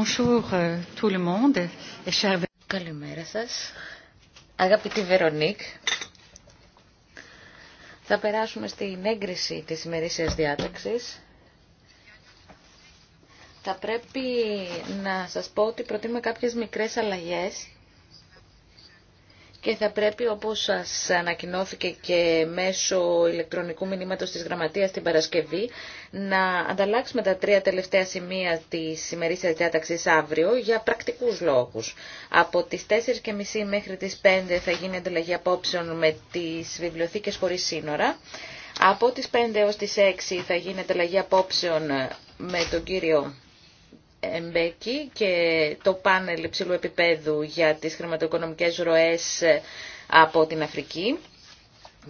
Bonjour euh, tout le monde. Καλημέρα σας. Αγαπητή Βερονίκ, θα περάσουμε στην έγκριση της ημερήσιας διάταξης. Θα πρέπει να σας πω ότι προτείνουμε κάποιες μικρές αλλαγές και θα πρέπει όπως σας ανακοινώθηκε και μέσω ηλεκτρονικού μηνύματος της Γραμματείας την Παρασκευή να ανταλλάξουμε τα τρία τελευταία σημεία της ημερήσιας διάταξης αύριο για πρακτικούς λόγους. Από τις 4.30 μέχρι τις 5 θα γίνει ανταλλαγή απόψεων με τις βιβλιοθήκες χωρίς σύνορα. Από τις 5 έως τις 6 θα γίνει ανταλλαγή απόψεων με τον κύριο και το πάνελ υψηλού επίπεδου για τις χρηματοοικονομικές ροές από την Αφρική.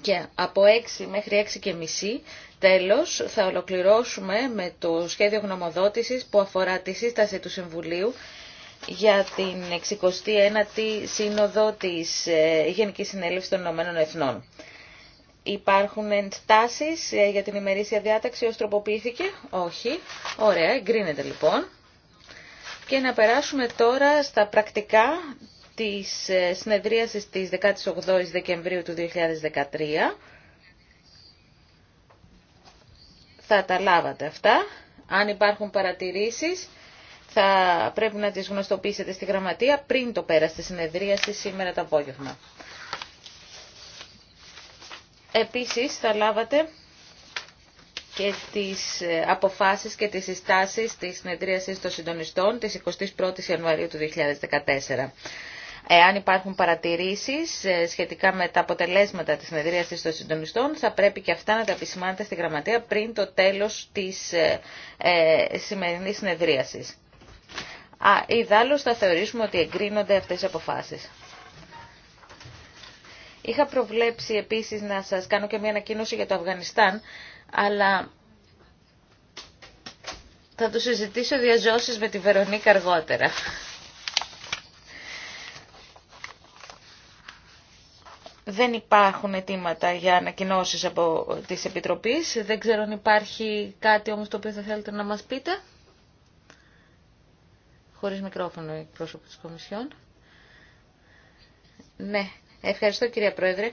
Και από 6 μέχρι 6 και μισή τέλος θα ολοκληρώσουμε με το σχέδιο γνωμοδότησης που αφορά τη σύσταση του Συμβουλίου για την 69η Σύνοδο της ε, Γενικής Συνέλευσης των Ηνωμένων Εθνών. Υπάρχουν εντάσεις ε, για την ημερήσια διάταξη ως τροποποιήθηκε. Όχι. Ωραία, εγκρίνεται λοιπόν. Και να περάσουμε τώρα στα πρακτικά της ε, συνεδρίασης της 18ης Δεκεμβρίου του 2013. Θα τα λάβατε αυτά. Αν υπάρχουν παρατηρήσεις, θα πρέπει να τις γνωστοποιήσετε στη γραμματεία πριν το πέρας της συνεδρίασης σήμερα το απόγευμα. Επίσης, θα λάβατε και τις ε, αποφάσεις και τις συστάσεις της συνεδρίασης των συντονιστών της 21ης Ιανουαρίου του 2014. Εάν υπάρχουν παρατηρήσεις ε, σχετικά με τα αποτελέσματα της συνεδρίασης των συντονιστών, θα πρέπει και αυτά να τα επισημάνετε στη γραμματεία πριν το τέλος της ε, ε σημερινής συνεδρίασης. Α, ιδάλλως θα θεωρήσουμε ότι εγκρίνονται αυτές οι αποφάσεις. Είχα προβλέψει επίσης να σας κάνω και μια ανακοίνωση για το Αφγανιστάν αλλά θα το συζητήσω διαζώσεις με τη Βερονίκα αργότερα. Δεν υπάρχουν αιτήματα για ανακοινώσει από τις Επιτροπής. Δεν ξέρω αν υπάρχει κάτι όμως το οποίο θα θέλετε να μας πείτε. Χωρίς μικρόφωνο η πρόσωπο της Κομισιόν. Ναι, ευχαριστώ κυρία Πρόεδρε.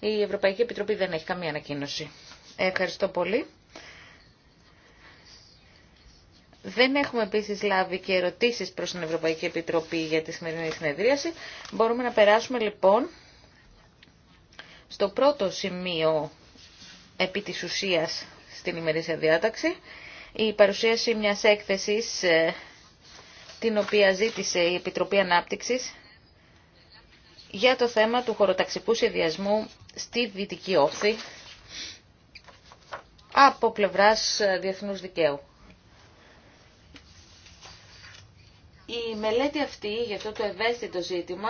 Η Ευρωπαϊκή Επιτροπή δεν έχει καμία ανακοίνωση. Ευχαριστώ πολύ. Δεν έχουμε επίση λάβει και ερωτήσεις προς την Ευρωπαϊκή Επιτροπή για τη σημερινή συνεδρίαση. Μπορούμε να περάσουμε λοιπόν στο πρώτο σημείο επί της ουσίας στην ημερήσια διάταξη. Η παρουσίαση μιας έκθεσης ε, την οποία ζήτησε η Επιτροπή Ανάπτυξης για το θέμα του χωροταξικού σχεδιασμού στη Δυτική Όχθη από πλευράς ε, διεθνούς δικαίου. Η μελέτη αυτή για αυτό το ευαίσθητο ζήτημα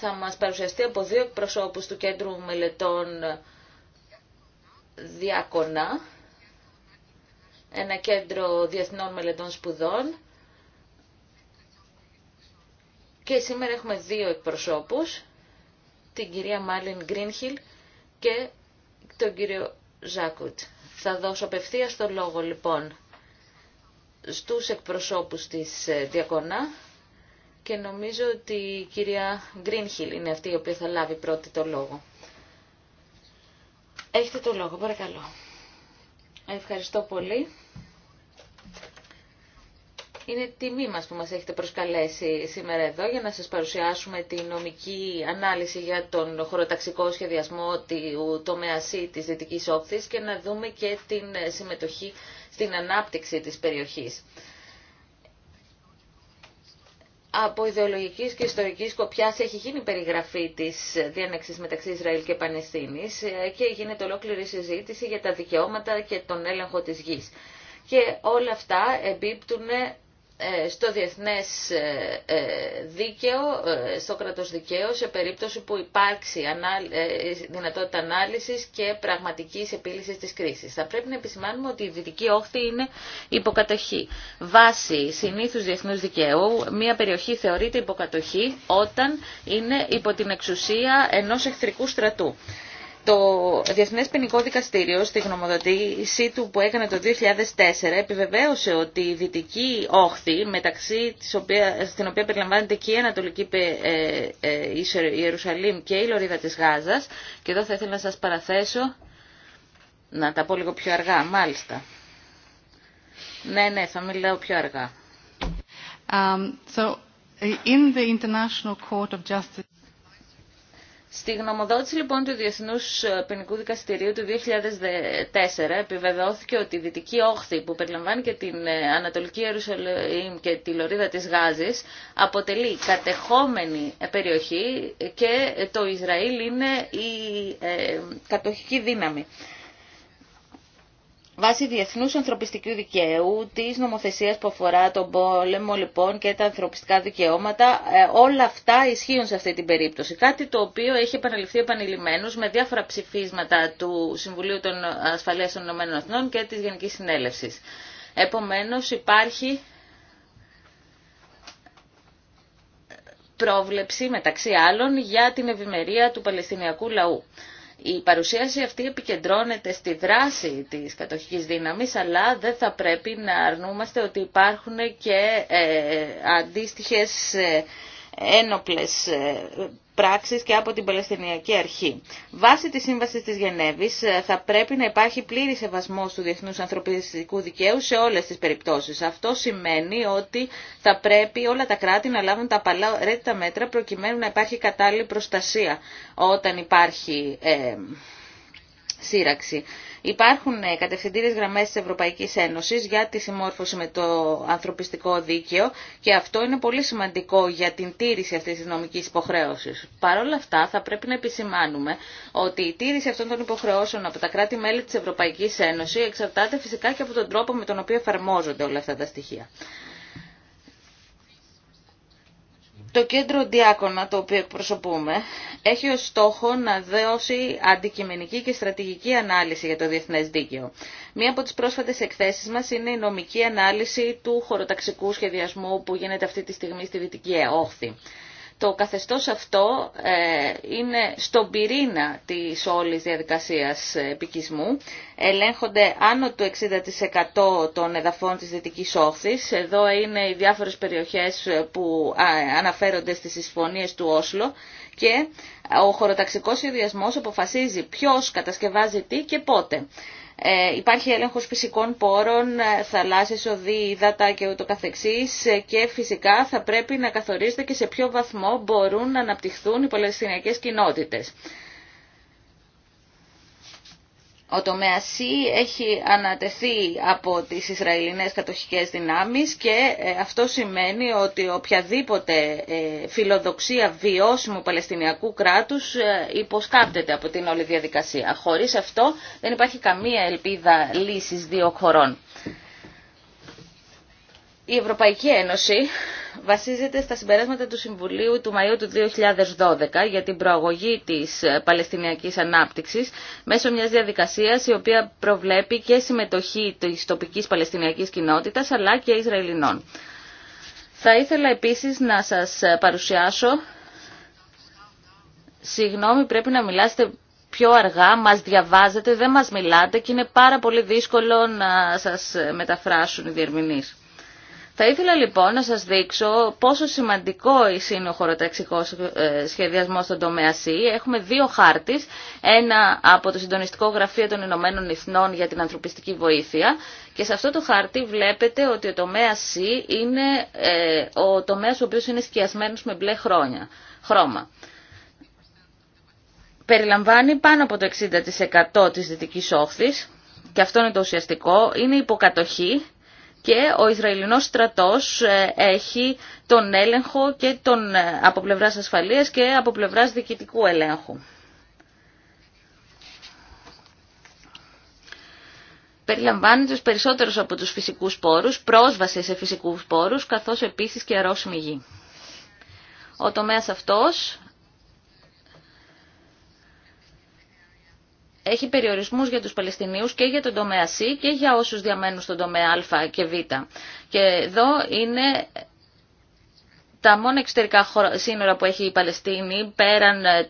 θα μας παρουσιαστεί από δύο εκπροσώπους του Κέντρου Μελετών Διακονά, ένα κέντρο διεθνών μελετών σπουδών και σήμερα έχουμε δύο εκπροσώπους, την κυρία Μάλιν Γκρίνχιλ και τον κύριο Ζάκουτ. Θα δώσω απευθείας το λόγο λοιπόν στους εκπροσώπους της ε, Διακονά και νομίζω ότι η κυρία Γκρίνχιλ είναι αυτή η οποία θα λάβει πρώτη το λόγο. Έχετε το λόγο, παρακαλώ. Ευχαριστώ πολύ. Είναι τιμή μας που μας έχετε προσκαλέσει σήμερα εδώ για να σας παρουσιάσουμε τη νομική ανάλυση για τον χωροταξικό σχεδιασμό του τομέα C της Δυτικής Όχθης και να δούμε και την συμμετοχή στην ανάπτυξη της περιοχής. Από ιδεολογική και ιστορική σκοπιά έχει γίνει περιγραφή τη διένεξη μεταξύ Ισραήλ και Παλαιστίνη και γίνεται ολόκληρη συζήτηση για τα δικαιώματα και τον έλεγχο τη γη. Και όλα αυτά εμπίπτουν ε, στο διεθνές ε, ε, δίκαιο, στο κρατος δικαίου, σε περίπτωση που υπάρξει δυνατότητα ανάλυσης και πραγματικής επίλυσης της κρίσης. Θα πρέπει να επισημάνουμε ότι η δυτική όχθη είναι υποκατοχή. Βάσει συνήθους διεθνούς δικαίου, μια περιοχή θεωρείται υποκατοχή όταν είναι υπό την εξουσία ενός εχθρικού στρατού. Το διεθνέ Ποινικό Δικαστήριο στη γνωμοδοτήσή του που έκανε το 2004 επιβεβαίωσε ότι η Δυτική Όχθη, μεταξύ της οποία, στην οποία περιλαμβάνεται και η Ανατολική ε, ε, Ιερουσαλήμ και η Λωρίδα της Γάζας, και εδώ θα ήθελα να σας παραθέσω, να τα πω λίγο πιο αργά, μάλιστα. Ναι, ναι, θα μιλάω πιο αργά. Um, so, in the International Court of Justice... Στη γνωμοδότηση λοιπόν του Διεθνού Ποινικού Δικαστηρίου του 2004 επιβεβαιώθηκε ότι η Δυτική Όχθη που περιλαμβάνει και την ε, Ανατολική Ιερουσαλήμ και τη Λωρίδα της Γάζης αποτελεί κατεχόμενη περιοχή και το Ισραήλ είναι η ε, κατοχική δύναμη. Βάσει διεθνούς ανθρωπιστικού δικαίου, της νομοθεσίας που αφορά τον πόλεμο λοιπόν και τα ανθρωπιστικά δικαιώματα, ε, όλα αυτά ισχύουν σε αυτή την περίπτωση. Κάτι το οποίο έχει επαναληφθεί επανειλημμένως με διάφορα ψηφίσματα του Συμβουλίου των Ασφαλείας των Ηνωμένων Εθνών και της Γενικής Συνέλευσης. Επομένως υπάρχει πρόβλεψη μεταξύ άλλων για την ευημερία του Παλαιστινιακού λαού. Η παρουσίαση αυτή επικεντρώνεται στη δράση της κατοχικής δύναμης, αλλά δεν θα πρέπει να αρνούμαστε ότι υπάρχουν και ε, αντίστοιχες ε, ένοπλες ε, πράξεις και από την Παλαιστινιακή Αρχή. Βάσει της Σύμβασης της Γενέβης ε, θα πρέπει να υπάρχει πλήρη σεβασμό του διεθνούς ανθρωπιστικού δικαίου σε όλες τις περιπτώσεις. Αυτό σημαίνει ότι θα πρέπει όλα τα κράτη να λάβουν τα απαραίτητα μέτρα προκειμένου να υπάρχει κατάλληλη προστασία όταν υπάρχει ε, σύραξη. Υπάρχουν ε, κατευθυντήριες γραμμές τη Ευρωπαϊκής Ένωση για τη συμμόρφωση με το ανθρωπιστικό δίκαιο και αυτό είναι πολύ σημαντικό για την τήρηση αυτής της νομική υποχρέωσης. Παρ' όλα αυτά θα πρέπει να επισημάνουμε ότι η τήρηση αυτών των υποχρεώσεων από τα κράτη-μέλη της Ευρωπαϊκής Ένωση εξαρτάται φυσικά και από τον τρόπο με τον οποίο εφαρμόζονται όλα αυτά τα στοιχεία. Το κέντρο Διάκονα, το οποίο εκπροσωπούμε, έχει ως στόχο να δώσει αντικειμενική και στρατηγική ανάλυση για το διεθνές δίκαιο. Μία από τις πρόσφατες εκθέσεις μας είναι η νομική ανάλυση του χωροταξικού σχεδιασμού που γίνεται αυτή τη στιγμή στη Δυτική Όχθη. Το καθεστώς αυτό ε, είναι στον πυρήνα της όλης διαδικασίας επικισμού. Ελέγχονται άνω του 60% των εδαφών της Δυτικής Όχθης. Εδώ είναι οι διάφορες περιοχές που αναφέρονται στις συμφωνίες του Όσλο και ο χωροταξικός σχεδιασμός αποφασίζει ποιος κατασκευάζει τι και πότε. Ε, υπάρχει έλεγχος φυσικών πόρων, ε, θαλάσσιες οδοί, υδάτα και ούτω καθεξής ε, και φυσικά θα πρέπει να καθορίζεται και σε ποιο βαθμό μπορούν να αναπτυχθούν οι παλαιστινιακές κοινότητες. Ο τομέα C έχει ανατεθεί από τις Ισραηλινές κατοχικές δυνάμεις και ε, αυτό σημαίνει ότι οποιαδήποτε ε, φιλοδοξία βιώσιμου Παλαιστινιακού κράτους ε, υποσκάπτεται από την όλη διαδικασία. Χωρίς αυτό δεν υπάρχει καμία ελπίδα λύσης δύο χωρών. Η Ευρωπαϊκή Ένωση βασίζεται στα συμπεράσματα του Συμβουλίου του Μαΐου του 2012 για την προαγωγή της Παλαιστινιακής Ανάπτυξης μέσω μιας διαδικασίας η οποία προβλέπει και συμμετοχή της τοπικής Παλαιστινιακής κοινότητας αλλά και Ισραηλινών. Θα ήθελα επίσης να σας παρουσιάσω... Συγγνώμη, πρέπει να μιλάσετε πιο αργά, μας διαβάζετε, δεν μας μιλάτε και είναι πάρα πολύ δύσκολο να σας μεταφράσουν οι διερμηνείς. Θα ήθελα λοιπόν να σας δείξω πόσο σημαντικό είναι ο χωροταξικός ε, σχεδιασμός στον τομέα C. Έχουμε δύο χάρτες, ένα από το Συντονιστικό Γραφείο των Ηνωμένων Εθνών για την Ανθρωπιστική Βοήθεια και σε αυτό το χάρτη βλέπετε ότι ο τομέας C είναι ε, ο τομέας ο οποίος είναι σκιασμένος με μπλε χρόνια, χρώμα. Περιλαμβάνει πάνω από το 60% της δυτικής όχθης και αυτό είναι το ουσιαστικό, είναι υποκατοχή και ο Ισραηλινός στρατός ε, έχει τον έλεγχο και τον, ε, από πλευράς ασφαλείας και από πλευράς διοικητικού ελέγχου. Περιλαμβάνεται τους περισσότερους από τους φυσικούς πόρους, πρόσβαση σε φυσικούς πόρους, καθώς επίσης και αρρώσιμη γη. Ο τομέας αυτός έχει περιορισμούς για τους Παλαιστινίους και για τον τομέα C και για όσους διαμένουν στον τομέα Α και Β. Και εδώ είναι τα μόνα εξωτερικά σύνορα που έχει η Παλαιστίνη πέραν ε,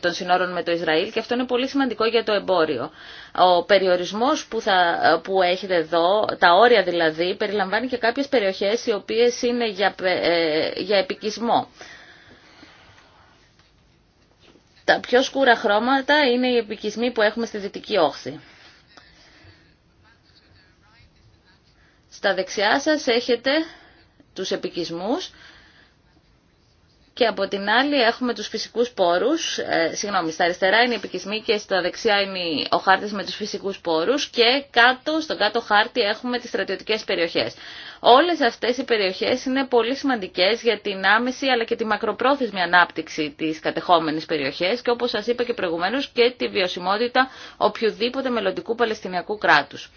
των σύνορων με το Ισραήλ και αυτό είναι πολύ σημαντικό για το εμπόριο. Ο περιορισμός που, θα, ε, που έχετε εδώ, τα όρια δηλαδή, περιλαμβάνει και κάποιες περιοχές οι οποίες είναι για ε, επικισμό. Τα πιο σκούρα χρώματα είναι οι επικισμοί που έχουμε στη δυτική όχθη. Στα δεξιά σας έχετε τους επικισμούς και από την άλλη έχουμε τους φυσικούς πόρους, ε, συγγνώμη, στα αριστερά είναι οι επικισμοί και στα δεξιά είναι ο χάρτης με τους φυσικούς πόρους και κάτω, στον κάτω χάρτη έχουμε τις στρατιωτικές περιοχές. Όλες αυτές οι περιοχές είναι πολύ σημαντικές για την άμεση αλλά και τη μακροπρόθεσμη ανάπτυξη της κατεχόμενης περιοχής και όπως σας είπα και προηγουμένως και τη βιωσιμότητα οποιοδήποτε μελλοντικού Παλαιστινιακού κράτους.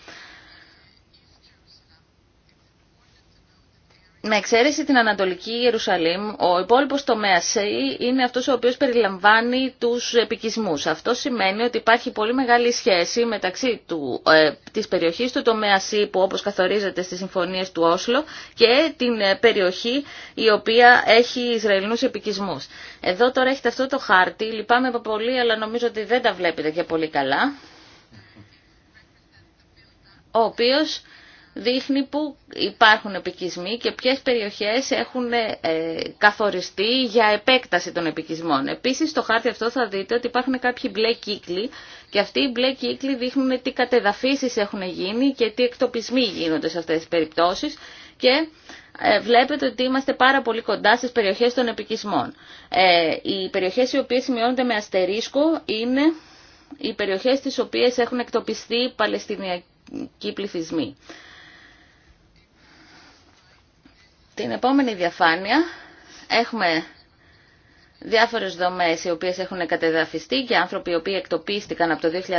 με εξαίρεση την Ανατολική Ιερουσαλήμ, ο υπόλοιπο τομέα ΣΕΙ είναι αυτό ο οποίο περιλαμβάνει του επικισμού. Αυτό σημαίνει ότι υπάρχει πολύ μεγάλη σχέση μεταξύ του, ε, της περιοχή του τομέα ΣΕΙ, που όπω καθορίζεται στι συμφωνίε του Όσλο, και την ε, περιοχή η οποία έχει Ισραηλινού επικισμού. Εδώ τώρα έχετε αυτό το χάρτη. Λυπάμαι πολύ, αλλά νομίζω ότι δεν τα βλέπετε και πολύ καλά. Ο οποίο δείχνει που υπάρχουν επικισμοί και ποιες περιοχές έχουν ε, ε, καθοριστεί για επέκταση των επικισμών. Επίσης, στο χάρτη αυτό θα δείτε ότι υπάρχουν κάποιοι μπλε κύκλοι και αυτοί οι μπλε κύκλοι δείχνουν τι κατεδαφίσεις έχουν γίνει και τι εκτοπισμοί γίνονται σε αυτές τις περιπτώσεις και ε, βλέπετε ότι είμαστε πάρα πολύ κοντά στις περιοχές των επικισμών. Οι περιοχές οι οποίες σημειώνονται με αστερίσκο είναι οι περιοχές τις οποίες έχουν εκτοπιστεί οι Παλαιστινιακοί πληθυσμοί. Στην επόμενη διαφάνεια έχουμε διάφορες δομές οι οποίες έχουν κατεδαφιστεί και άνθρωποι οι οποίοι εκτοπίστηκαν από το 2009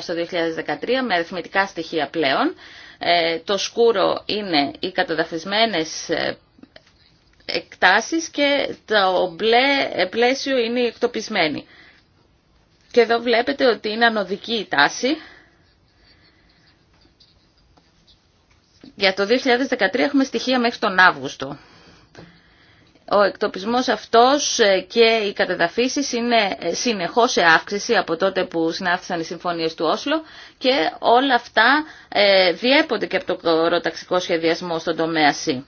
στο 2013 με αριθμητικά στοιχεία πλέον. Ε, το σκούρο είναι οι κατεδαφισμένες ε, εκτάσεις και το μπλε ε, πλαίσιο είναι οι εκτοπισμένοι. Και εδώ βλέπετε ότι είναι ανωδική η τάση Για το 2013 έχουμε στοιχεία μέχρι τον Αύγουστο. Ο εκτοπισμός αυτός ε, και οι κατεδαφίσεις είναι ε, συνεχώς σε αύξηση από τότε που συνάφθησαν οι συμφωνίες του Όσλο και όλα αυτά ε, διέπονται και από το χωροταξικό σχεδιασμό στον τομέα C.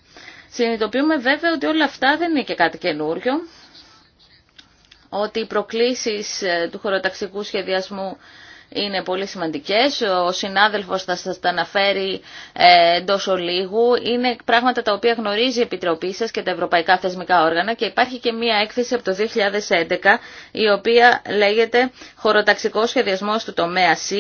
Συνειδητοποιούμε βέβαια ότι όλα αυτά δεν είναι και κάτι καινούριο, ότι οι προκλήσεις του χωροταξικού σχεδιασμού είναι πολύ σημαντικές. Ο συνάδελφος θα σας τα αναφέρει ε, εντό ολίγου. Είναι πράγματα τα οποία γνωρίζει η Επιτροπή σας και τα ευρωπαϊκά θεσμικά όργανα και υπάρχει και μία έκθεση από το 2011 η οποία λέγεται «Χωροταξικό σχεδιασμό του τομέα C»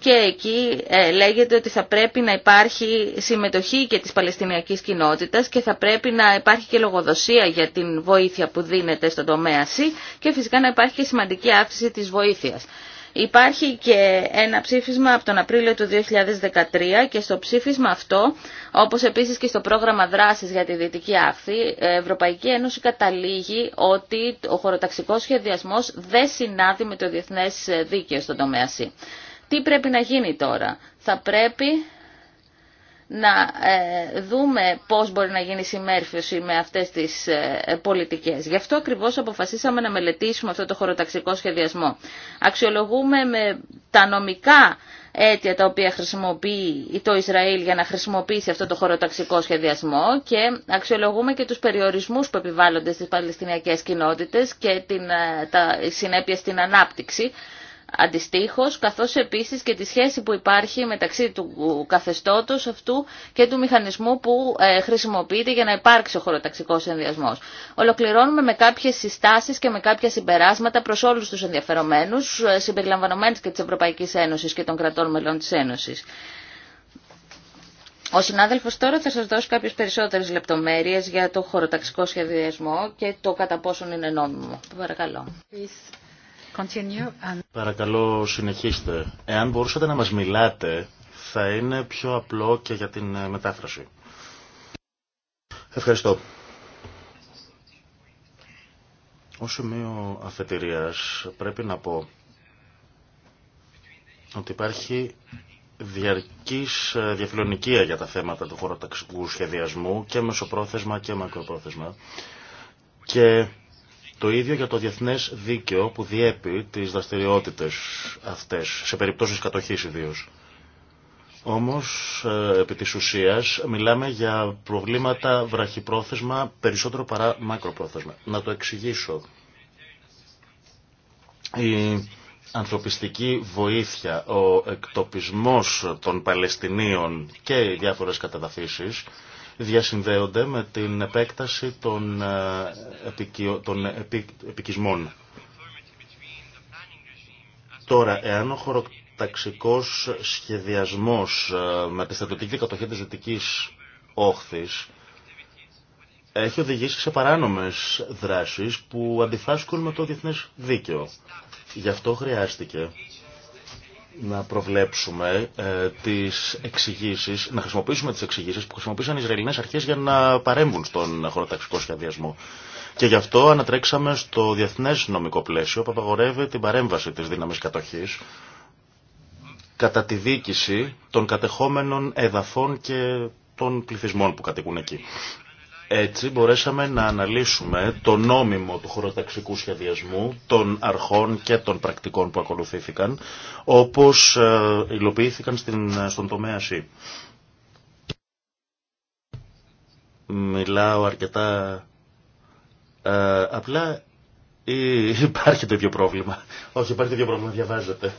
και εκεί ε, λέγεται ότι θα πρέπει να υπάρχει συμμετοχή και της Παλαιστινιακής κοινότητας και θα πρέπει να υπάρχει και λογοδοσία για την βοήθεια που δίνεται στον τομέα C και φυσικά να υπάρχει και σημαντική αύξηση της βοήθειας. Υπάρχει και ένα ψήφισμα από τον Απρίλιο του 2013 και στο ψήφισμα αυτό, όπως επίσης και στο πρόγραμμα δράσης για τη Δυτική Άχθη, η ε, Ευρωπαϊκή Ένωση καταλήγει ότι ο χωροταξικός σχεδιασμός δεν συνάδει με το διεθνές ε, δίκαιο στον τομέα C. Τι πρέπει να γίνει τώρα. Θα πρέπει να ε, δούμε πώς μπορεί να γίνει η συμμέρφωση με αυτές τις ε, πολιτικές. Γι' αυτό ακριβώς αποφασίσαμε να μελετήσουμε αυτό το χωροταξικό σχεδιασμό. Αξιολογούμε με τα νομικά αίτια τα οποία χρησιμοποιεί το Ισραήλ για να χρησιμοποιήσει αυτό το χωροταξικό σχεδιασμό και αξιολογούμε και τους περιορισμούς που επιβάλλονται στις παλαιστινιακές κοινότητες και την, ε, τα συνέπεια στην ανάπτυξη αντιστοίχως, καθώς επίσης και τη σχέση που υπάρχει μεταξύ του καθεστώτος αυτού και του μηχανισμού που ε, χρησιμοποιείται για να υπάρξει ο χωροταξικός ενδιασμός. Ολοκληρώνουμε με κάποιες συστάσεις και με κάποια συμπεράσματα προς όλους τους ενδιαφερομένους, ε, συμπεριλαμβανομένους και της Ευρωπαϊκής Ένωσης και των κρατών μελών της Ένωσης. Ο συνάδελφος τώρα θα σας δώσει κάποιες περισσότερες λεπτομέρειες για το χωροταξικό σχεδιασμό και το κατά πόσον είναι νόμιμο. Παρακαλώ. Παρακαλώ συνεχίστε. Εάν μπορούσατε να μας μιλάτε θα είναι πιο απλό και για την ε, μετάφραση. Ευχαριστώ. Ως σημείο αφετηρίας πρέπει να πω ότι υπάρχει διαρκής ε, διαφιλονικία για τα θέματα του χωροταξικού σχεδιασμού και μεσοπρόθεσμα και μακροπρόθεσμα και το ίδιο για το διεθνές δίκαιο που διέπει τις δραστηριότητε αυτές, σε περιπτώσει κατοχής ιδίως. Όμως, ε, επί τη ουσία, μιλάμε για προβλήματα βραχυπρόθεσμα περισσότερο παρά μακροπρόθεσμα. Να το εξηγήσω. Η ανθρωπιστική βοήθεια, ο εκτοπισμός των Παλαιστινίων και οι διάφορες καταδαφίσεις διασυνδέονται με την επέκταση των, ε, των επικισμών. Τώρα, εάν ο χωροταξικός σχεδιασμός ε, με τη στρατιωτική κατοχή της Δυτικής Όχθης έχει οδηγήσει σε παράνομες δράσεις που αντιφάσκουν με το διεθνές δίκαιο. Γι' αυτό χρειάστηκε να προβλέψουμε ε, τις εξηγήσεις, να χρησιμοποιήσουμε τις εξηγήσεις που χρησιμοποίησαν οι Ισραηλινές αρχές για να παρέμβουν στον χωροταξικό σχεδιασμό. Και γι' αυτό ανατρέξαμε στο διεθνές νομικό πλαίσιο που απαγορεύει την παρέμβαση της δύναμης κατοχής κατά τη δίκηση των κατεχόμενων εδαφών και των πληθυσμών που κατοικούν εκεί. Έτσι μπορέσαμε να αναλύσουμε το νόμιμο του χωροταξικού σχεδιασμού, των αρχών και των πρακτικών που ακολουθήθηκαν, όπως ε, υλοποιήθηκαν στην, στον τομέα ΣΥ. Μιλάω αρκετά... Ε, απλά υπάρχει το ίδιο πρόβλημα. Όχι, υπάρχει το πρόβλημα, διαβάζετε.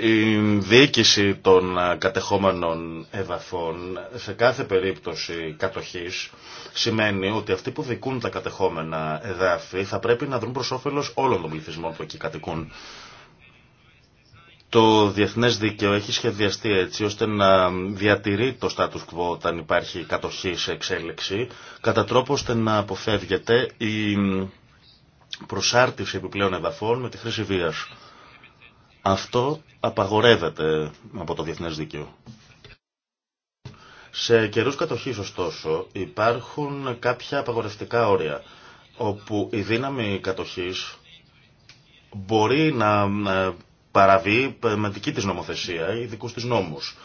Η διοίκηση των ε, κατεχόμενων εδαφών σε κάθε περίπτωση κατοχής σημαίνει ότι αυτοί που δικούν τα κατεχόμενα εδάφη θα πρέπει να δρουν προς όφελος όλων των πληθυσμών που εκεί κατοικούν. Το διεθνές δίκαιο έχει σχεδιαστεί έτσι ώστε να διατηρεί το status quo όταν υπάρχει κατοχή σε εξέλιξη κατά τρόπο ώστε να αποφεύγεται η προσάρτηση επιπλέον εδαφών με τη χρήση βίας. Αυτό απαγορεύεται από το διεθνές δίκαιο. Σε καιρούς κατοχής, ωστόσο, υπάρχουν κάποια απαγορευτικά όρια, όπου η δύναμη κατοχής μπορεί να ε, παραβεί με δική της νομοθεσία ή δικούς της νόμους.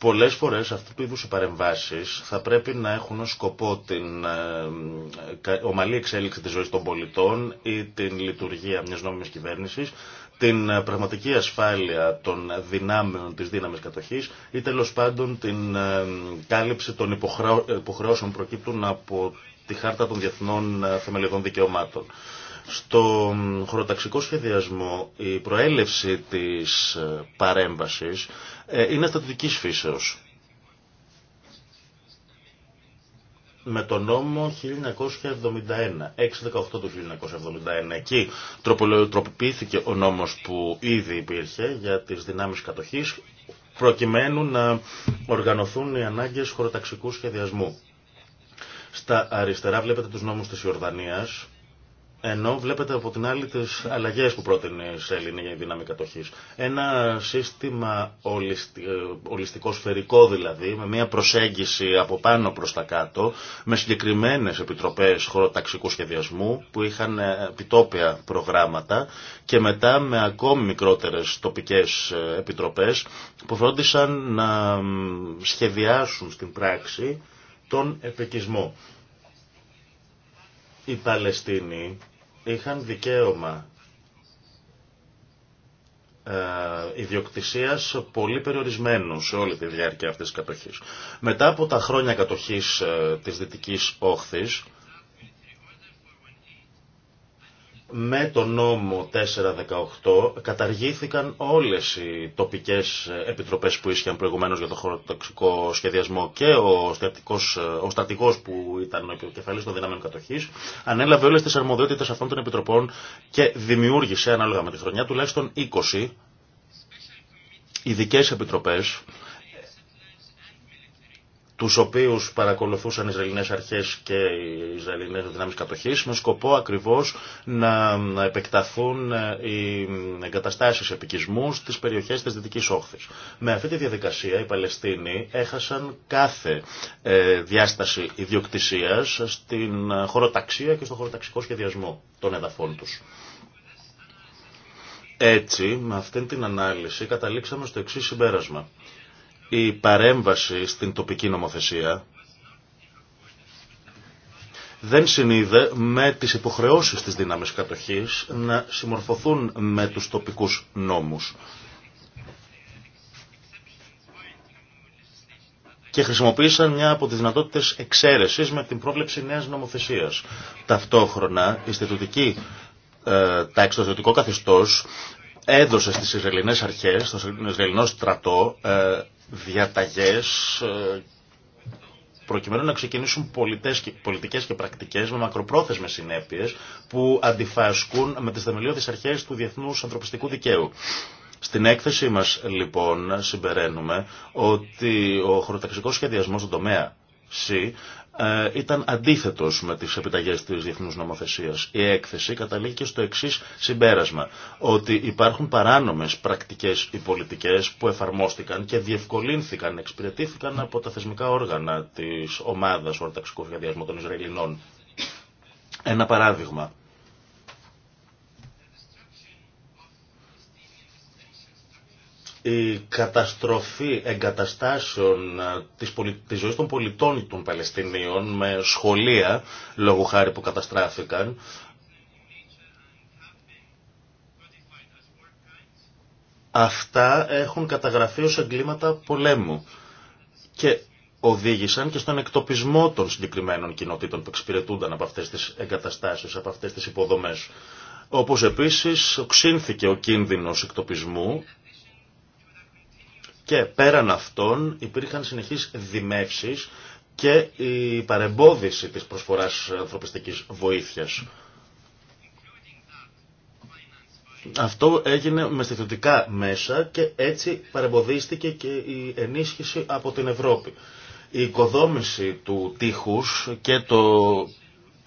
Πολλές φορές αυτού του είδους οι παρεμβάσεις θα πρέπει να έχουν ως σκοπό την ε, ομαλή εξέλιξη της ζωής των πολιτών ή την λειτουργία μιας νόμιμης κυβέρνησης την ε, πραγματική ασφάλεια των δυνάμεων της δύναμης κατοχής ή τέλο πάντων την ε, κάλυψη των υποχρεώσεων προκύπτουν από τη Χάρτα των Διεθνών ε, Θεμελιωδών Δικαιωμάτων. Στο χωροταξικό σχεδιασμό η προέλευση της παρέμβασης είναι στατιστικής φύσεως. με τον νόμο 1971, 618 του 1971. Εκεί τροποποιήθηκε ο νόμος που ήδη υπήρχε για τις δυνάμεις κατοχής προκειμένου να οργανωθούν οι ανάγκες χωροταξικού σχεδιασμού. Στα αριστερά βλέπετε τους νόμους της Ιορδανίας, ενώ βλέπετε από την άλλη τις αλλαγές που πρότεινε η Σέλινη για η δύναμη κατοχής. Ένα σύστημα ολιστικό σφαιρικό δηλαδή, με μια προσέγγιση από πάνω προς τα κάτω, με συγκεκριμένες επιτροπές χωροταξικού σχεδιασμού που είχαν ε, επιτόπια προγράμματα και μετά με ακόμη μικρότερες τοπικές ε, επιτροπές που φρόντισαν να σχεδιάσουν στην πράξη τον επικισμό οι Παλαιστίνοι είχαν δικαίωμα ε, ιδιοκτησίας πολύ περιορισμένου σε όλη τη διάρκεια αυτής της κατοχής. Μετά από τα χρόνια κατοχής ε, της Δυτικής Όχθης, με το νόμο 418 καταργήθηκαν όλες οι τοπικές επιτροπές που ίσχυαν προηγουμένως για το χωροταξικό σχεδιασμό και ο στρατικός, ο που ήταν ο κεφαλής των δυνάμεων κατοχής ανέλαβε όλες τις αρμοδιότητες αυτών των επιτροπών και δημιούργησε ανάλογα με τη χρονιά τουλάχιστον 20 ειδικέ επιτροπές τους οποίους παρακολουθούσαν οι Ισραηλινές αρχές και οι Ισραηλινές δυνάμεις κατοχής με σκοπό ακριβώς να επεκταθούν ε, οι εγκαταστάσεις επικισμού στις περιοχές της Δυτικής Όχθης. Με αυτή τη διαδικασία οι Παλαιστίνοι έχασαν κάθε ε, διάσταση ιδιοκτησίας στην χωροταξία και στο χωροταξικό σχεδιασμό των εδαφών τους. Έτσι, με αυτή την ανάλυση καταλήξαμε στο εξή συμπέρασμα η παρέμβαση στην τοπική νομοθεσία δεν συνείδε με τις υποχρεώσεις της δύναμης κατοχής να συμμορφωθούν με τους τοπικούς νόμους. και χρησιμοποίησαν μια από τις δυνατότητες εξαίρεσης με την πρόβλεψη νέας νομοθεσίας. Ταυτόχρονα, η στετιωτική ε, τάξη, έδωσε στις Ισραηλινές αρχές, στον Ισραηλινό στρατό, ε, διαταγές ε, προκειμένου να ξεκινήσουν πολιτές και, πολιτικές και πρακτικές με μακροπρόθεσμες συνέπειες που αντιφάσκουν με τις θεμελιώδεις αρχές του διεθνούς ανθρωπιστικού δικαίου. Στην έκθεσή μας λοιπόν συμπεραίνουμε ότι ο χωροταξικός σχεδιασμός στον τομέα C ε, ήταν αντίθετος με τις επιταγές της διεθνούς νομοθεσίας. Η έκθεση καταλήγει και στο εξής συμπέρασμα, ότι υπάρχουν παράνομες πρακτικές ή πολιτικές που εφαρμόστηκαν και διευκολύνθηκαν, εξυπηρετήθηκαν από τα θεσμικά όργανα της ομάδας ορταξικού διαδιασμού των Ισραηλινών. Ένα παράδειγμα. η καταστροφή εγκαταστάσεων ε, της, πολι... ζωής των πολιτών των Παλαιστινίων με σχολεία, λόγω χάρη που καταστράφηκαν, αυτά έχουν καταγραφεί ως εγκλήματα πολέμου και οδήγησαν και στον εκτοπισμό των συγκεκριμένων κοινοτήτων που εξυπηρετούνταν από αυτές τις εγκαταστάσεις, από αυτές τις υποδομές. Όπως επίσης ξύνθηκε ο κίνδυνος εκτοπισμού και πέραν αυτών υπήρχαν συνεχείς δημεύσεις και η παρεμπόδιση της προσφοράς ανθρωπιστικής βοήθειας. Αυτό έγινε με μέσα και έτσι παρεμποδίστηκε και η ενίσχυση από την Ευρώπη. Η οικοδόμηση του τείχους και το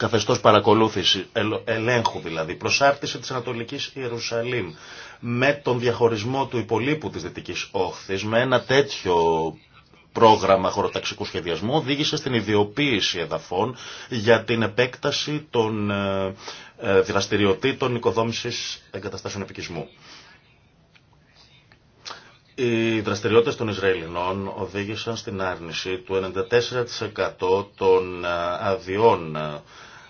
καθεστώς παρακολούθηση, ελέγχου δηλαδή, προσάρτηση της Ανατολικής Ιερουσαλήμ με τον διαχωρισμό του υπολείπου της Δυτικής Όχθης, με ένα τέτοιο πρόγραμμα χωροταξικού σχεδιασμού οδήγησε στην ιδιοποίηση εδαφών για την επέκταση των ε, ε, δραστηριοτήτων οικοδόμησης εγκαταστάσεων επικισμού. Οι δραστηριότητες των Ισραηλινών οδήγησαν στην άρνηση του 94% των ε, αδειών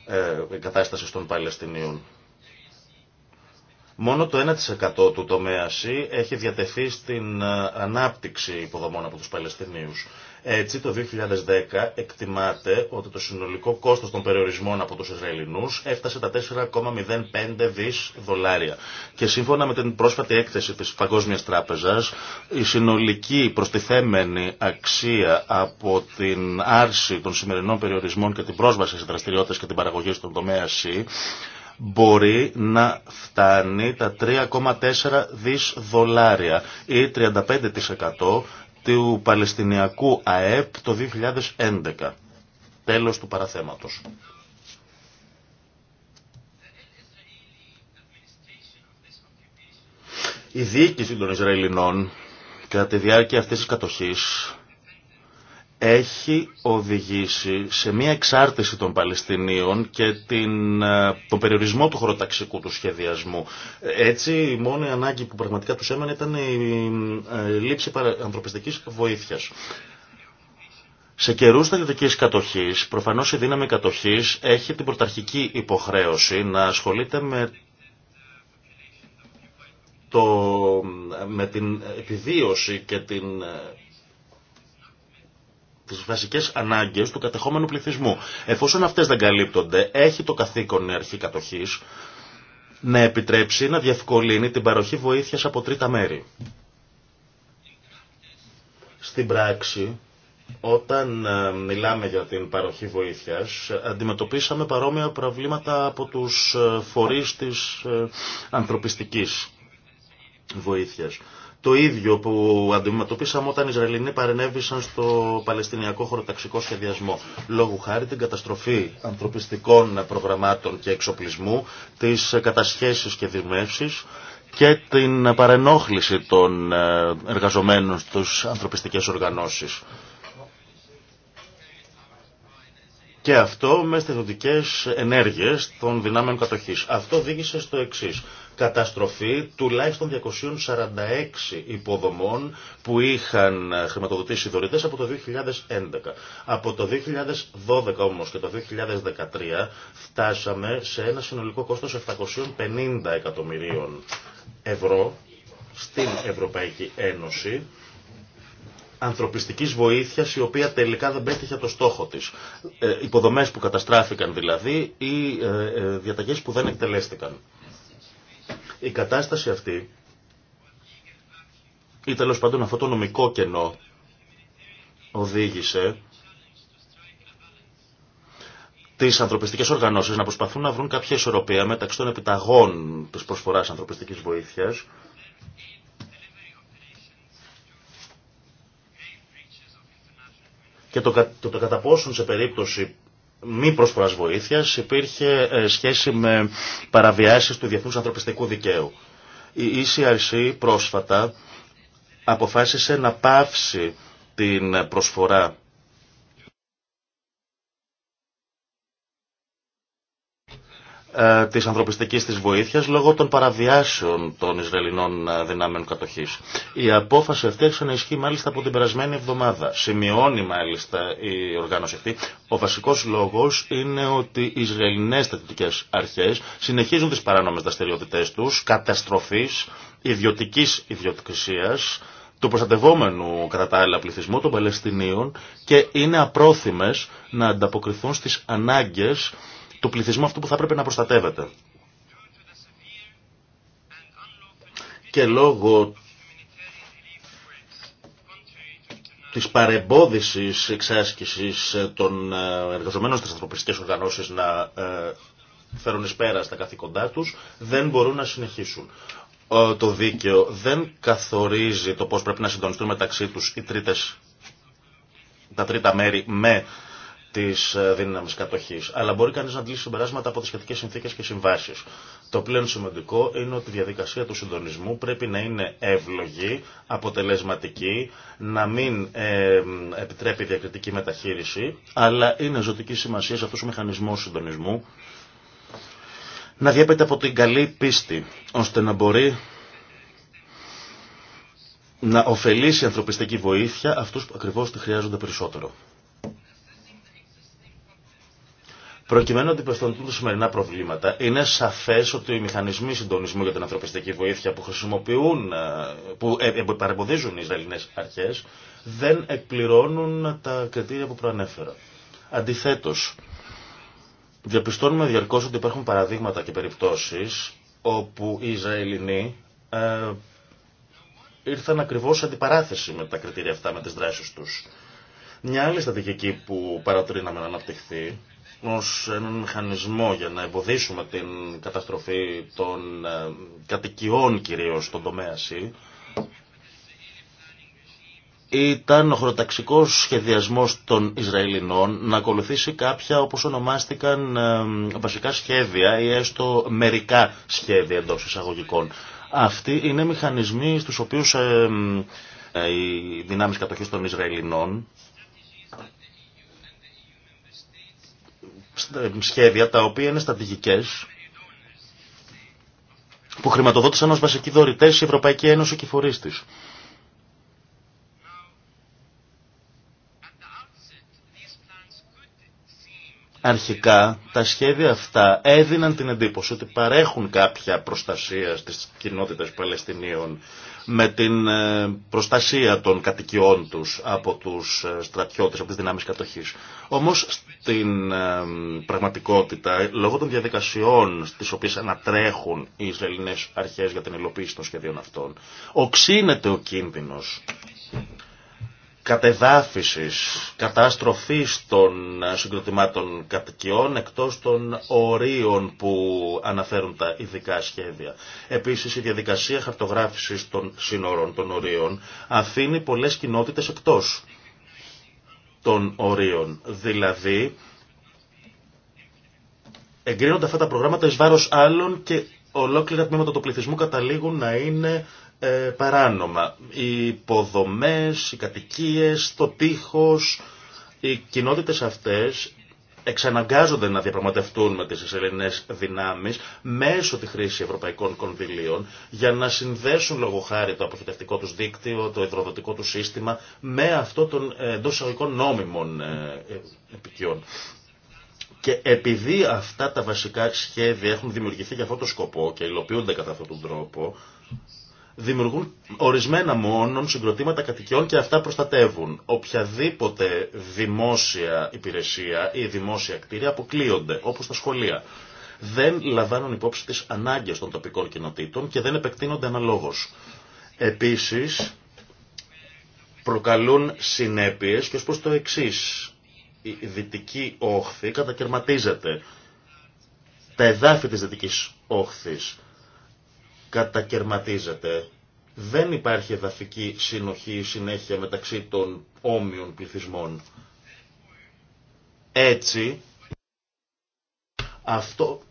ε, κατάσταση των Παλαιστινίων. Μόνο το 1% του τομέα C έχει διατεθεί στην ε, ανάπτυξη υποδομών από τους Παλαιστινίους. Έτσι το 2010 εκτιμάται ότι το συνολικό κόστος των περιορισμών από τους Ισραηλινούς έφτασε τα 4,05 δις δολάρια. Και σύμφωνα με την πρόσφατη έκθεση της Παγκόσμιας Τράπεζας, η συνολική προστιθέμενη αξία από την άρση των σημερινών περιορισμών και την πρόσβαση σε δραστηριότητες και την παραγωγή στον τομέα C μπορεί να φτάνει τα 3,4 δις δολάρια ή 35% του Παλαιστινιακού ΑΕΠ το 2011. Τέλος του παραθέματος. Η διοίκηση των Ισραηλινών κατά τη διάρκεια αυτής της κατοχής έχει οδηγήσει σε μια εξάρτηση των Παλαιστινίων και την, ε, τον περιορισμό του χωροταξικού του σχεδιασμού. Έτσι η μόνη ανάγκη που πραγματικά τους έμενε ήταν η ε, λήψη ανθρωπιστικής βοήθειας. Σε καιρούς στρατιωτική κατοχής, προφανώς η δύναμη κατοχής έχει την πρωταρχική υποχρέωση να ασχολείται με το, με την επιβίωση και την ε, τις βασικές ανάγκες του κατεχόμενου πληθυσμού. Εφόσον αυτές δεν καλύπτονται, έχει το καθήκον η αρχή κατοχής να επιτρέψει να διευκολύνει την παροχή βοήθειας από τρίτα μέρη. Στην πράξη, όταν ε, μιλάμε για την παροχή βοήθειας, αντιμετωπίσαμε παρόμοια προβλήματα από τους ε, φορείς της ε, ανθρωπιστικής βοήθειας το ίδιο που αντιμετωπίσαμε όταν οι Ισραηλινοί παρενέβησαν στο Παλαιστινιακό χωροταξικό σχεδιασμό. Λόγου χάρη την καταστροφή ανθρωπιστικών προγραμμάτων και εξοπλισμού, τις κατασχέσεις και δημεύσεις και την παρενόχληση των ε, εργαζομένων στους ανθρωπιστικές οργανώσεις. Και αυτό με στρατιωτικές ενέργειες των δυνάμεων κατοχής. Αυτό οδήγησε στο εξής καταστροφή τουλάχιστον 246 υποδομών που είχαν χρηματοδοτήσει δωρητές από το 2011. Από το 2012 όμως και το 2013 φτάσαμε σε ένα συνολικό κόστος 750 εκατομμυρίων ευρώ στην Ευρωπαϊκή Ένωση ανθρωπιστικής βοήθειας η οποία τελικά δεν πέτυχε το στόχο της. Ε, υποδομές που καταστράφηκαν δηλαδή ή ε, ε διαταγές που δεν εκτελέστηκαν. Η κατάσταση αυτή ή τέλο πάντων αυτό το νομικό κενό οδήγησε τι ανθρωπιστικέ οργανώσει να προσπαθούν να βρουν κάποια ισορροπία μεταξύ των επιταγών τη προσφορά ανθρωπιστική βοήθεια και το, το, το κατά πόσον σε περίπτωση μη προσφοράς βοήθειας υπήρχε ε, σχέση με παραβιάσεις του διεθνούς ανθρωπιστικού δικαίου. Η ECRC πρόσφατα αποφάσισε να πάυσει την προσφορά ε, της ανθρωπιστικής της βοήθειας λόγω των παραβιάσεων των Ισραηλινών ε, δυνάμεων κατοχής. Η απόφαση αυτή άρχισε να ισχύει μάλιστα από την περασμένη εβδομάδα. Σημειώνει μάλιστα η οργάνωση αυτή. Ο βασικός λόγος είναι ότι οι Ισραηλινές στατιωτικές αρχές συνεχίζουν τις παράνομες δραστηριότητέ τους, καταστροφής, ιδιωτική ιδιοκτησίας, του προστατευόμενου κατά τα άλλα πληθυσμού των Παλαιστινίων και είναι απρόθυμες να ανταποκριθούν στις ανάγκες το πληθυσμό αυτού που θα πρέπει να προστατεύεται. Και λόγω της παρεμπόδισης εξάσκησης των ε, εργαζομένων στις ανθρωπιστικές οργανώσεις να ε, φέρουν εις πέρα στα καθήκοντά τους, δεν μπορούν να συνεχίσουν. Ε, το δίκαιο δεν καθορίζει το πώς πρέπει να συντονιστούν μεταξύ τους οι τρίτες, τα τρίτα μέρη με τη ε, δύναμη κατοχή. Αλλά μπορεί κανεί να αντλήσει συμπεράσματα από τι σχετικέ συνθήκε και συμβάσει. Το πλέον σημαντικό είναι ότι η διαδικασία του συντονισμού πρέπει να είναι εύλογη, αποτελεσματική, να μην ε, επιτρέπει διακριτική μεταχείριση, αλλά είναι ζωτική σημασία σε αυτό ο μηχανισμό συντονισμού να διέπεται από την καλή πίστη, ώστε να μπορεί να ωφελήσει η ανθρωπιστική βοήθεια αυτούς που ακριβώς τη χρειάζονται περισσότερο. Προκειμένου να αντιπροσωπευτούν τα σημερινά προβλήματα, είναι σαφέ ότι οι μηχανισμοί συντονισμού για την ανθρωπιστική βοήθεια που χρησιμοποιούν, ε, ε, ε, που παρεμποδίζουν οι Ισραηλινέ αρχέ, δεν εκπληρώνουν τα κριτήρια που προανέφερα. Αντιθέτω, διαπιστώνουμε διαρκώ ότι υπάρχουν παραδείγματα και περιπτώσει όπου οι Ισραηλινοί ε, ήρθαν σε αντιπαράθεση με τα κριτήρια αυτά, με τι δράσει του. Μια άλλη στατικική που παρατρύναμε να αναπτυχθεί ως έναν μηχανισμό για να εμποδίσουμε την καταστροφή των ε, κατοικιών κυρίως στον τομέα ΣΥ ήταν ο χροταξικός σχεδιασμός των Ισραηλινών να ακολουθήσει κάποια όπως ονομάστηκαν ε, βασικά σχέδια ή έστω μερικά σχέδια εντό εισαγωγικών. Αυτοί είναι μηχανισμοί στους οποίους ε, οι δυνάμεις κατοχής των Ισραηλινών Ε, σχέδια τα οποία είναι στρατηγικές που χρηματοδότησαν ως βασικοί δωρητές η Ευρωπαϊκή Ένωση και οι φορείς της. Αρχικά τα σχέδια αυτά έδιναν την εντύπωση ότι παρέχουν κάποια προστασία στις κοινότητες Παλαιστινίων με την ε, προστασία των κατοικιών τους από τους ε, στρατιώτες, από τις δυνάμεις κατοχής. Όμως στην ε, πραγματικότητα, λόγω των διαδικασιών στις οποίες ανατρέχουν οι Ισραηλινές αρχές για την υλοποίηση των σχεδίων αυτών, οξύνεται ο κίνδυνος κατεδάφισης, καταστροφής των συγκροτημάτων κατοικιών εκτός των ορίων που αναφέρουν τα ειδικά σχέδια. Επίσης η διαδικασία χαρτογράφησης των σύνορων των ορίων αφήνει πολλές κοινότητες εκτός των ορίων. Δηλαδή εγκρίνονται αυτά τα προγράμματα εις βάρος άλλων και ολόκληρα τμήματα του πληθυσμού καταλήγουν να είναι ε, παράνομα. Οι υποδομές, οι κατοικίες, το τείχος, οι κοινότητες αυτές εξαναγκάζονται να διαπραγματευτούν με τις ελληνές δυνάμεις μέσω τη χρήση ευρωπαϊκών κονδυλίων για να συνδέσουν λόγω χάρη το αποθηκευτικό τους δίκτυο, το υδροδοτικό του σύστημα με αυτό των ε, εντό εισαγωγικών νόμιμων ε, επικοιών. Και επειδή αυτά τα βασικά σχέδια έχουν δημιουργηθεί για αυτό το σκοπό και υλοποιούνται κατά αυτόν τον τρόπο, δημιουργούν ορισμένα μόνον συγκροτήματα κατοικιών και αυτά προστατεύουν. Οποιαδήποτε δημόσια υπηρεσία ή δημόσια κτίρια αποκλείονται, όπως τα σχολεία. Δεν λαμβάνουν υπόψη τις ανάγκες των τοπικών κοινοτήτων και δεν επεκτείνονται αναλόγως. Επίσης, προκαλούν συνέπειες και ως προς το εξής. Η δυτική όχθη κατακαιρματίζεται. Τα εδάφη της δυτικής όχθης κατακαιρματίζεται. Δεν υπάρχει εδαφική συνοχή ή συνέχεια μεταξύ των όμοιων πληθυσμών. Έτσι, αυτό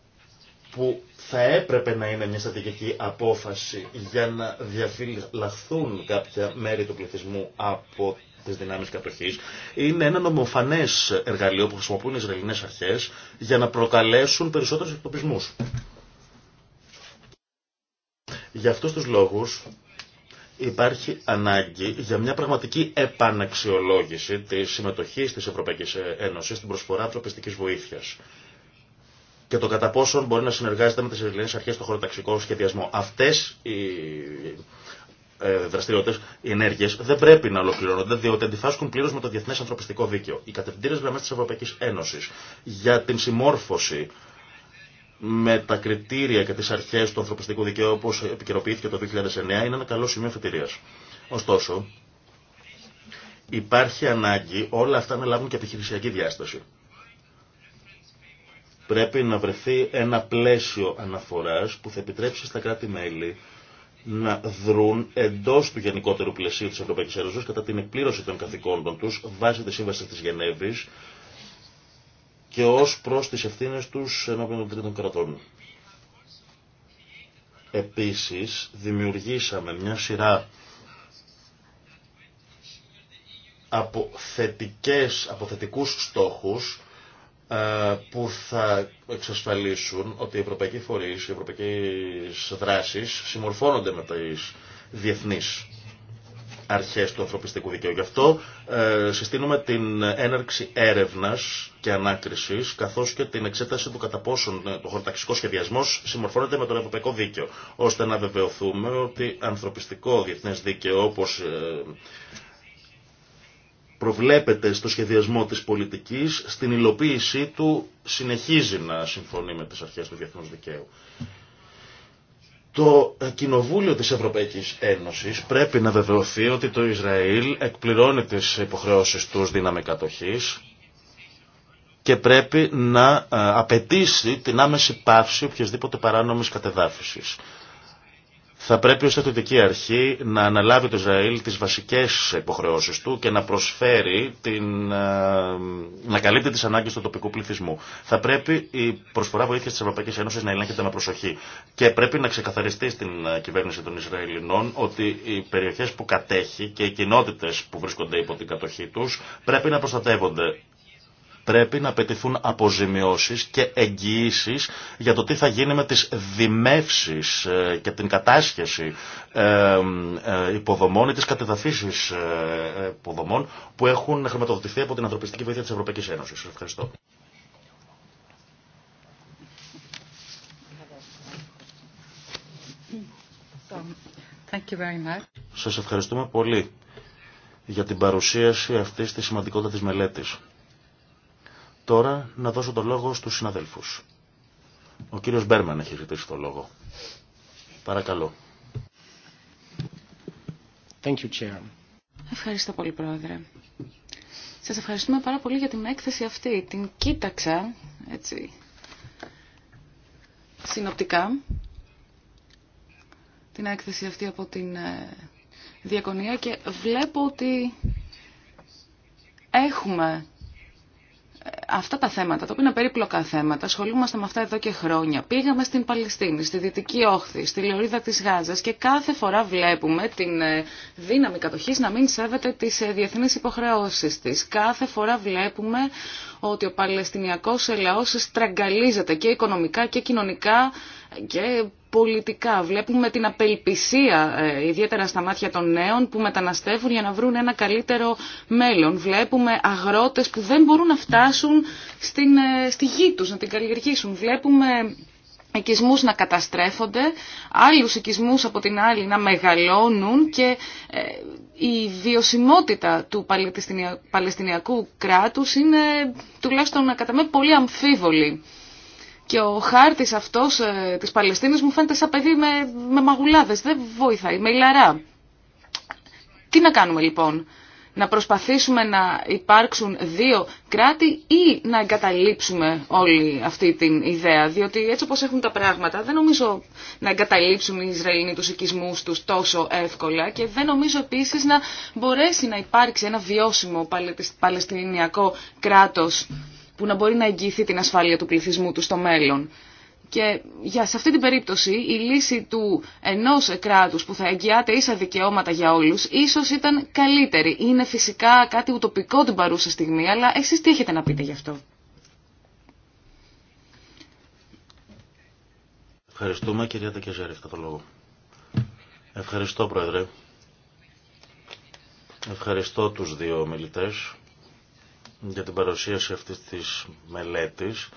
που θα έπρεπε να είναι μια στρατηγική απόφαση για να διαφυλαχθούν κάποια μέρη του πληθυσμού από τις δυνάμεις κατοχής, είναι ένα νομοφανές εργαλείο που χρησιμοποιούν οι Ισραηλινές αρχές για να προκαλέσουν περισσότερους εκτοπισμούς. Για αυτούς τους λόγους υπάρχει ανάγκη για μια πραγματική επαναξιολόγηση της συμμετοχής της Ευρωπαϊκής Ένωσης στην προσφορά ανθρωπιστικής βοήθειας και το κατά πόσον μπορεί να συνεργάζεται με τις ελληνικές αρχές στο χωροταξικό σχεδιασμό. Αυτές οι ε, δραστηριότητες, οι ενέργειε δεν πρέπει να ολοκληρώνονται διότι αντιφάσκουν πλήρως με το διεθνές ανθρωπιστικό δίκαιο. Οι κατευθυντήρες γραμμές της Ευρωπαϊκής Ένωσης για την συμμόρφωση με τα κριτήρια και τις αρχές του ανθρωπιστικού δικαίου όπως επικαιροποιήθηκε το 2009 είναι ένα καλό σημείο φετηρία. Ωστόσο, υπάρχει ανάγκη όλα αυτά να λάβουν και επιχειρησιακή διάσταση. Πρέπει να βρεθεί ένα πλαίσιο αναφοράς που θα επιτρέψει στα κράτη-μέλη να δρουν εντός του γενικότερου πλαισίου της ΕΕ κατά την εκπλήρωση των καθηκόντων τους βάσει τη Σύμβαση της Γενέβης και ως προς τις ευθύνες τους ενώπιον των τρίτων κρατών. Επίσης, δημιουργήσαμε μια σειρά από, αποθετικούς στόχους ε, που θα εξασφαλίσουν ότι οι ευρωπαϊκοί φορείς, οι ευρωπαϊκές δράσεις συμμορφώνονται με τις διεθνείς αρχέ του ανθρωπιστικού δικαίου. Γι' αυτό ε, συστήνουμε την έναρξη έρευνα και ανάκριση, καθώ και την εξέταση του κατά πόσον ε, το χωροταξικό σχεδιασμό συμμορφώνεται με τον Ευρωπαϊκό Δίκαιο, ώστε να βεβαιωθούμε ότι ανθρωπιστικό διεθνέ δίκαιο, όπω ε, προβλέπεται στο σχεδιασμό τη πολιτική στην υλοποίησή του συνεχίζει να συμφωνεί με τι αρχέ του διεθνού δικαίου. Το Κοινοβούλιο της Ευρωπαϊκής Ένωσης πρέπει να βεβαιωθεί ότι το Ισραήλ εκπληρώνει τις υποχρεώσεις του δύναμη κατοχής και πρέπει να ε, απαιτήσει την άμεση πάυση οποιασδήποτε παράνομης κατεδάφισης. Θα πρέπει ως στρατιωτική αρχή να αναλάβει το Ισραήλ τις βασικές υποχρεώσεις του και να προσφέρει, την, ε, να καλύπτει τις ανάγκες του τοπικού πληθυσμού. Θα πρέπει η προσφορά βοήθειας της Ευρωπαϊκής Ένωσης να ελέγχεται με προσοχή. Και πρέπει να ξεκαθαριστεί στην ε, κυβέρνηση των Ισραηλινών ότι οι περιοχές που κατέχει και οι κοινότητες που βρίσκονται υπό την κατοχή τους πρέπει να προστατεύονται πρέπει να απαιτηθούν αποζημιώσεις και εγγυήσει για το τι θα γίνει με τις δημεύσεις ε, και την κατάσχεση ε, ε, υποδομών ή τις κατεδαφίσεις υποδομών που έχουν χρηματοδοτηθεί από την ανθρωπιστική βοήθεια της Ευρωπαϊκής Ένωσης. Σας Ευχαριστώ. Σας ευχαριστούμε πολύ για την παρουσίαση αυτής της σημαντικότητας της μελέτης. Τώρα να δώσω το λόγο στους συναδέλφους. Ο κύριος Μπέρμαν έχει ζητήσει το λόγο. Παρακαλώ. Thank you, Chair. Ευχαριστώ πολύ, Πρόεδρε. Σας ευχαριστούμε πάρα πολύ για την έκθεση αυτή. Την κοίταξα, έτσι, συνοπτικά, την έκθεση αυτή από την ε, διακονία και βλέπω ότι έχουμε αυτά τα θέματα, τα οποία είναι περίπλοκα θέματα, ασχολούμαστε με αυτά εδώ και χρόνια. Πήγαμε στην Παλαιστίνη, στη Δυτική Όχθη, στη Λεωρίδα τη Γάζα, και κάθε φορά βλέπουμε την ε, δύναμη κατοχή να μην σέβεται τις ε, διεθνείς υποχρεώσεις της. Κάθε φορά βλέπουμε ότι ο Παλαιστινιακός λαός στραγγαλίζεται και οικονομικά και κοινωνικά και πολιτικά. Βλέπουμε την απελπισία, ε, ιδιαίτερα στα μάτια των νέων, που μεταναστεύουν για να βρουν ένα καλύτερο μέλλον. Βλέπουμε αγρότες που δεν μπορούν να φτάσουν στην, ε, στη γη τους, να την καλλιεργήσουν. Βλέπουμε οικισμούς να καταστρέφονται, άλλους οικισμούς από την άλλη να μεγαλώνουν και ε, η βιωσιμότητα του Παλαιστινιακού κράτους είναι τουλάχιστον κατά με πολύ αμφίβολη. Και ο χάρτης αυτός ε, της Παλαιστίνης μου φαίνεται σαν παιδί με, με μαγουλάδες. Δεν βοηθάει, με ηλαρά. Τι να κάνουμε λοιπόν, να προσπαθήσουμε να υπάρξουν δύο κράτη ή να εγκαταλείψουμε όλη αυτή την ιδέα. Διότι έτσι όπως έχουν τα πράγματα δεν νομίζω να εγκαταλείψουν οι Ισραηλοί τους οικισμούς τους τόσο εύκολα και δεν νομίζω επίσης να μπορέσει να υπάρξει ένα βιώσιμο παλαιστινιακό κράτος που να μπορεί να εγγυηθεί την ασφάλεια του πληθυσμού του στο μέλλον. Και για, σε αυτή την περίπτωση η λύση του ενός κράτους που θα εγγυάται ίσα δικαιώματα για όλους ίσως ήταν καλύτερη. Είναι φυσικά κάτι ουτοπικό την παρούσα στιγμή, αλλά εσείς τι έχετε να πείτε γι' αυτό. Ευχαριστούμε κυρία Τεκεζέρη, το λόγο. Ευχαριστώ πρόεδρε. Ευχαριστώ τους δύο μιλητές για την παρουσίαση αυτής της μελέτης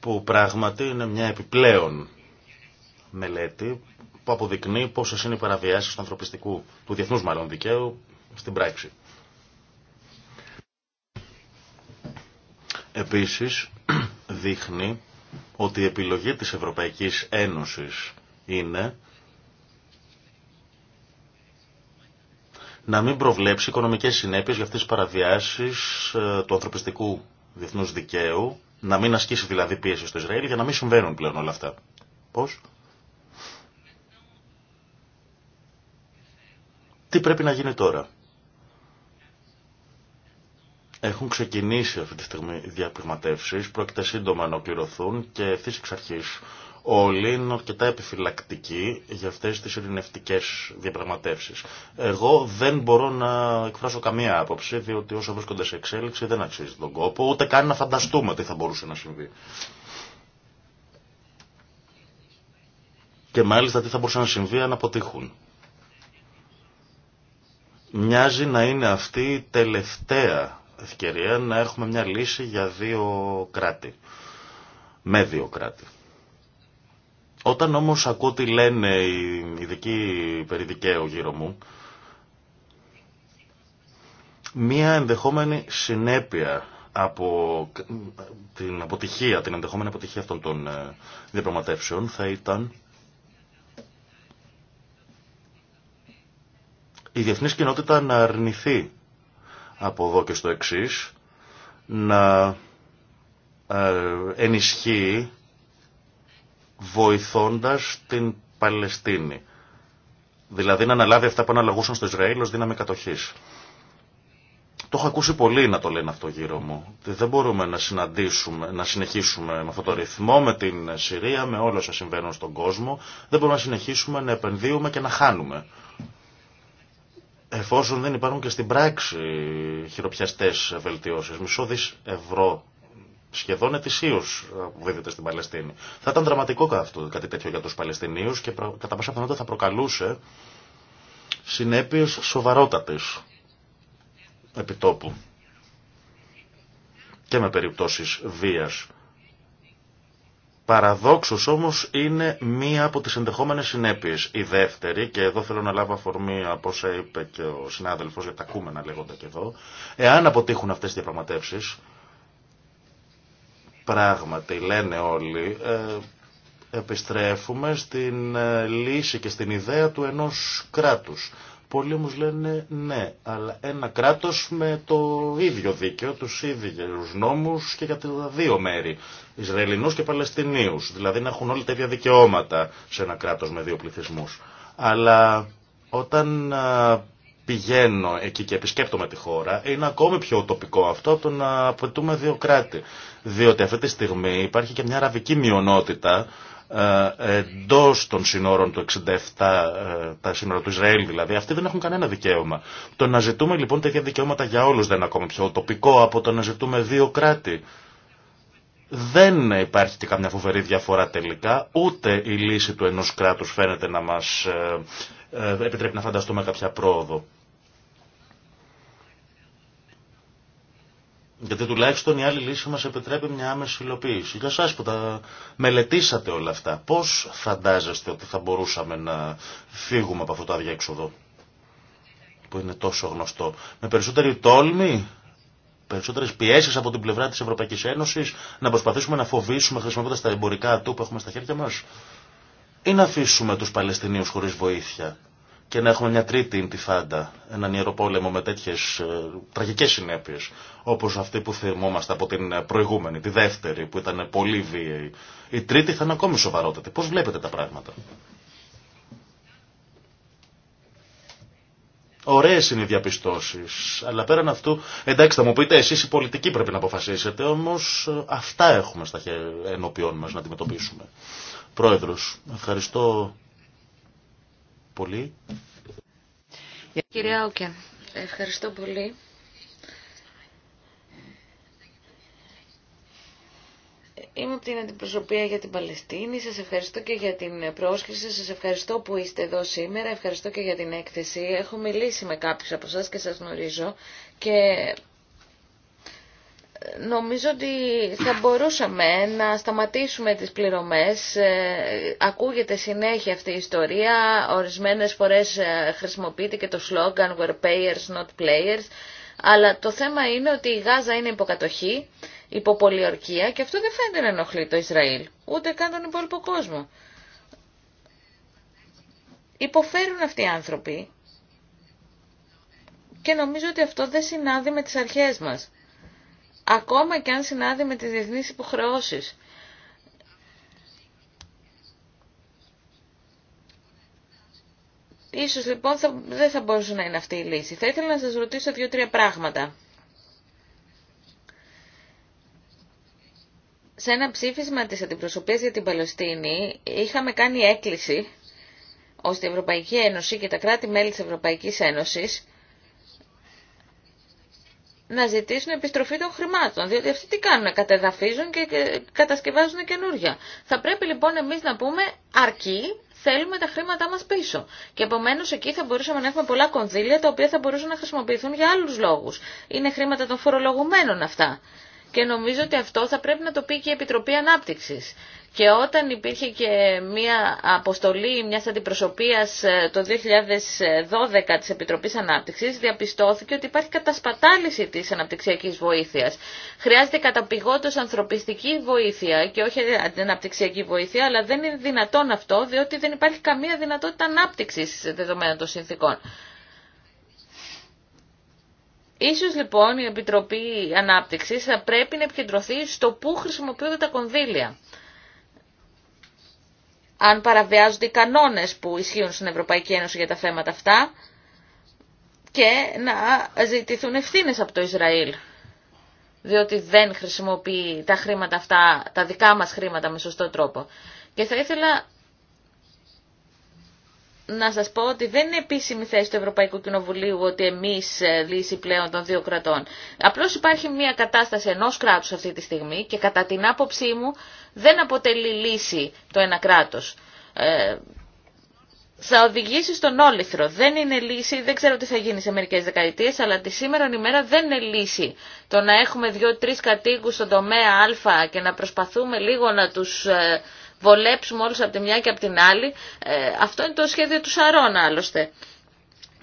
που πράγματι είναι μια επιπλέον μελέτη που αποδεικνύει πόσε είναι οι παραβιάσεις του ανθρωπιστικού, του διεθνούς μάλλον δικαίου στην πράξη. Επίσης δείχνει ότι η επιλογή της Ευρωπαϊκής Ένωσης είναι να μην προβλέψει οικονομικές συνέπειες για αυτές τις παραβιάσεις ε, του ανθρωπιστικού διεθνούς δικαίου, να μην ασκήσει δηλαδή πίεση στο Ισραήλ για να μην συμβαίνουν πλέον όλα αυτά. Πώς? Τι πρέπει να γίνει τώρα. Έχουν ξεκινήσει αυτή τη στιγμή διαπραγματεύσεις, πρόκειται σύντομα να ολοκληρωθούν και ευθύ εξ αρχής όλοι είναι αρκετά επιφυλακτικοί για αυτές τις ειρηνευτικές διαπραγματεύσεις. Εγώ δεν μπορώ να εκφράσω καμία άποψη, διότι όσο βρίσκονται σε εξέλιξη δεν αξίζει τον κόπο, ούτε καν να φανταστούμε τι θα μπορούσε να συμβεί. Και μάλιστα τι θα μπορούσε να συμβεί αν αποτύχουν. Μοιάζει να είναι αυτή η τελευταία ευκαιρία να έχουμε μια λύση για δύο κράτη. Με δύο κράτη. Όταν όμως ακούω τι λένε οι ειδικοί περί δικαίου γύρω μου, μία ενδεχόμενη συνέπεια από την αποτυχία, την ενδεχόμενη αποτυχία αυτών των ε, διαπραγματεύσεων θα ήταν η διεθνής κοινότητα να αρνηθεί από εδώ και στο εξής, να ε, ενισχύει βοηθώντας την Παλαιστίνη. Δηλαδή να αναλάβει αυτά που αναλογούσαν στο Ισραήλ ως δύναμη κατοχής. Το έχω ακούσει πολύ να το λένε αυτό γύρω μου. Δεν μπορούμε να συναντήσουμε, να συνεχίσουμε με αυτό το ρυθμό, με την Συρία, με όλα όσα συμβαίνουν στον κόσμο. Δεν μπορούμε να συνεχίσουμε να επενδύουμε και να χάνουμε. Εφόσον δεν υπάρχουν και στην πράξη χειροπιαστές βελτιώσεις. Μισό δις ευρώ σχεδόν ετησίω ε, που στην Παλαιστίνη. Θα ήταν δραματικό αυτό, κάτι τέτοιο για του Παλαιστινίους και κατά πάσα πιθανότητα θα προκαλούσε συνέπειε σοβαρότατε επιτόπου και με περιπτώσεις βίας. Παραδόξως όμως είναι μία από τις ενδεχόμενες συνέπειες. Η δεύτερη, και εδώ θέλω να λάβω αφορμή από όσα είπε και ο συνάδελφος, για τα κούμενα λέγοντα και εδώ, εάν αποτύχουν αυτές οι διαπραγματεύσεις, Πράγματι, λένε όλοι, ε, επιστρέφουμε στην ε, λύση και στην ιδέα του ενός κράτους. Πολλοί μου λένε ναι, αλλά ένα κράτος με το ίδιο δίκαιο, τους ίδιους νόμους και για τα δύο μέρη, Ισραηλινούς και Παλαιστινίους, δηλαδή να έχουν όλοι τα ίδια δικαιώματα σε ένα κράτος με δύο πληθυσμούς. Αλλά όταν ε, πηγαίνω εκεί και επισκέπτομαι τη χώρα, είναι ακόμη πιο τοπικό αυτό από το να απαιτούμε δύο κράτη. Διότι αυτή τη στιγμή υπάρχει και μια αραβική μειονότητα ε, εντό των συνόρων του 67, ε, τα σύνορα του Ισραήλ δηλαδή, αυτοί δεν έχουν κανένα δικαίωμα. Το να ζητούμε λοιπόν τέτοια δικαιώματα για όλου δεν είναι ακόμη πιο τοπικό από το να ζητούμε δύο κράτη. Δεν υπάρχει και καμιά φοβερή διαφορά τελικά, ούτε η λύση του ενός κράτους φαίνεται να μας ε, επιτρέπει να φανταστούμε κάποια πρόοδο. Γιατί τουλάχιστον η άλλη λύση μας επιτρέπει μια άμεση υλοποίηση. Για σας που τα μελετήσατε όλα αυτά, πώς φαντάζεστε ότι θα μπορούσαμε να φύγουμε από αυτό το αδιέξοδο που είναι τόσο γνωστό. Με περισσότερη τόλμη, περισσότερες πιέσεις από την πλευρά της Ευρωπαϊκής Ένωσης, να προσπαθήσουμε να φοβήσουμε χρησιμοποιώντας τα εμπορικά του που έχουμε στα χέρια μας ή να αφήσουμε τους Παλαιστινίους χωρίς βοήθεια και να έχουμε μια τρίτη Ιντιφάντα, έναν ιεροπόλεμο με τέτοιε τραγικέ συνέπειε, όπω αυτή που θυμόμαστε από την προηγούμενη, τη δεύτερη, που ήταν πολύ βίαιη. Η τρίτη θα είναι ακόμη σοβαρότατη. Πώ βλέπετε τα πράγματα. Ωραίε είναι οι διαπιστώσει, αλλά πέραν αυτού, εντάξει θα μου πείτε εσεί οι πολιτικοί πρέπει να αποφασίσετε, όμω ε, αυτά έχουμε στα ενωπιών μα να αντιμετωπίσουμε. Πρόεδρο, ευχαριστώ πολύ. Κυρία ευχαριστώ πολύ. Είμαι από την Αντιπροσωπεία για την Παλαιστίνη. Σας ευχαριστώ και για την πρόσκληση. Σας ευχαριστώ που είστε εδώ σήμερα. Ευχαριστώ και για την έκθεση. Έχω μιλήσει με κάποιους από εσάς και σας γνωρίζω. Και Νομίζω ότι θα μπορούσαμε να σταματήσουμε τις πληρωμές. Ε, ακούγεται συνέχεια αυτή η ιστορία. Ορισμένες φορές ε, χρησιμοποιείται και το σλόγγαν «We're payers, not players». Αλλά το θέμα είναι ότι η Γάζα είναι υποκατοχή, υποπολιορκία και αυτό δεν φαίνεται να ενοχλεί το Ισραήλ, ούτε καν τον υπόλοιπο κόσμο. Υποφέρουν αυτοί οι άνθρωποι και νομίζω ότι αυτό δεν συνάδει με τις αρχές μας ακόμα και αν συνάδει με τις διεθνείς υποχρεώσεις. Ίσως λοιπόν δεν θα μπορούσε να είναι αυτή η λύση. Θα ήθελα να σας ρωτήσω δύο-τρία πράγματα. Σε ένα ψήφισμα της αντιπροσωπείας για την Παλαιστίνη είχαμε κάνει έκκληση ώστε η Ευρωπαϊκή Ένωση και τα κράτη-μέλη της Ευρωπαϊκής Ένωσης να ζητήσουν επιστροφή των χρημάτων, διότι αυτοί τι κάνουν, κατεδαφίζουν και κατασκευάζουν καινούρια. Θα πρέπει λοιπόν εμείς να πούμε αρκεί θέλουμε τα χρήματά μας πίσω. Και επομένω, εκεί θα μπορούσαμε να έχουμε πολλά κονδύλια τα οποία θα μπορούσαν να χρησιμοποιηθούν για άλλους λόγους. Είναι χρήματα των φορολογουμένων αυτά και νομίζω ότι αυτό θα πρέπει να το πει και η Επιτροπή Ανάπτυξης. Και όταν υπήρχε και μια αποστολή μια αντιπροσωπεία ε, το 2012 τη επιτροπή ανάπτυξη, διαπιστώθηκε ότι υπάρχει κατασπατάληση τη αναπτυξιακή βοήθεια. Χρειάζεται καταπηγόντω ανθρωπιστική βοήθεια και όχι αναπτυξιακή βοήθεια, αλλά δεν είναι δυνατόν αυτό, διότι δεν υπάρχει καμία δυνατότητα ανάπτυξη δεδομένων των συνθήκων. Ίσως λοιπόν η Επιτροπή Ανάπτυξης θα πρέπει να επικεντρωθεί στο πού χρησιμοποιούνται τα κονδύλια. Αν παραβιάζονται οι κανόνες που ισχύουν στην Ευρωπαϊκή Ένωση για τα θέματα αυτά και να ζητηθούν ευθύνες από το Ισραήλ. Διότι δεν χρησιμοποιεί τα χρήματα αυτά, τα δικά μας χρήματα με σωστό τρόπο. Και θα ήθελα να σας πω ότι δεν είναι επίσημη θέση του Ευρωπαϊκού Κοινοβουλίου ότι εμείς ε, λύσει πλέον των δύο κρατών. Απλώς υπάρχει μια κατάσταση ενός κράτους αυτή τη στιγμή και κατά την άποψή μου δεν αποτελεί λύση το ένα κράτος. Ε, θα οδηγήσει στον όλυθρο. Δεν είναι λύση, δεν ξέρω τι θα γίνει σε μερικές δεκαετίες, αλλά τη σήμερα ημέρα δεν είναι λύση. Το να έχουμε δύο-τρεις κατοίκους στον τομέα Α και να προσπαθούμε λίγο να τους... Ε, βολέψουμε όλους από τη μια και από την άλλη. Ε, αυτό είναι το σχέδιο του Σαρών άλλωστε.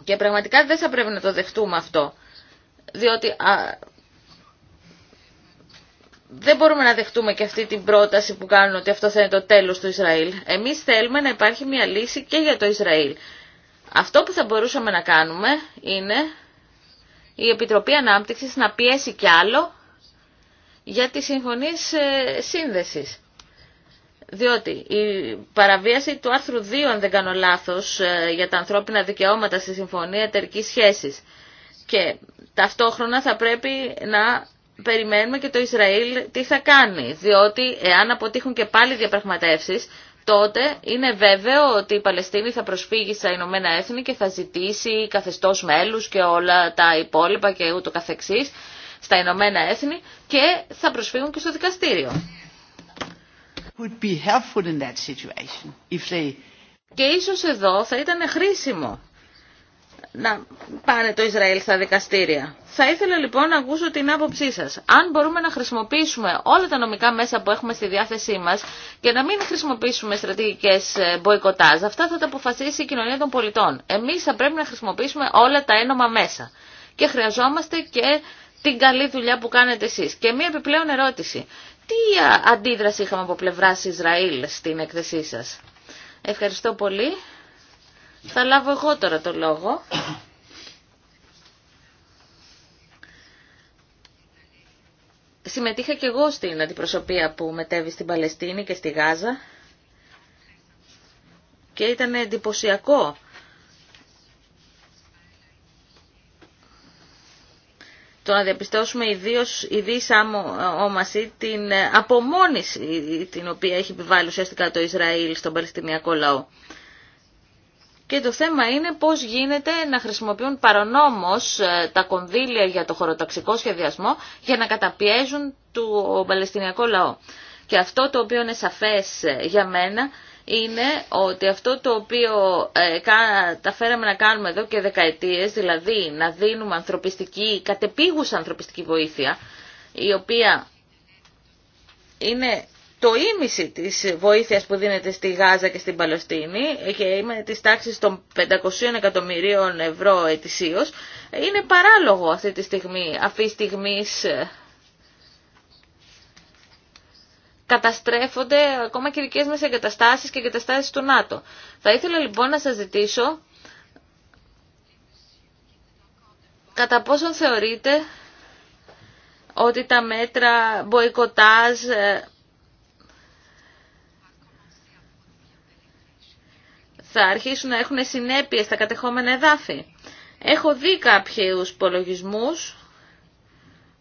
Και πραγματικά δεν θα πρέπει να το δεχτούμε αυτό. Διότι δεν μπορούμε να δεχτούμε και αυτή την πρόταση που κάνουν ότι αυτό θα είναι το τέλος του Ισραήλ. Εμείς θέλουμε να υπάρχει μια λύση και για το Ισραήλ. Αυτό που θα μπορούσαμε να κάνουμε είναι η Επιτροπή Ανάπτυξης να πιέσει κι άλλο για τις συμφωνίες ε, σύνδεσης. Διότι η παραβίαση του άρθρου 2, αν δεν κάνω λάθος, ε, για τα ανθρώπινα δικαιώματα στη Συμφωνία Εταιρικής Σχέσης και ταυτόχρονα θα πρέπει να περιμένουμε και το Ισραήλ τι θα κάνει, διότι εάν αποτύχουν και πάλι διαπραγματεύσεις, τότε είναι βέβαιο ότι η Παλαιστίνη θα προσφύγει στα Ηνωμένα Έθνη και θα ζητήσει καθεστώς μέλους και όλα τα υπόλοιπα και ούτω καθεξής στα Ηνωμένα Έθνη και θα προσφύγουν και στο δικαστήριο be helpful in that situation if they... Και ίσως εδώ θα ήταν χρήσιμο να πάνε το Ισραήλ στα δικαστήρια. Θα ήθελα λοιπόν να ακούσω την άποψή σας. Αν μπορούμε να χρησιμοποιήσουμε όλα τα νομικά μέσα που έχουμε στη διάθεσή μας και να μην χρησιμοποιήσουμε στρατηγικές ε, μποϊκοτάζ, αυτά θα τα αποφασίσει η κοινωνία των πολιτών. Εμείς θα πρέπει να χρησιμοποιήσουμε όλα τα ένομα μέσα. Και χρειαζόμαστε και την καλή δουλειά που κάνετε εσείς. Και μία επιπλέον ερώτηση. Τι αντίδραση είχαμε από πλευράς Ισραήλ στην έκθεσή σας. Ευχαριστώ πολύ. Θα λάβω εγώ τώρα το λόγο. Συμμετείχα και εγώ στην αντιπροσωπεία που μετέβη στην Παλαιστίνη και στη Γάζα και ήταν εντυπωσιακό το να διαπιστώσουμε ιδίως η την ε, απομόνηση την οποία έχει επιβάλει ουσιαστικά το Ισραήλ στον Παλαιστινιακό λαό. Και το θέμα είναι πώς γίνεται να χρησιμοποιούν παρονόμως ε, τα κονδύλια για το χωροταξικό σχεδιασμό για να καταπιέζουν του Παλαιστινιακό λαό. Και αυτό το οποίο είναι σαφές ε, για μένα είναι ότι αυτό το οποίο ε, τα φέραμε να κάνουμε εδώ και δεκαετίες, δηλαδή να δίνουμε ανθρωπιστική, κατεπίγουσα ανθρωπιστική βοήθεια, η οποία είναι το ίμιση της βοήθειας που δίνεται στη Γάζα και στην Παλαιστίνη και είμαι της τάξης των 500 εκατομμυρίων ευρώ ετησίως, είναι παράλογο αυτή τη στιγμή, αυτή τη στιγμή ε, καταστρέφονται ακόμα και δικέ μας εγκαταστάσεις και εγκαταστάσεις του ΝΑΤΟ. Θα ήθελα λοιπόν να σα ζητήσω κατά πόσον θεωρείτε ότι τα μέτρα μποϊκοτάζ ε, θα αρχίσουν να έχουν συνέπειες στα κατεχόμενα εδάφη. Έχω δει κάποιους υπολογισμού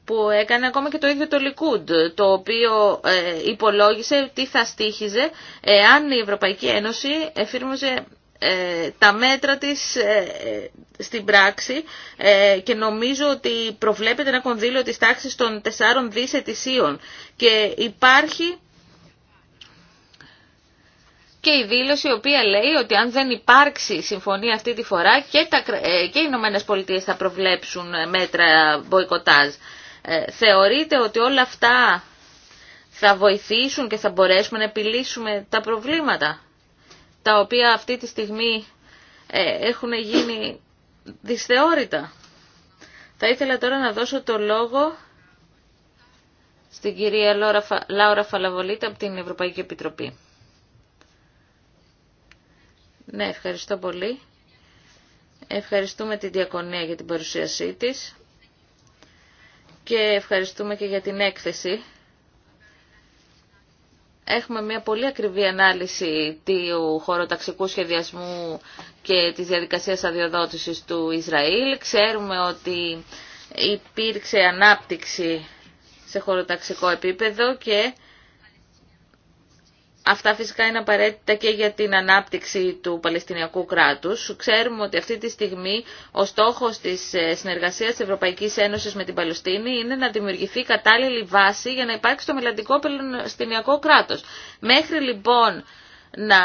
που έκανε ακόμα και το ίδιο το Λικούντ, το οποίο ε, υπολόγισε τι θα στήχιζε εάν η Ευρωπαϊκή Ένωση εφήρμοζε ε, τα μέτρα της ε, στην πράξη και νομίζω ότι προβλέπεται ένα κονδύλιο της τάξης των 4 δις ετησίων και υπάρχει και η δήλωση η οποία λέει ότι αν δεν υπάρξει συμφωνία αυτή τη φορά και, τα, οι Ηνωμένε Πολιτείες θα προβλέψουν μέτρα μποϊκοτάζ. Ε, θεωρείτε ότι όλα αυτά θα βοηθήσουν και θα μπορέσουμε να επιλύσουμε τα προβλήματα τα οποία αυτή τη στιγμή ε, έχουν γίνει δυσθεώρητα. Θα ήθελα τώρα να δώσω το λόγο στην κυρία Λάουρα Φαλαβολίτα από την Ευρωπαϊκή Επιτροπή. Ναι, ευχαριστώ πολύ. Ευχαριστούμε την Διακονία για την παρουσίασή της και ευχαριστούμε και για την έκθεση. Έχουμε μια πολύ ακριβή ανάλυση του χωροταξικού σχεδιασμού και της διαδικασίας αδειοδότησης του Ισραήλ. Ξέρουμε ότι υπήρξε ανάπτυξη σε χωροταξικό επίπεδο και Αυτά φυσικά είναι απαραίτητα και για την ανάπτυξη του Παλαιστινιακού κράτους. Ξέρουμε ότι αυτή τη στιγμή ο στόχος της ε, συνεργασίας της Ευρωπαϊκής Ένωσης με την Παλαιστίνη είναι να δημιουργηθεί κατάλληλη βάση για να υπάρξει το μελλοντικό Παλαιστινιακό κράτος. Μέχρι λοιπόν να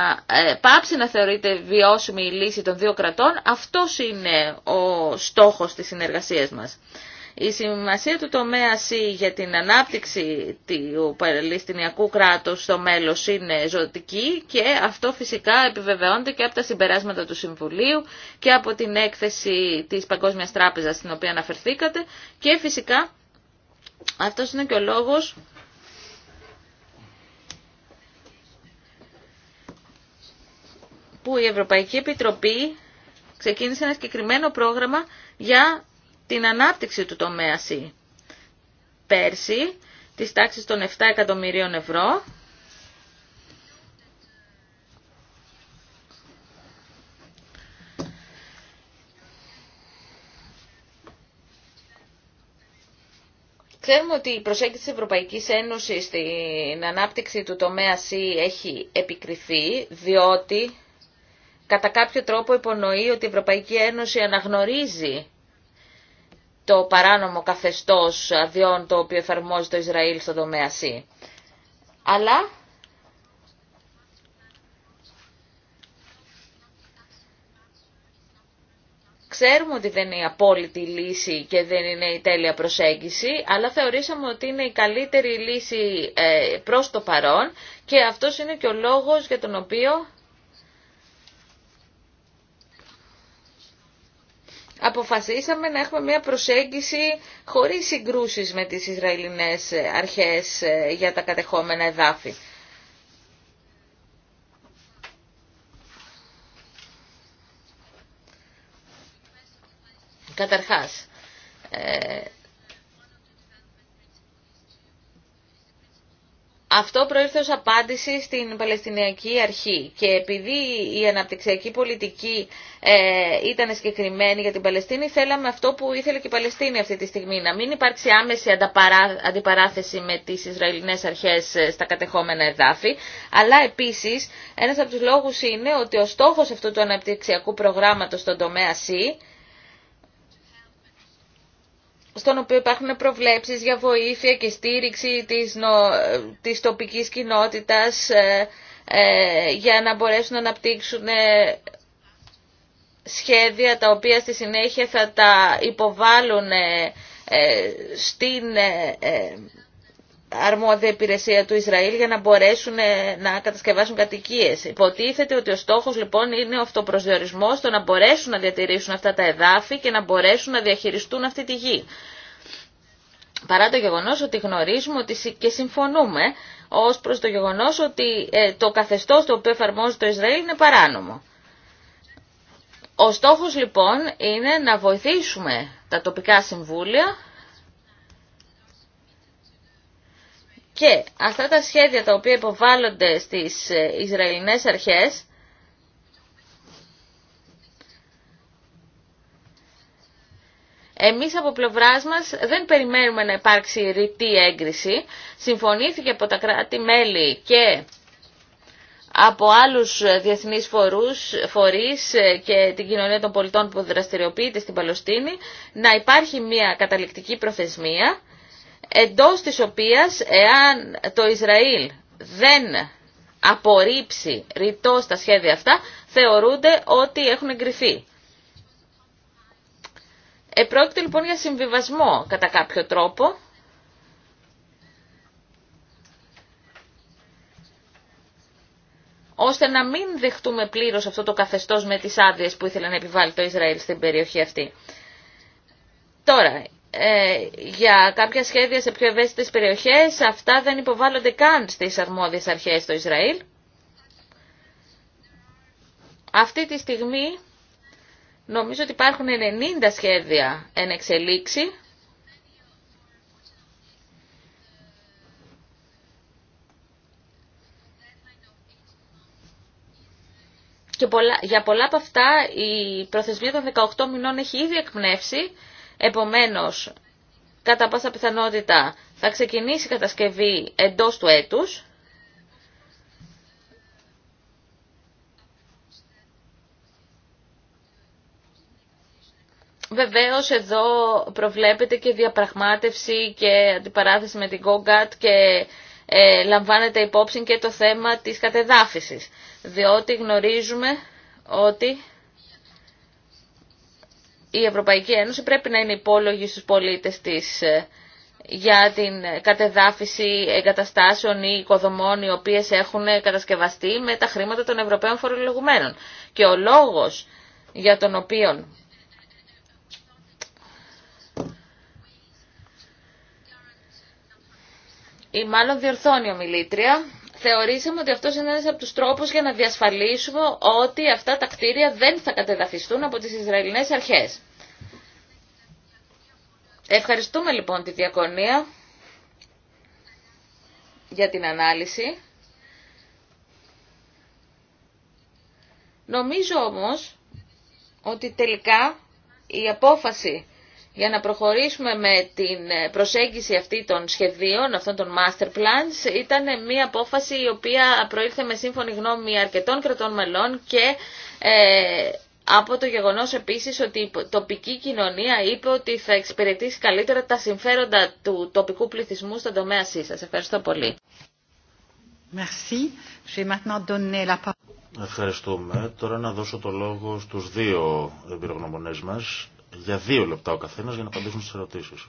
ε, πάψει να θεωρείται βιώσιμη η λύση των δύο κρατών, αυτό είναι ο στόχος της συνεργασίας μας. Η σημασία του τομέα C για την ανάπτυξη του παρελιστινιακού κράτου στο μέλο είναι ζωτική και αυτό φυσικά επιβεβαιώνεται και από τα συμπεράσματα του Συμβουλίου και από την έκθεση της Παγκόσμιας Τράπεζας στην οποία αναφερθήκατε και φυσικά αυτό είναι και ο λόγος που η Ευρωπαϊκή Επιτροπή ξεκίνησε ένα συγκεκριμένο πρόγραμμα για την ανάπτυξη του τομέα C. Πέρσι, της τάξης των 7 εκατομμυρίων ευρώ, Ξέρουμε ότι η προσέγγιση της Ευρωπαϊκής Ένωσης στην ανάπτυξη του τομέα C έχει επικριθεί, διότι κατά κάποιο τρόπο υπονοεί ότι η Ευρωπαϊκή Ένωση αναγνωρίζει το παράνομο καθεστώς αδειών το οποίο εφαρμόζει το Ισραήλ στο τομέα C. Αλλά Ξέρουμε ότι δεν είναι η απόλυτη λύση και δεν είναι η τέλεια προσέγγιση, αλλά θεωρήσαμε ότι είναι η καλύτερη λύση ε, προς το παρόν και αυτός είναι και ο λόγος για τον οποίο αποφασίσαμε να έχουμε μια προσέγγιση χωρίς συγκρούσεις με τις Ισραηλινές αρχές ε, για τα κατεχόμενα εδάφη. Καταρχάς, ε, Αυτό προήρθε ως απάντηση στην Παλαιστινιακή Αρχή και επειδή η αναπτυξιακή πολιτική ε, ήταν συγκεκριμένη για την Παλαιστίνη, θέλαμε αυτό που ήθελε και η Παλαιστίνη αυτή τη στιγμή, να μην υπάρξει άμεση αντιπαράθεση με τις Ισραηλινές αρχές ε, στα κατεχόμενα εδάφη, αλλά επίσης ένας από τους λόγους είναι ότι ο στόχος αυτού του αναπτυξιακού προγράμματος στον τομέα C στον οποίο υπάρχουν προβλέψεις για βοήθεια και στήριξη της, της τοπικής κοινότητας ε, ε, για να μπορέσουν να αναπτύξουν ε, σχέδια τα οποία στη συνέχεια θα τα υποβάλουν στην αρμόδια υπηρεσία του Ισραήλ για να μπορέσουν ε, να κατασκευάσουν κατοικίες. Υποτίθεται ότι ο στόχος λοιπόν είναι ο αυτοπροσδιορισμός, ...στο να μπορέσουν να διατηρήσουν αυτά τα εδάφη και να μπορέσουν να διαχειριστούν αυτή τη γη. Παρά το γεγονός ότι γνωρίζουμε ότι και συμφωνούμε ως προς το γεγονός ότι ε, το καθεστώς το οποίο εφαρμόζει το Ισραήλ είναι παράνομο. Ο στόχος λοιπόν είναι να βοηθήσουμε τα τοπικά συμβούλια Και αυτά τα σχέδια τα οποία υποβάλλονται στις ε, Ισραηλινές αρχές Εμείς από πλευράς μας δεν περιμένουμε να υπάρξει ρητή έγκριση. Συμφωνήθηκε από τα κράτη-μέλη και από άλλους διεθνείς φορούς, φορείς ε, και την κοινωνία των πολιτών που δραστηριοποιείται στην Παλαιστίνη να υπάρχει μια καταληκτική προθεσμία εντός της οποίας εάν το Ισραήλ δεν απορρίψει ρητό στα σχέδια αυτά, θεωρούνται ότι έχουν εγκριθεί. Επρόκειται λοιπόν για συμβιβασμό κατά κάποιο τρόπο. ώστε να μην δεχτούμε πλήρως αυτό το καθεστώς με τις άδειες που ήθελε να επιβάλλει το Ισραήλ στην περιοχή αυτή. Τώρα, ε, για κάποια σχέδια σε πιο ευαίσθητες περιοχές, αυτά δεν υποβάλλονται καν στις αρμόδιες αρχές στο Ισραήλ. Αυτή τη στιγμή νομίζω ότι υπάρχουν 90 σχέδια εν εξελίξη. Και για πολλά από αυτά η προθεσμία των 18 μηνών έχει ήδη εκπνεύσει Επομένως, κατά πάσα πιθανότητα θα ξεκινήσει η κατασκευή εντός του έτους. Βεβαίως εδώ προβλέπεται και διαπραγμάτευση και αντιπαράθεση με την GOGAT και ε, λαμβάνεται υπόψη και το θέμα της κατεδάφισης, διότι γνωρίζουμε ότι η Ευρωπαϊκή Ένωση πρέπει να είναι υπόλογη στους πολίτες της ε, για την κατεδάφιση εγκαταστάσεων ή οικοδομών οι οποίες έχουν κατασκευαστεί με τα χρήματα των Ευρωπαίων φορολογουμένων. Και ο λόγος για τον οποίο ή μάλλον διορθώνει ομιλήτρια θεωρήσαμε ότι αυτός είναι ένα από του τρόπους για να διασφαλίσουμε ότι αυτά τα κτίρια δεν θα κατεδαφιστούν από τις Ισραηλινές αρχές. Ευχαριστούμε λοιπόν τη Διακονία για την ανάλυση. Νομίζω όμως ότι τελικά η απόφαση για να προχωρήσουμε με την προσέγγιση αυτή των σχεδίων, αυτών των master plans, ήταν μια απόφαση η οποία προήλθε με σύμφωνη γνώμη αρκετών κρατών μελών και ε, από το γεγονός επίσης ότι η τοπική κοινωνία είπε ότι θα εξυπηρετήσει καλύτερα τα συμφέροντα του τοπικού πληθυσμού στον τομέα σας. Ευχαριστώ πολύ. Merci. la... Ευχαριστούμε. Τώρα να δώσω το λόγο στους δύο εμπειρογνωμονές μας, για δύο λεπτά ο καθένας για να απαντήσουν στις ερωτήσεις.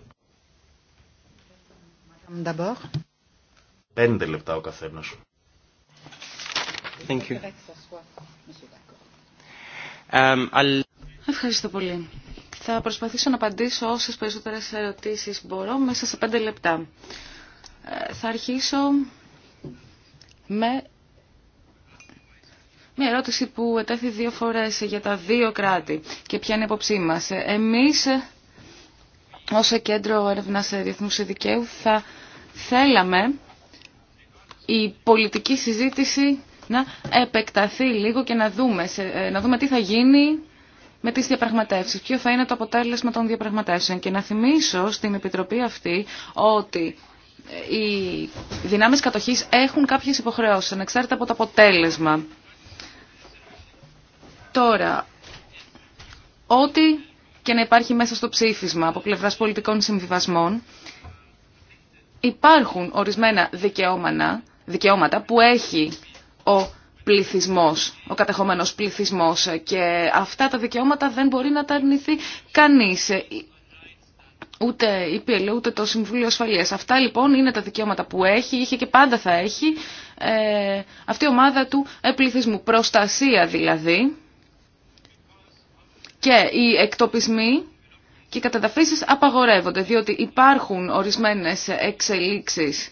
Πέντε λεπτά ο καθένας. Ευχαριστώ πολύ. Θα προσπαθήσω να απαντήσω όσες περισσότερες ερωτήσεις μπορώ μέσα σε πέντε λεπτά. Ε, θα αρχίσω με μια ερώτηση που ετέθη δύο φορές για τα δύο κράτη και ποια είναι η απόψή μας. Εμείς ως κέντρο έρευνα διεθνούς δικαίου θα θέλαμε η πολιτική συζήτηση να επεκταθεί λίγο και να δούμε, ε, να δούμε τι θα γίνει με τις διαπραγματεύσεις, ποιο θα είναι το αποτέλεσμα των διαπραγματεύσεων. Και να θυμίσω στην Επιτροπή αυτή ότι ε, οι δυνάμεις κατοχής έχουν κάποιες υποχρεώσεις, ανεξάρτητα από το αποτέλεσμα. Τώρα, ό,τι και να υπάρχει μέσα στο ψήφισμα από πλευρά πολιτικών συμβιβασμών, υπάρχουν ορισμένα δικαιώματα που έχει ο πληθυσμός, ο κατεχόμενος πληθυσμός και αυτά τα δικαιώματα δεν μπορεί να τα αρνηθεί κανείς. Ούτε η ΠΕΛΕ, ούτε το Συμβούλιο Ασφαλείας. Αυτά λοιπόν είναι τα δικαιώματα που έχει, είχε και πάντα θα έχει ε, αυτή η ομάδα του ε, πληθυσμού. Προστασία δηλαδή και οι εκτοπισμοί και οι καταδαφίσεις απαγορεύονται, διότι υπάρχουν ορισμένες εξελίξεις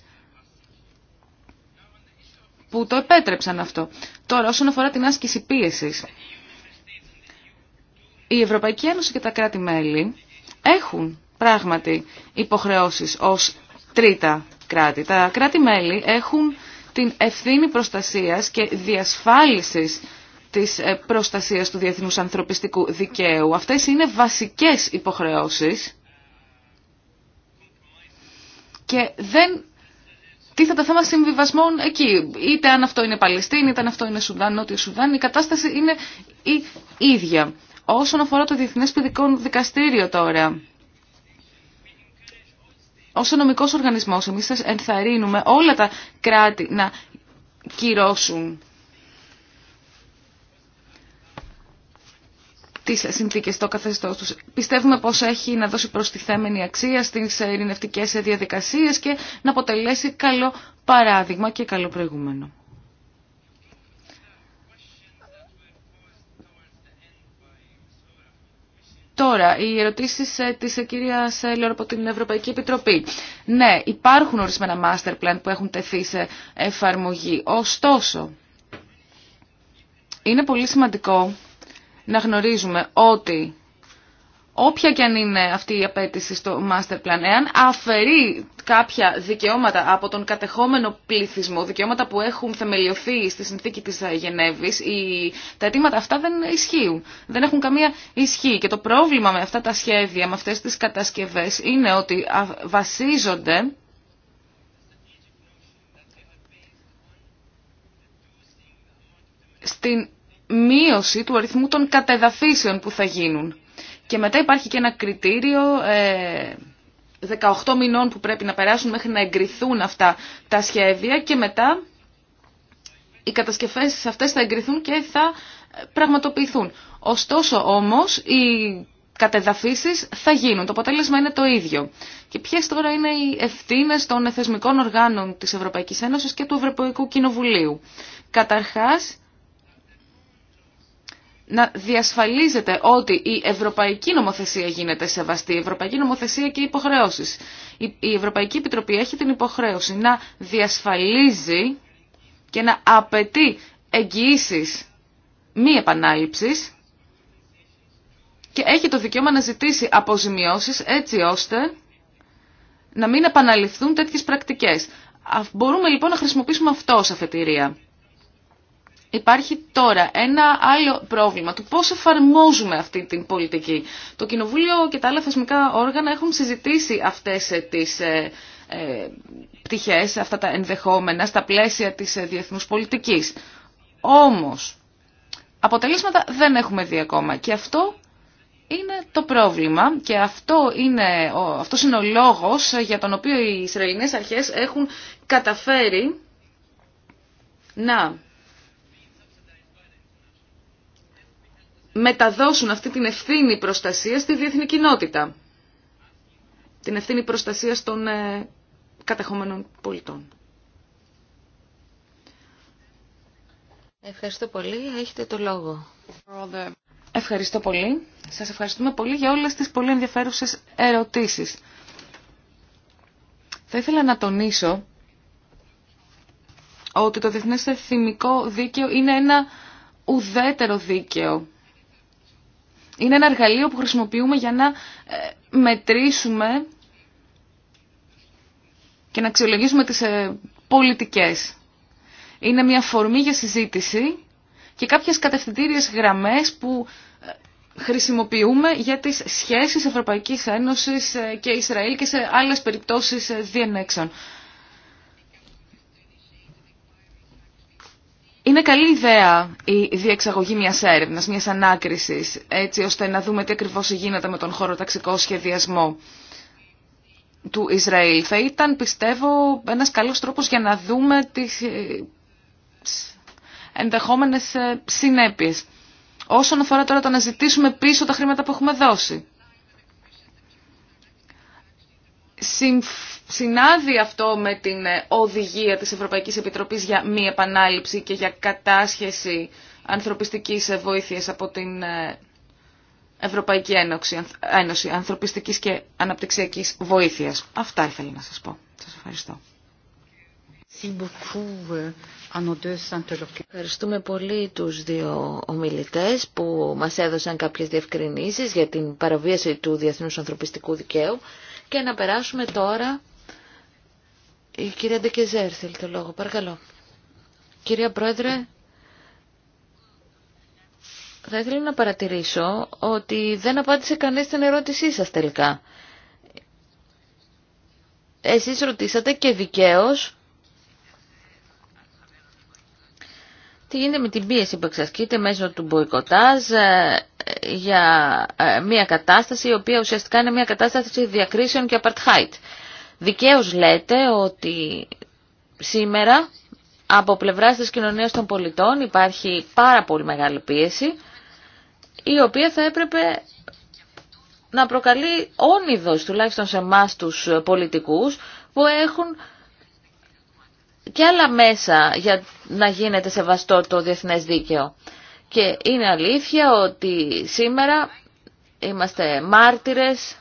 που το επέτρεψαν αυτό. Τώρα, όσον αφορά την άσκηση πίεσης, η Ευρωπαϊκή Ένωση και τα κράτη-μέλη έχουν πράγματι υποχρεώσεις ως τρίτα κράτη. Τα κράτη-μέλη έχουν την ευθύνη προστασίας και διασφάλισης της ε, προστασίας του διεθνούς ανθρωπιστικού δικαίου. Αυτές είναι βασικές υποχρεώσεις και δεν τίθεται θέμα συμβιβασμών εκεί. Είτε αν αυτό είναι Παλαιστίνη, είτε αν αυτό είναι Σουδάν, Νότιο Σουδάν, η κατάσταση είναι η ίδια. Όσον αφορά το Διεθνές Παιδικό Δικαστήριο τώρα, ως νομικός οργανισμός εμείς ενθαρρύνουμε όλα τα κράτη να κυρώσουν τι συνθήκε, το καθεστώ τους. Πιστεύουμε πως έχει να δώσει προστιθέμενη αξία στις ειρηνευτικές διαδικασίε και να αποτελέσει καλό παράδειγμα και καλό προηγούμενο. Τώρα, οι ερωτήσει ε, τη ε, κυρία Σέλλορ από την Ευρωπαϊκή Επιτροπή. Ναι, υπάρχουν ορισμένα master plan που έχουν τεθεί σε εφαρμογή. Ωστόσο, είναι πολύ σημαντικό να γνωρίζουμε ότι όποια και αν είναι αυτή η απέτηση στο master plan, εάν αφαιρεί κάποια δικαιώματα από τον κατεχόμενο πληθυσμό, δικαιώματα που έχουν θεμελιωθεί στη συνθήκη της Γενέβης, οι... τα αιτήματα αυτά δεν ισχύουν, δεν έχουν καμία ισχύ. Και το πρόβλημα με αυτά τα σχέδια, με αυτές τις κατασκευές, είναι ότι βασίζονται στην μείωση του αριθμού των κατεδαφίσεων που θα γίνουν. Και μετά υπάρχει και ένα κριτήριο 18 ε, μηνών που πρέπει να περάσουν μέχρι να εγκριθούν αυτά τα σχέδια και μετά οι κατασκευές αυτές θα εγκριθούν και θα πραγματοποιηθούν. Ωστόσο όμως οι κατεδαφίσεις θα γίνουν. Το αποτέλεσμα είναι το ίδιο. Και ποιες τώρα είναι οι ευθύνε των θεσμικών οργάνων της Ευρωπαϊκής Ένωσης και του Ευρωπαϊκού Κοινοβουλίου. Καταρχάς να διασφαλίζεται ότι η ευρωπαϊκή νομοθεσία γίνεται σεβαστή, η ευρωπαϊκή νομοθεσία και οι υποχρεώσει. Η Ευρωπαϊκή Επιτροπή έχει την υποχρέωση να διασφαλίζει και να απαιτεί εγγυήσει μη επανάληψης και έχει το δικαίωμα να ζητήσει αποζημιώσει έτσι ώστε να μην επαναληφθούν τέτοιες πρακτικές. Μπορούμε λοιπόν να χρησιμοποιήσουμε αυτό ω αφετηρία. Υπάρχει τώρα ένα άλλο πρόβλημα του πώς εφαρμόζουμε αυτή την πολιτική. Το Κοινοβούλιο και τα άλλα θεσμικά όργανα έχουν συζητήσει αυτές ε, τις ε, ε, πτυχές, αυτά τα ενδεχόμενα στα πλαίσια της διεθνούς πολιτικής. Όμως, αποτελέσματα δεν έχουμε δει ακόμα και αυτό είναι το πρόβλημα και αυτό είναι, αυτός είναι ο λόγος για τον οποίο οι Ισραηλινές αρχές έχουν καταφέρει να μεταδώσουν αυτή την ευθύνη προστασία στη διεθνή κοινότητα. Την ευθύνη προστασία των ε, κατεχόμενων πολιτών. Ευχαριστώ πολύ. Έχετε το λόγο. Ευχαριστώ πολύ. Σας ευχαριστούμε πολύ για όλες τις πολύ ενδιαφέρουσες ερωτήσεις. Θα ήθελα να τονίσω ότι το Διεθνές Εθνικό Δίκαιο είναι ένα ουδέτερο δίκαιο είναι ένα εργαλείο που χρησιμοποιούμε για να ε, μετρήσουμε και να αξιολογήσουμε τις ε, πολιτικές. Είναι μια φορμή για συζήτηση και κάποιες κατευθυντήριες γραμμές που ε, χρησιμοποιούμε για τις σχέσεις Ευρωπαϊκής Ένωσης και Ισραήλ και σε άλλες περιπτώσεις διενέξεων. Είναι καλή ιδέα η διεξαγωγή μια έρευνα, μια ανάκριση έτσι ώστε να δούμε τι ακριβώ γίνεται με τον χώρο ταξικό σχεδιασμό του Ισραήλ. Θα ήταν, πιστεύω, ένα καλό τρόπος για να δούμε τι ε, ενδεχόμενε ε, συνέπειε. Όσον αφορά τώρα το να ζητήσουμε πίσω τα χρήματα που έχουμε δώσει συνάδει αυτό με την ε, οδηγία της Ευρωπαϊκής Επιτροπής για μη επανάληψη και για κατάσχεση ανθρωπιστικής ε, βοήθειας από την ε, Ευρωπαϊκή Ένωση, Ένωση Ανθρωπιστικής και Αναπτυξιακής Βοήθειας. Αυτά ήθελα να σας πω. Σας ευχαριστώ. Ευχαριστούμε πολύ τους δύο ομιλητές που μας έδωσαν κάποιες διευκρινήσεις για την παραβίαση του Διεθνούς Ανθρωπιστικού Δικαίου και να περάσουμε τώρα η κυρία Ντεκεζέρ θέλει το λόγο. Παρακαλώ. Κυρία Πρόεδρε, θα ήθελα να παρατηρήσω ότι δεν απάντησε κανείς την ερώτησή σας τελικά. Εσείς ρωτήσατε και δικαίως τι γίνεται με την πίεση που εξασκείται μέσω του μποϊκοτάζ ε, για ε, μια κατάσταση η οποία ουσιαστικά είναι μια κατάσταση διακρίσεων και apartheid. Δικαίως λέτε ότι σήμερα από πλευράς της κοινωνίας των πολιτών υπάρχει πάρα πολύ μεγάλη πίεση η οποία θα έπρεπε να προκαλεί όνειδος τουλάχιστον σε εμά τους πολιτικούς που έχουν και άλλα μέσα για να γίνεται σεβαστό το διεθνές δίκαιο. Και είναι αλήθεια ότι σήμερα είμαστε μάρτυρες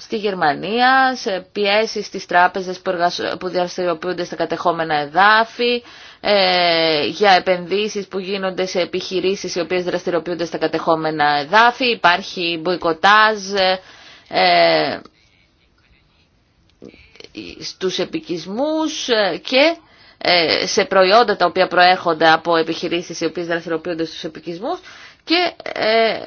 στη Γερμανία, σε πιέσεις στις τράπεζες που διαστηριοποιούνται στα κατεχόμενα εδάφη, ε, για επενδύσεις που γίνονται σε επιχειρήσεις οι οποίες δραστηριοποιούνται στα κατεχόμενα εδάφη, υπάρχει μποϊκοτάζ ε, ε στους επικισμούς ε, και ε, σε προϊόντα τα οποία προέρχονται από επιχειρήσεις οι οποίες δραστηριοποιούνται στους επικισμούς και ε,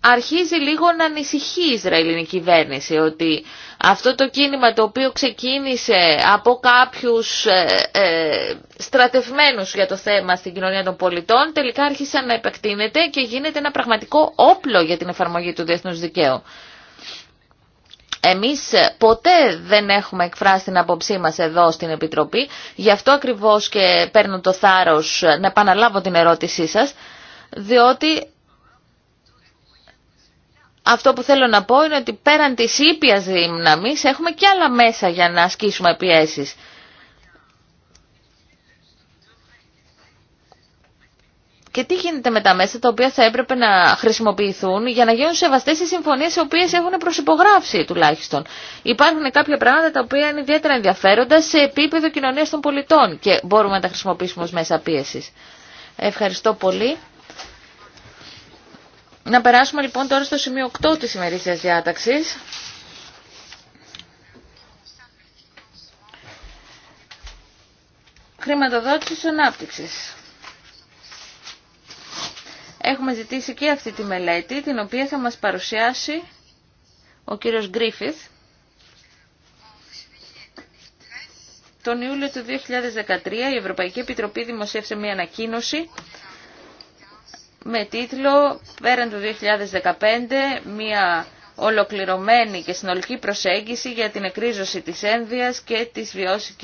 αρχίζει λίγο να ανησυχεί η Ισραηλινή κυβέρνηση ότι αυτό το κίνημα το οποίο ξεκίνησε από κάποιους ε, ε, στρατευμένους για το θέμα στην κοινωνία των πολιτών τελικά άρχισε να επεκτείνεται και γίνεται ένα πραγματικό όπλο για την εφαρμογή του διεθνούς δικαίου. Εμείς ε, ποτέ δεν έχουμε εκφράσει την απόψή μας εδώ στην Επιτροπή, γι' αυτό ακριβώς και παίρνω το θάρρος να επαναλάβω την ερώτησή σας, διότι αυτό που θέλω να πω είναι ότι πέραν της ήπιας δύναμης έχουμε και άλλα μέσα για να ασκήσουμε πιέσεις. Και τι γίνεται με τα μέσα τα οποία θα έπρεπε να χρησιμοποιηθούν για να γίνουν σεβαστέ οι συμφωνίε οι οποίε έχουν προσυπογράψει τουλάχιστον. Υπάρχουν κάποια πράγματα τα οποία είναι ιδιαίτερα ενδιαφέροντα σε επίπεδο κοινωνία των πολιτών και μπορούμε να τα χρησιμοποιήσουμε ω μέσα πίεση. Ευχαριστώ πολύ. Να περάσουμε λοιπόν τώρα στο σημείο 8 της ημερήσιας διάταξης. Χρηματοδότηση ανάπτυξης. Έχουμε ζητήσει και αυτή τη μελέτη, την οποία θα μας παρουσιάσει ο κύριος Γκρίφιθ. Τον Ιούλιο του 2013 η Ευρωπαϊκή Επιτροπή δημοσίευσε μια ανακοίνωση με τίτλο «Πέραν του 2015, μια ολοκληρωμένη και συνολική προσέγγιση για την εκρίζωση της ένδυας και,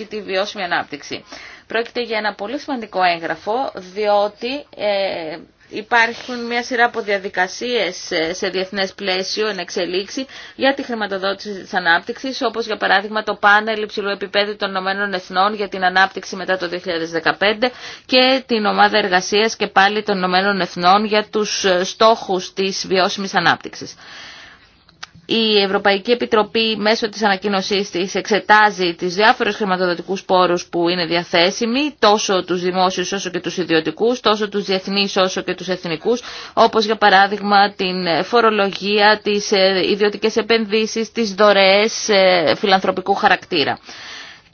τη βιώσιμη ανάπτυξη». Πρόκειται για ένα πολύ σημαντικό έγγραφο, διότι ε, Υπάρχουν μια σειρά από διαδικασίες ε, σε διεθνές πλαίσιο εν εξελίξη για τη χρηματοδότηση της ανάπτυξης, όπως για παράδειγμα το πάνελ υψηλού επίπεδου των Ηνωμένων Εθνών για την ανάπτυξη μετά το 2015 και την ομάδα εργασίας και πάλι των Ηνωμένων Εθνών για τους ε, στόχους της βιώσιμης ανάπτυξης η Ευρωπαϊκή Επιτροπή μέσω της ανακοίνωσής της εξετάζει τις διάφορες χρηματοδοτικούς πόρους που είναι διαθέσιμοι, τόσο τους δημόσιους όσο και τους ιδιωτικούς, τόσο τους διεθνείς όσο και τους εθνικούς, όπως για παράδειγμα την φορολογία, τις ε, ιδιωτικές επενδύσεις, τις δωρεές ε, φιλανθρωπικού χαρακτήρα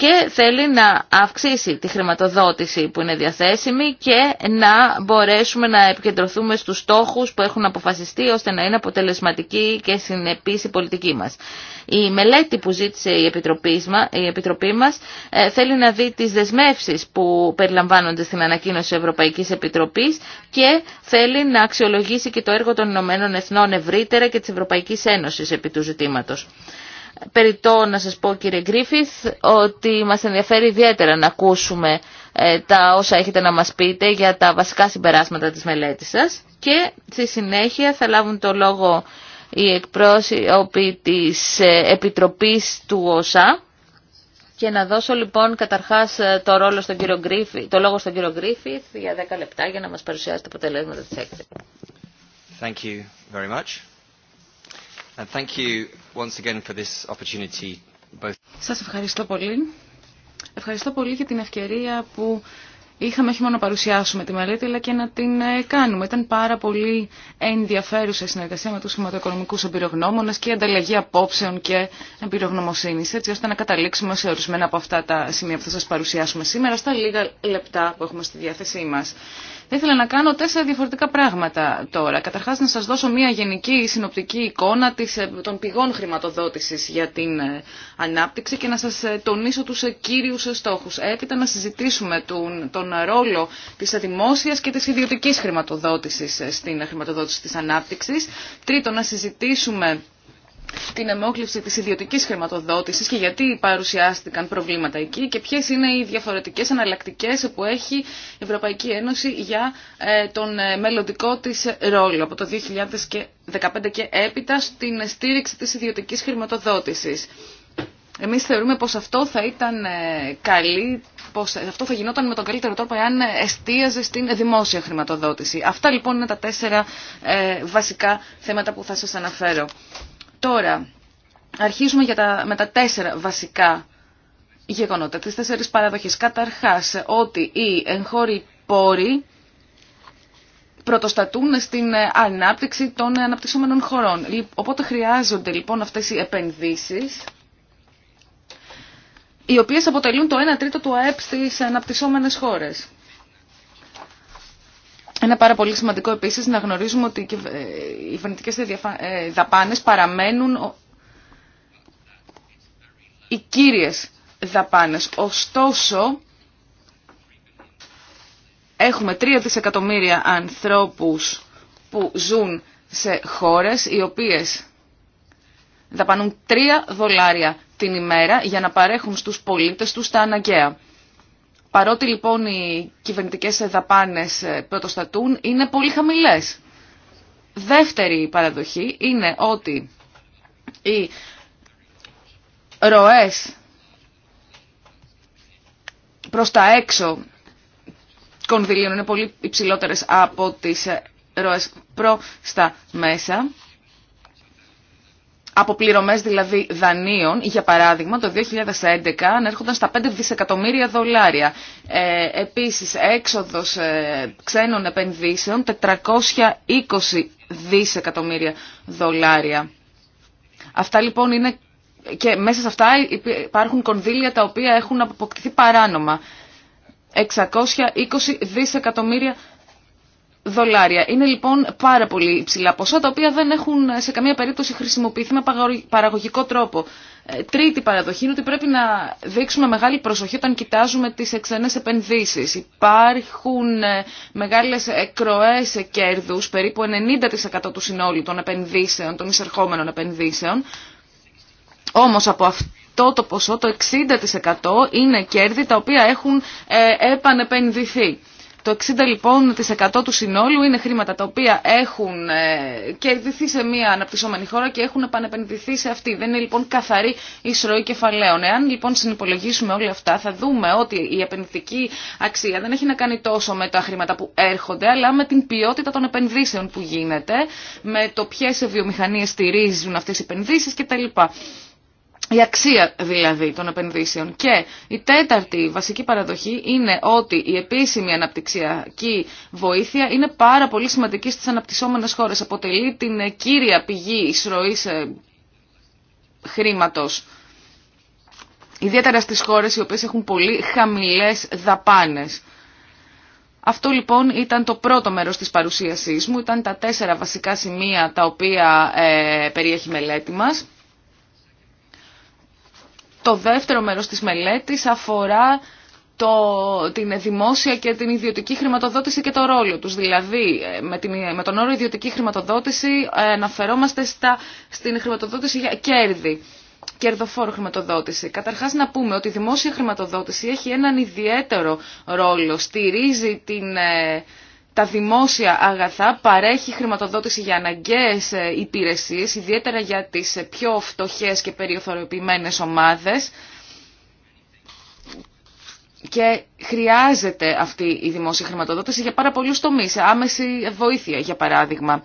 και θέλει να αυξήσει τη χρηματοδότηση που είναι διαθέσιμη και να μπορέσουμε να επικεντρωθούμε στους στόχους που έχουν αποφασιστεί ώστε να είναι αποτελεσματική και συνεπής η πολιτική μας. Η μελέτη που ζήτησε η Επιτροπή, η μας ε, θέλει να δει τις δεσμεύσεις που περιλαμβάνονται στην ανακοίνωση Ευρωπαϊκής Επιτροπής και θέλει να αξιολογήσει και το έργο των Ηνωμένων Εθνών ευρύτερα και της Ευρωπαϊκής Ένωσης επί του ζητήματος περιττό να σας πω κύριε Γκρίφιθ ότι μας ενδιαφέρει ιδιαίτερα να ακούσουμε ε, τα όσα έχετε να μας πείτε για τα βασικά συμπεράσματα της μελέτης σας και στη συνέχεια θα λάβουν το λόγο οι εκπρόσωποι της ε, Επιτροπής του ΟΣΑ και να δώσω λοιπόν καταρχάς ε, το, ρόλο στον κύριο Γκρίφι, το λόγο στον κύριο Γκρίφιθ για 10 λεπτά για να μας παρουσιάσει τα αποτελέσματα της έκθεσης. Thank you very much. Σας ευχαριστώ πολύ. Ευχαριστώ πολύ για την ευκαιρία που είχαμε όχι μόνο να παρουσιάσουμε τη μελέτη αλλά και να την ε, κάνουμε. Ήταν πάρα πολύ ενδιαφέρουσα η συνεργασία με τους χρηματοοικονομικούς εμπειρογνώμονες και η ανταλλαγή απόψεων και εμπειρογνωμοσύνης έτσι ώστε να καταλήξουμε σε ορισμένα από αυτά τα σημεία που θα σας παρουσιάσουμε σήμερα στα λίγα λεπτά που έχουμε στη διάθεσή μας. Θα ήθελα να κάνω τέσσερα διαφορετικά πράγματα τώρα. Καταρχάς να σας δώσω μια γενική συνοπτική εικόνα ε, των πηγών χρηματοδότησης για την ε, ανάπτυξη και να σας ε, τονίσω τους κύριους στόχους. Έπειτα να συζητήσουμε τον, τον ρόλο της δημόσιας και της ιδιωτικής χρηματοδότησης στην χρηματοδότηση της ανάπτυξης. Τρίτο, να συζητήσουμε την εμόκληση της ιδιωτικής χρηματοδότησης και γιατί παρουσιάστηκαν προβλήματα εκεί και ποιες είναι οι διαφορετικές αναλλακτικές που έχει η Ευρωπαϊκή Ένωση για ε, τον ε, μελλοντικό της ρόλο από το 2015 και έπειτα στην στήριξη της ιδιωτικής χρηματοδότησης. Εμείς θεωρούμε πως αυτό θα ήταν ε, καλή, πως αυτό θα γινόταν με τον καλύτερο τρόπο εάν εστίαζε στην δημόσια χρηματοδότηση. Αυτά λοιπόν είναι τα τέσσερα βασικά θέματα που θα σας αναφέρω. Τώρα, αρχίζουμε για τα, με τα τέσσερα βασικά γεγονότα, τις τέσσερις παραδοχές. Καταρχάς, ότι οι εγχώροι πόροι πρωτοστατούν στην ανάπτυξη των αναπτυσσόμενων χωρών. Οπότε χρειάζονται λοιπόν αυτές οι επενδύσεις, οι οποίες αποτελούν το 1 τρίτο του ΑΕΠ στις αναπτυσσόμενες χώρες. Είναι πάρα πολύ σημαντικό επίσης να γνωρίζουμε ότι ε, οι κυβερνητικές ε, δαπάνες παραμένουν οι κύριες δαπάνες. Ωστόσο, έχουμε 3 δισεκατομμύρια ανθρώπους που ζουν σε χώρες οι οποίες δαπανούν 3 δολάρια την ημέρα για να παρέχουν στους πολίτες τους τα αναγκαία. Παρότι λοιπόν οι κυβερνητικές δαπάνες ε, πρωτοστατούν είναι πολύ χαμηλές. Δεύτερη παραδοχή είναι ότι οι ροές προς τα έξω κονδυλίων είναι πολύ υψηλότερες από τις ε, ροές προς τα μέσα αποπληρωμές δηλαδή δανείων, για παράδειγμα το 2011 ανέρχονταν στα 5 δισεκατομμύρια δολάρια. Ε, επίσης έξοδος ε, ξένων επενδύσεων 420 δισεκατομμύρια δολάρια. Αυτά λοιπόν είναι και μέσα σε αυτά υπάρχουν κονδύλια τα οποία έχουν αποκτηθεί παράνομα. 620 δισεκατομμύρια δολάρια. Είναι λοιπόν πάρα πολύ υψηλά ποσά τα οποία δεν έχουν ε, σε καμία περίπτωση χρησιμοποιηθεί με παραγωγικό τρόπο. Ε, τρίτη παραδοχή είναι ότι πρέπει να δείξουμε μεγάλη προσοχή όταν κοιτάζουμε τις εξενές επενδύσεις. Υπάρχουν ε, μεγάλες εκροές κέρδους, περίπου 90% του συνόλου των επενδύσεων, των εισερχόμενων επενδύσεων. Όμως από αυτό το ποσό το 60% είναι κέρδη τα οποία έχουν επανεπενδυθεί. Το 60% λοιπόν εκατό του συνόλου είναι χρήματα τα οποία έχουν ε, κερδιθεί σε μια αναπτυσσόμενη χώρα και έχουν επανεπενδυθεί σε αυτή. Δεν είναι λοιπόν καθαρή ισροή κεφαλαίων. Εάν λοιπόν συνυπολογίσουμε όλα αυτά θα δούμε ότι η επενδυτική αξία δεν έχει να κάνει τόσο με τα χρήματα που έρχονται αλλά με την ποιότητα των επενδύσεων που γίνεται, με το ποιε βιομηχανίε στηρίζουν αυτέ οι επενδύσει κτλ η αξία δηλαδή των επενδύσεων. Και η τέταρτη βασική παραδοχή είναι ότι η επίσημη αναπτυξιακή βοήθεια είναι πάρα πολύ σημαντική στις αναπτυσσόμενες χώρες. Αποτελεί την κύρια πηγή εισρωής ε, χρήματος. Ιδιαίτερα στις χώρες οι οποίες έχουν πολύ χαμηλές δαπάνες. Αυτό λοιπόν ήταν το πρώτο μέρος της παρουσίασής μου. Ήταν τα τέσσερα βασικά σημεία τα οποία ε, περιέχει μελέτη μας. Το δεύτερο μέρος της μελέτης αφορά το, την δημόσια και την ιδιωτική χρηματοδότηση και το ρόλο τους. Δηλαδή, ε, με, την, ε, με τον όρο ιδιωτική χρηματοδότηση ε, αναφερόμαστε στα, στην χρηματοδότηση για κέρδη. Κερδοφόρο χρηματοδότηση. Καταρχάς να πούμε ότι η δημόσια χρηματοδότηση έχει έναν ιδιαίτερο ρόλο. Στηρίζει την τα δημόσια αγαθά, παρέχει χρηματοδότηση για αναγκαίες ε, υπηρεσίες, ιδιαίτερα για τις ε, πιο φτωχές και περιοθωριοποιημένες ομάδες και χρειάζεται αυτή η δημόσια χρηματοδότηση για πάρα πολλούς τομείς, άμεση βοήθεια για παράδειγμα.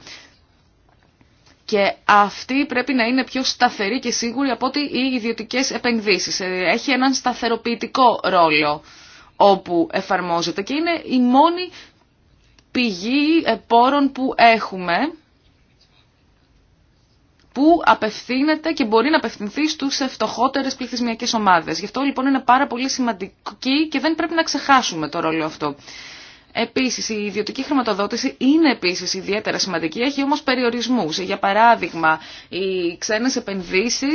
Και αυτή πρέπει να είναι πιο σταθερή και σίγουρη από ότι οι ιδιωτικές επενδύσεις. Ε, έχει έναν σταθεροποιητικό ρόλο όπου εφαρμόζεται και είναι η μόνη πηγή ε, πόρων που έχουμε που απευθύνεται και μπορεί να απευθυνθεί στους φτωχότερε πληθυσμιακέ ομάδε. Γι' αυτό λοιπόν είναι πάρα πολύ σημαντική και δεν πρέπει να ξεχάσουμε το ρόλο αυτό. Επίση, η ιδιωτική χρηματοδότηση είναι επίση ιδιαίτερα σημαντική, έχει όμω περιορισμού. Για παράδειγμα, οι ξένε επενδύσει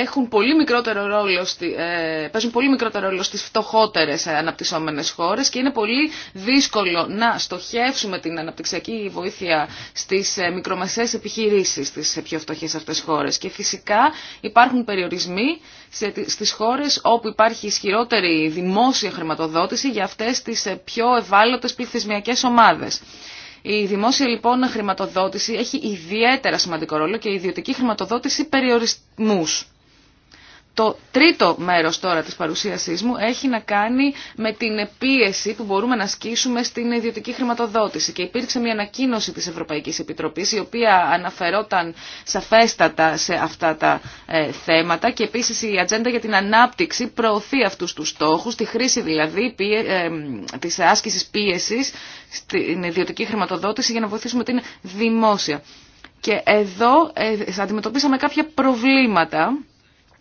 έχουν πολύ μικρότερο ρόλο ε, παίζουν πολύ μικρότερο ρόλο στις φτωχότερες αναπτυσσόμενες χώρες και είναι πολύ δύσκολο να στοχεύσουμε την αναπτυξιακή βοήθεια στις ε, μικρομεσαίες επιχειρήσεις στις ε, πιο φτωχές αυτές χώρες. Και φυσικά υπάρχουν περιορισμοί σε, στις χώρες όπου υπάρχει ισχυρότερη δημόσια χρηματοδότηση για αυτές τις ε, πιο ευάλωτες πληθυσμιακές ομάδες. Η δημόσια λοιπόν χρηματοδότηση έχει ιδιαίτερα σημαντικό ρόλο και η ιδιωτική χρηματοδότηση περιορισμούς. Το τρίτο μέρος τώρα της παρουσίασής μου έχει να κάνει με την πίεση που μπορούμε να ασκήσουμε στην ιδιωτική χρηματοδότηση και υπήρξε μια ανακοίνωση της Ευρωπαϊκής Επιτροπής η οποία αναφερόταν σαφέστατα σε αυτά τα ε, θέματα και επίσης η ατζέντα για την ανάπτυξη προωθεί αυτούς τους στόχους, τη χρήση δηλαδή πιε, ε, ε, της άσκησης πίεσης στην ιδιωτική χρηματοδότηση για να βοηθήσουμε την δημόσια. Και εδώ ε, αντιμετωπίσαμε κάποια προβλήματα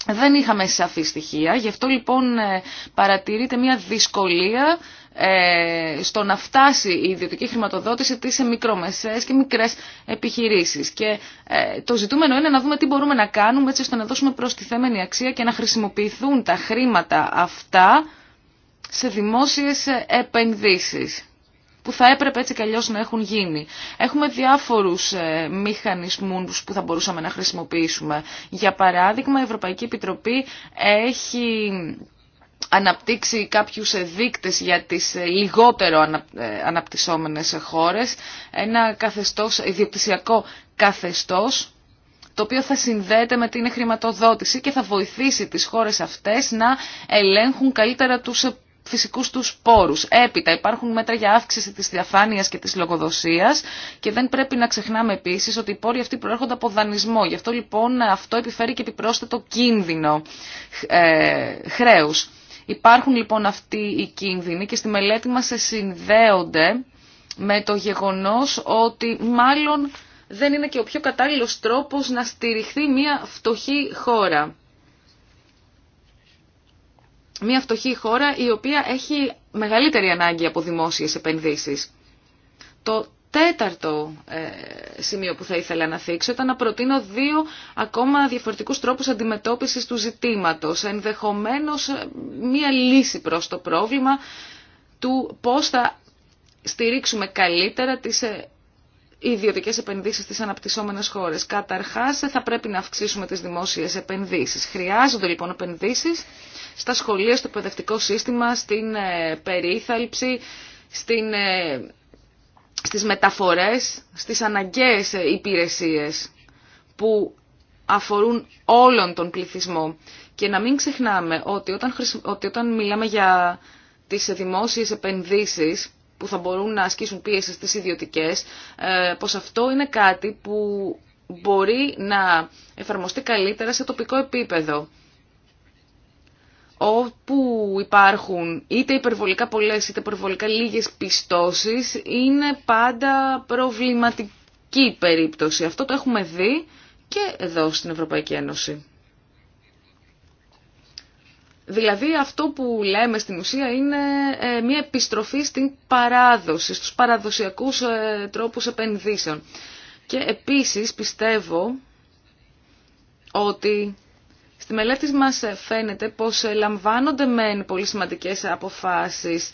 δεν είχαμε σαφή στοιχεία, γι' αυτό λοιπόν ε, παρατηρείται μια δυσκολία ε, στο να φτάσει η ιδιωτική χρηματοδότηση της σε μικρομεσαίες και μικρές επιχειρήσεις. Και ε, το ζητούμενο είναι να δούμε τι μπορούμε να κάνουμε έτσι ώστε να δώσουμε προστιθέμενη αξία και να χρησιμοποιηθούν τα χρήματα αυτά σε δημόσιες επενδύσεις που θα έπρεπε έτσι κι να έχουν γίνει. Έχουμε διάφορους ε, μηχανισμούς που θα μπορούσαμε να χρησιμοποιήσουμε. Για παράδειγμα, η Ευρωπαϊκή Επιτροπή έχει αναπτύξει κάποιους δείκτες για τις ε, λιγότερο ε, αναπτυσσόμενες χώρες, ένα καθεστώς, ιδιοκτησιακό καθεστώς, το οποίο θα συνδέεται με την χρηματοδότηση και θα βοηθήσει τις χώρες αυτές να ελέγχουν καλύτερα τους φυσικούς τους πόρους. Έπειτα υπάρχουν μέτρα για αύξηση της διαφάνειας και της λογοδοσίας και δεν πρέπει να ξεχνάμε επίσης ότι οι πόροι αυτοί προέρχονται από δανεισμό. Γι' αυτό λοιπόν αυτό επιφέρει και επιπρόσθετο κίνδυνο ε, χρέους. Υπάρχουν λοιπόν αυτοί οι κίνδυνοι και στη μελέτη μας συνδέονται με το γεγονός ότι μάλλον δεν είναι και ο πιο κατάλληλος τρόπος να στηριχθεί μια φτωχή χώρα μια φτωχή χώρα η οποία έχει μεγαλύτερη ανάγκη από δημόσιες επενδύσεις. Το τέταρτο ε, σημείο που θα ήθελα να θίξω ήταν να προτείνω δύο ακόμα διαφορετικούς τρόπους αντιμετώπισης του ζητήματος, ενδεχομένως ε, μία λύση προς το πρόβλημα του πώς θα στηρίξουμε καλύτερα τις ε, οι ιδιωτικέ επενδύσεις στις αναπτυσσόμενες χώρες. Καταρχάς θα πρέπει να αυξήσουμε τις δημόσιες επενδύσεις. Χρειάζονται λοιπόν επενδύσεις στα σχολεία, στο παιδευτικό σύστημα, στην ε, περίθαλψη, στην, ε, στις μεταφορές, στις αναγκαίες ε, υπηρεσίες που αφορούν όλον τον πληθυσμό. Και να μην ξεχνάμε ότι όταν, ότι όταν μιλάμε για τις δημόσιες επενδύσεις, που θα μπορούν να ασκήσουν πίεση στις ιδιωτικές, ε, πως αυτό είναι κάτι που μπορεί να εφαρμοστεί καλύτερα σε τοπικό επίπεδο όπου υπάρχουν είτε υπερβολικά πολλές είτε υπερβολικά λίγες πιστώσεις είναι πάντα προβληματική περίπτωση. Αυτό το έχουμε δει και εδώ στην Ευρωπαϊκή Ένωση. Δηλαδή αυτό που λέμε στην ουσία είναι ε, μια επιστροφή στην παράδοση, στους παραδοσιακούς ε, τρόπους επενδύσεων. Και επίσης πιστεύω ότι στη μελέτη μας ε, φαίνεται πως λαμβάνονται μεν πολύ σημαντικές αποφάσεις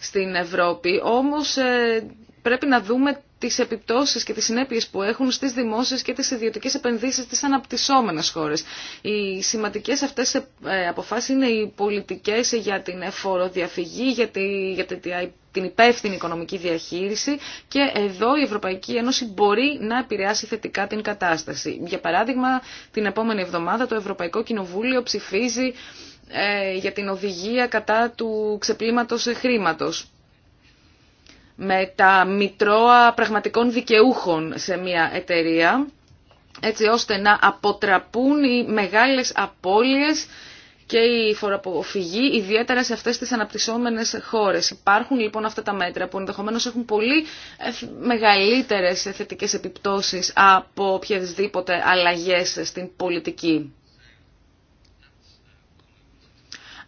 στην Ευρώπη, όμως πρέπει να δούμε τις επιπτώσεις και τις συνέπειες που έχουν στις δημόσιες και τις ιδιωτικές επενδύσεις στις αναπτυσσόμενες χώρες. Οι σημαντικές αυτές ε, αποφάσεις είναι οι πολιτικές για την φοροδιαφυγή, για, τη, για την υπεύθυνη οικονομική διαχείριση και εδώ η Ευρωπαϊκή Ένωση μπορεί να επηρεάσει θετικά την κατάσταση. Για παράδειγμα, την επόμενη εβδομάδα το Ευρωπαϊκό Κοινοβούλιο ψηφίζει ε, για την οδηγία κατά του ξεπλήματος χρήματος με τα μητρώα πραγματικών δικαιούχων σε μια εταιρεία, έτσι ώστε να αποτραπούν οι μεγάλες απώλειες και η φοροαποφυγή, ιδιαίτερα σε αυτές τις αναπτυσσόμενες χώρες. Υπάρχουν λοιπόν αυτά τα μέτρα που ενδεχομένως έχουν πολύ μεγαλύτερες θετικές επιπτώσεις από οποιασδήποτε αλλαγές στην πολιτική.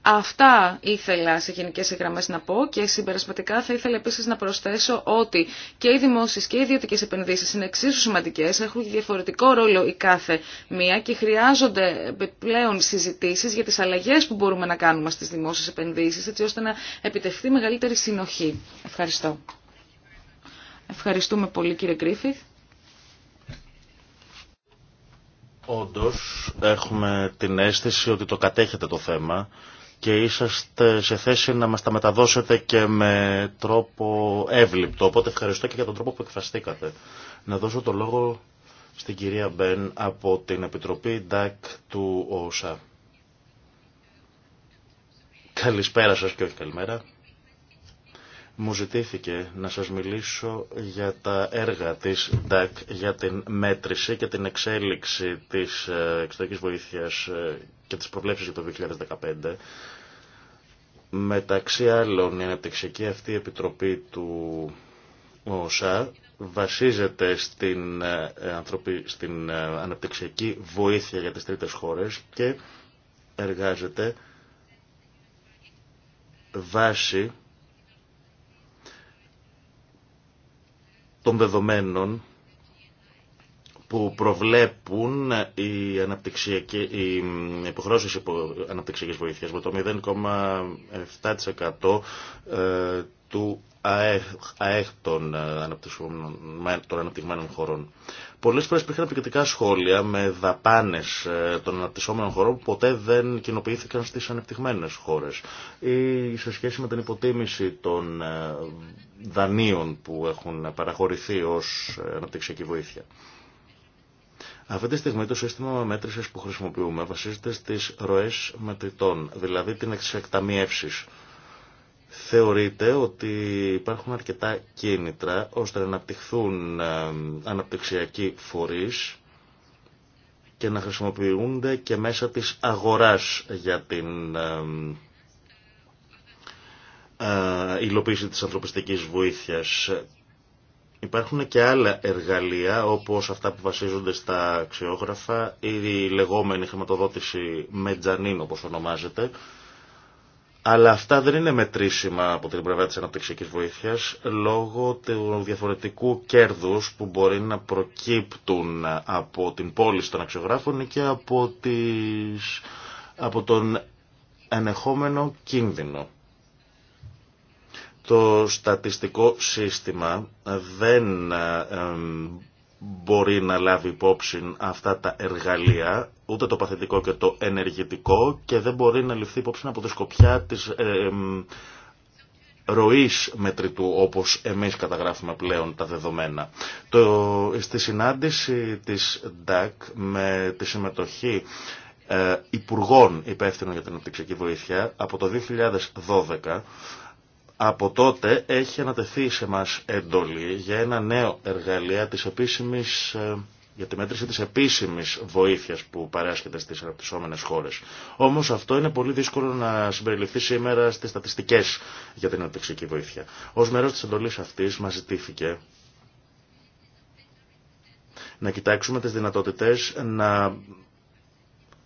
Αυτά ήθελα σε γενικές γραμμές να πω και συμπερασματικά θα ήθελα επίσης να προσθέσω ότι και οι δημόσιες και οι ιδιωτικές επενδύσεις είναι εξίσου σημαντικές, έχουν διαφορετικό ρόλο η κάθε μία και χρειάζονται πλέον συζητήσεις για τις αλλαγές που μπορούμε να κάνουμε στις δημόσιες επενδύσεις έτσι ώστε να επιτευχθεί μεγαλύτερη συνοχή. Ευχαριστώ. Ευχαριστούμε πολύ κύριε Γκρίφιθ. Όντως έχουμε την αίσθηση ότι το κατέχετε το θέμα και είσαστε σε θέση να μας τα μεταδώσετε και με τρόπο εύληπτο. Οπότε ευχαριστώ και για τον τρόπο που εκφραστήκατε. Να δώσω το λόγο στην κυρία Μπεν από την Επιτροπή ΝΤΑΚ του ΟΣΑ. Καλησπέρα σας και όχι καλημέρα. Μου ζητήθηκε να σας μιλήσω για τα έργα της ΝΤΑΚ για την μέτρηση και την εξέλιξη της ε, εξωτερικής βοήθειας ε, και τις προβλέψεις για το 2015, μεταξύ άλλων η αναπτυξιακή αυτή επιτροπή του ΟΣΑ βασίζεται στην, ε, στην ε, αναπτυξιακή βοήθεια για τις τρίτες χώρες και εργάζεται βάσει των δεδομένων που προβλέπουν οι, οι υποχρώσεις αναπτυξιακής βοήθειας με το 0,7% ε, του ΑΕΧ των, ε, των αναπτυγμένων χωρών. Πολλές φορέ υπήρχαν επικριτικά σχόλια με δαπάνες ε, των αναπτυσσόμενων χωρών που ποτέ δεν κοινοποιήθηκαν στις ανεπτυγμένες χώρες ή σε σχέση με την υποτίμηση των δανείων που έχουν παραχωρηθεί ως αναπτυξιακή βοήθεια. Αυτή τη στιγμή το σύστημα μέτρησης που χρησιμοποιούμε βασίζεται στις ροές μετρητών, δηλαδή την εξεκταμιεύση. Θεωρείται ότι υπάρχουν αρκετά κίνητρα ώστε να αναπτυχθούν ε, αναπτυξιακοί φορείς και να χρησιμοποιούνται και μέσα της αγοράς για την ε, ε, υλοποίηση της ανθρωπιστικής βοήθειας. Υπάρχουν και άλλα εργαλεία όπως αυτά που βασίζονται στα αξιόγραφα ή η λεγόμενη χρηματοδότηση μετζανίν όπως ονομάζεται αλλά αυτά δεν είναι μετρήσιμα από την πλευρά της αναπτυξιακής βοήθειας λόγω του διαφορετικού κέρδους που μπορεί να προκύπτουν από την πώληση των αξιογράφων και από, από τον ενεχόμενο κίνδυνο το στατιστικό σύστημα δεν μπορεί να λάβει υπόψη αυτά τα εργαλεία, ούτε το παθητικό και το ενεργητικό και δεν μπορεί να ληφθεί υπόψη από τη σκοπιά της ε, ροής μετρητού όπως εμείς καταγράφουμε πλέον τα δεδομένα. Το, στη συνάντηση της DAC με τη συμμετοχή ε, υπουργών υπεύθυνων για την αναπτυξιακή βοήθεια από το 2012 από τότε έχει ανατεθεί σε μας εντολή για ένα νέο εργαλείο της επίσημης, ε, για τη μέτρηση της επίσημης βοήθειας που παράσχεται στις αναπτυσσόμενες χώρες. Όμως αυτό είναι πολύ δύσκολο να συμπεριληφθεί σήμερα στις στατιστικές για την αναπτυξική βοήθεια. Ως μέρος της εντολής αυτής μας ζητήθηκε να κοιτάξουμε τις δυνατότητες να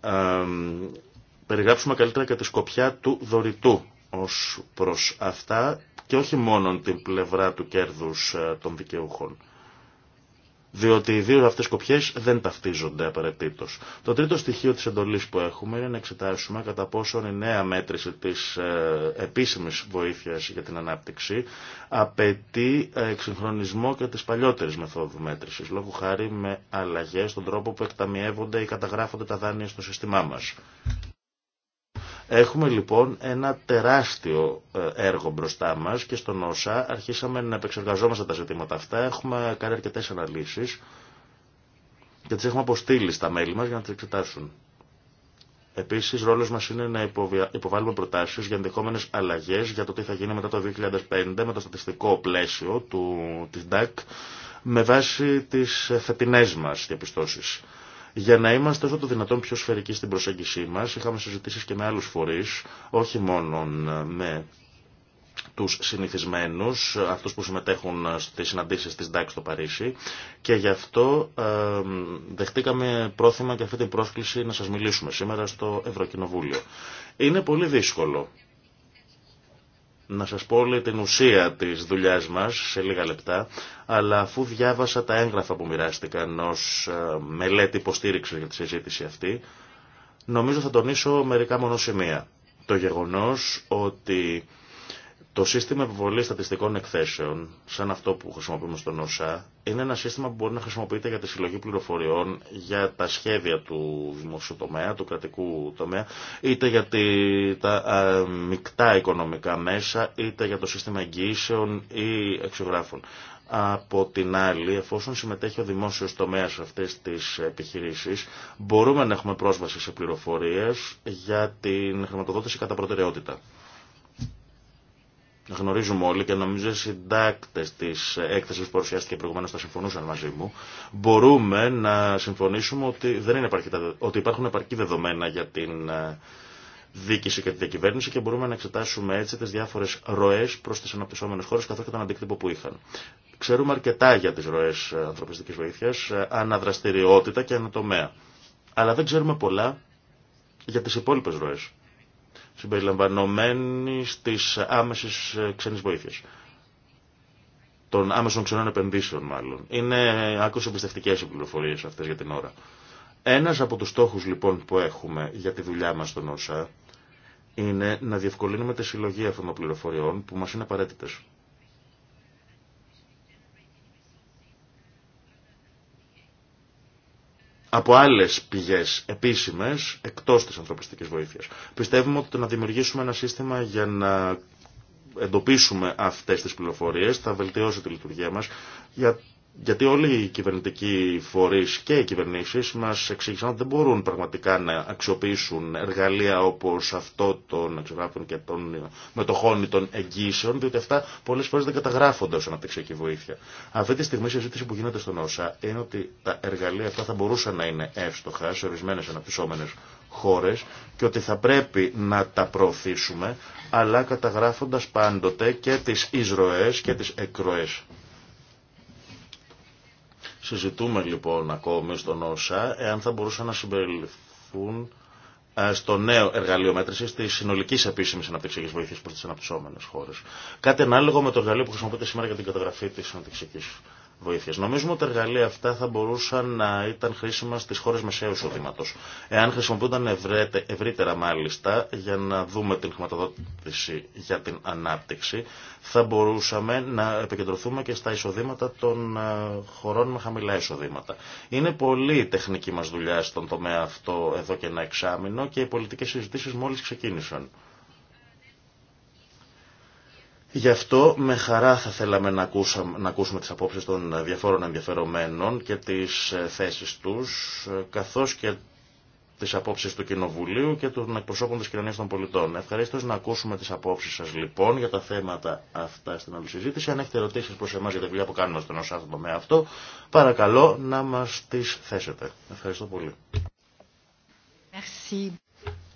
ε, περιγράψουμε καλύτερα και τη σκοπιά του δωρητού ως προς αυτά και όχι μόνο την πλευρά του κέρδους ε, των δικαιούχων. Διότι οι δύο αυτές κοπιές δεν ταυτίζονται απαραίτητος. Το τρίτο στοιχείο της εντολής που έχουμε είναι να εξετάσουμε κατά πόσον η νέα μέτρηση τη ε, επίσημης βοήθειας για την ανάπτυξη απαιτεί ε, εξυγχρονισμό και της παλιότερης μεθόδου μέτρησης λόγω χάρη με αλλαγέ στον τρόπο που εκταμιεύονται ή καταγράφονται τα δάνεια στο σύστημά μας. Έχουμε λοιπόν ένα τεράστιο ε, έργο μπροστά μας και στον ΩΣΑ αρχίσαμε να επεξεργαζόμαστε τα ζητήματα αυτά. Έχουμε κάνει αρκετέ αναλύσεις και τις έχουμε αποστείλει στα μέλη μας για να τις εξετάσουν. Επίσης, ρόλος μας είναι να υποβάλουμε προτάσεις για ενδεχόμενες αλλαγές για το τι θα γίνει μετά το 2005 με το στατιστικό πλαίσιο του, της με βάση τις φετινές ε, μας διαπιστώσεις για να είμαστε όσο το δυνατόν πιο σφαιρικοί στην προσέγγιση μας. Είχαμε συζητήσεις και με άλλους φορείς, όχι μόνο με τους συνηθισμένους, αυτούς που συμμετέχουν στις συναντήσεις της ΝΤΑΚ στο Παρίσι και γι' αυτό δεχτήκαμε πρόθυμα και αυτή την πρόσκληση να σας μιλήσουμε σήμερα στο Ευρωκοινοβούλιο. Είναι πολύ δύσκολο να σας πω όλη την ουσία της δουλειάς μας σε λίγα λεπτά, αλλά αφού διάβασα τα έγγραφα που μοιράστηκαν ως ε, μελέτη υποστήριξη για τη συζήτηση αυτή, νομίζω θα τονίσω μερικά μονοσημεία. Το γεγονός ότι το σύστημα επιβολή στατιστικών εκθέσεων, σαν αυτό που χρησιμοποιούμε στον ΩΣΑ, είναι ένα σύστημα που μπορεί να χρησιμοποιείται για τη συλλογή πληροφοριών για τα σχέδια του δημοσίου τομέα, του κρατικού τομέα, είτε για τα μεικτά οικονομικά μέσα, είτε για το σύστημα εγγυήσεων ή εξωγράφων. Από την άλλη, εφόσον συμμετέχει ο δημόσιο τομέας σε αυτές τις επιχειρήσεις, μπορούμε να έχουμε πρόσβαση σε πληροφορίες για την χρηματοδότηση κατά προτεραιότητα γνωρίζουμε όλοι και νομίζω οι συντάκτε τη έκθεση που παρουσιάστηκε προηγουμένω θα συμφωνούσαν μαζί μου, μπορούμε να συμφωνήσουμε ότι, δεν είναι επαρκή, ότι υπάρχουν επαρκή δεδομένα για την ε, δίκηση και τη διακυβέρνηση και μπορούμε να εξετάσουμε έτσι τι διάφορε ροέ προ τι αναπτυσσόμενε χώρε καθώ και τον αντίκτυπο που είχαν. Ξέρουμε αρκετά για τι ροέ ε, ανθρωπιστική βοήθεια, ε, αναδραστηριότητα και ανατομέα. Αλλά δεν ξέρουμε πολλά για τι υπόλοιπε ροέ συμπεριλαμβανομένης της άμεσης ξένη βοήθειας. Των άμεσων ξενών επενδύσεων μάλλον. Είναι άκρω εμπιστευτικές οι πληροφορίες αυτές για την ώρα. Ένας από τους στόχους λοιπόν που έχουμε για τη δουλειά μας στον ΩΣΑ είναι να διευκολύνουμε τη συλλογή αυτών των πληροφοριών που μας είναι απαραίτητες. από άλλες πηγές επίσημες εκτός της ανθρωπιστικής βοήθειας. Πιστεύουμε ότι το να δημιουργήσουμε ένα σύστημα για να εντοπίσουμε αυτές τις πληροφορίες θα βελτιώσει τη λειτουργία μας για γιατί όλοι οι κυβερνητικοί φορείς και οι κυβερνήσεις μας εξήγησαν ότι δεν μπορούν πραγματικά να αξιοποιήσουν εργαλεία όπως αυτό των εξεγράφων και των μετοχών η των εγγύσεων, διότι αυτά πολλές φορές δεν καταγράφονται ω αναπτυξιακή βοήθεια. Αυτή τη στιγμή η συζήτηση που γίνεται στον ΩΣΑ είναι ότι τα εργαλεία αυτά θα μπορούσαν να είναι εύστοχα σε ορισμένες αναπτυσσόμενες χώρες και ότι θα πρέπει να τα προωθήσουμε, αλλά καταγράφοντας πάντοτε και τις εισρωές και τις εκροές Συζητούμε λοιπόν ακόμη στον ΩΣΑ εάν θα μπορούσαν να συμπεριληφθούν ε, στο νέο εργαλείο μέτρηση τη συνολική επίσημη αναπτυξιακή βοήθεια προ τι αναπτυσσόμενε χώρε. Κάτι ανάλογο με το εργαλείο που χρησιμοποιείται σήμερα για την καταγραφή τη αναπτυξιακή βοήθεια. Νομίζουμε ότι τα εργαλεία αυτά θα μπορούσαν να ήταν χρήσιμα στι χώρε μεσαίου εισοδήματο. Εάν χρησιμοποιούνταν ευρύτερα μάλιστα για να δούμε την χρηματοδότηση για την ανάπτυξη, θα μπορούσαμε να επικεντρωθούμε και στα εισοδήματα των ε, χωρών με χαμηλά εισοδήματα. Είναι πολύ η τεχνική μα δουλειά στον τομέα αυτό εδώ και ένα εξάμεινο και οι πολιτικέ συζητήσει μόλι ξεκίνησαν. Γι' αυτό με χαρά θα θέλαμε να, ακούσουμε τις απόψεις των διαφόρων ενδιαφερομένων και τις ε, θέσεις τους, ε, καθώς και τις απόψεις του Κοινοβουλίου και των εκπροσώπων της κοινωνίας των πολιτών. Ευχαριστώ να ακούσουμε τις απόψεις σας λοιπόν για τα θέματα αυτά στην άλλη συζήτηση. Αν έχετε ερωτήσεις προς εμάς για τα δουλειά που κάνουμε στον ΟΣΑΘΜΟ με αυτό, παρακαλώ να μας τις θέσετε. Ευχαριστώ πολύ.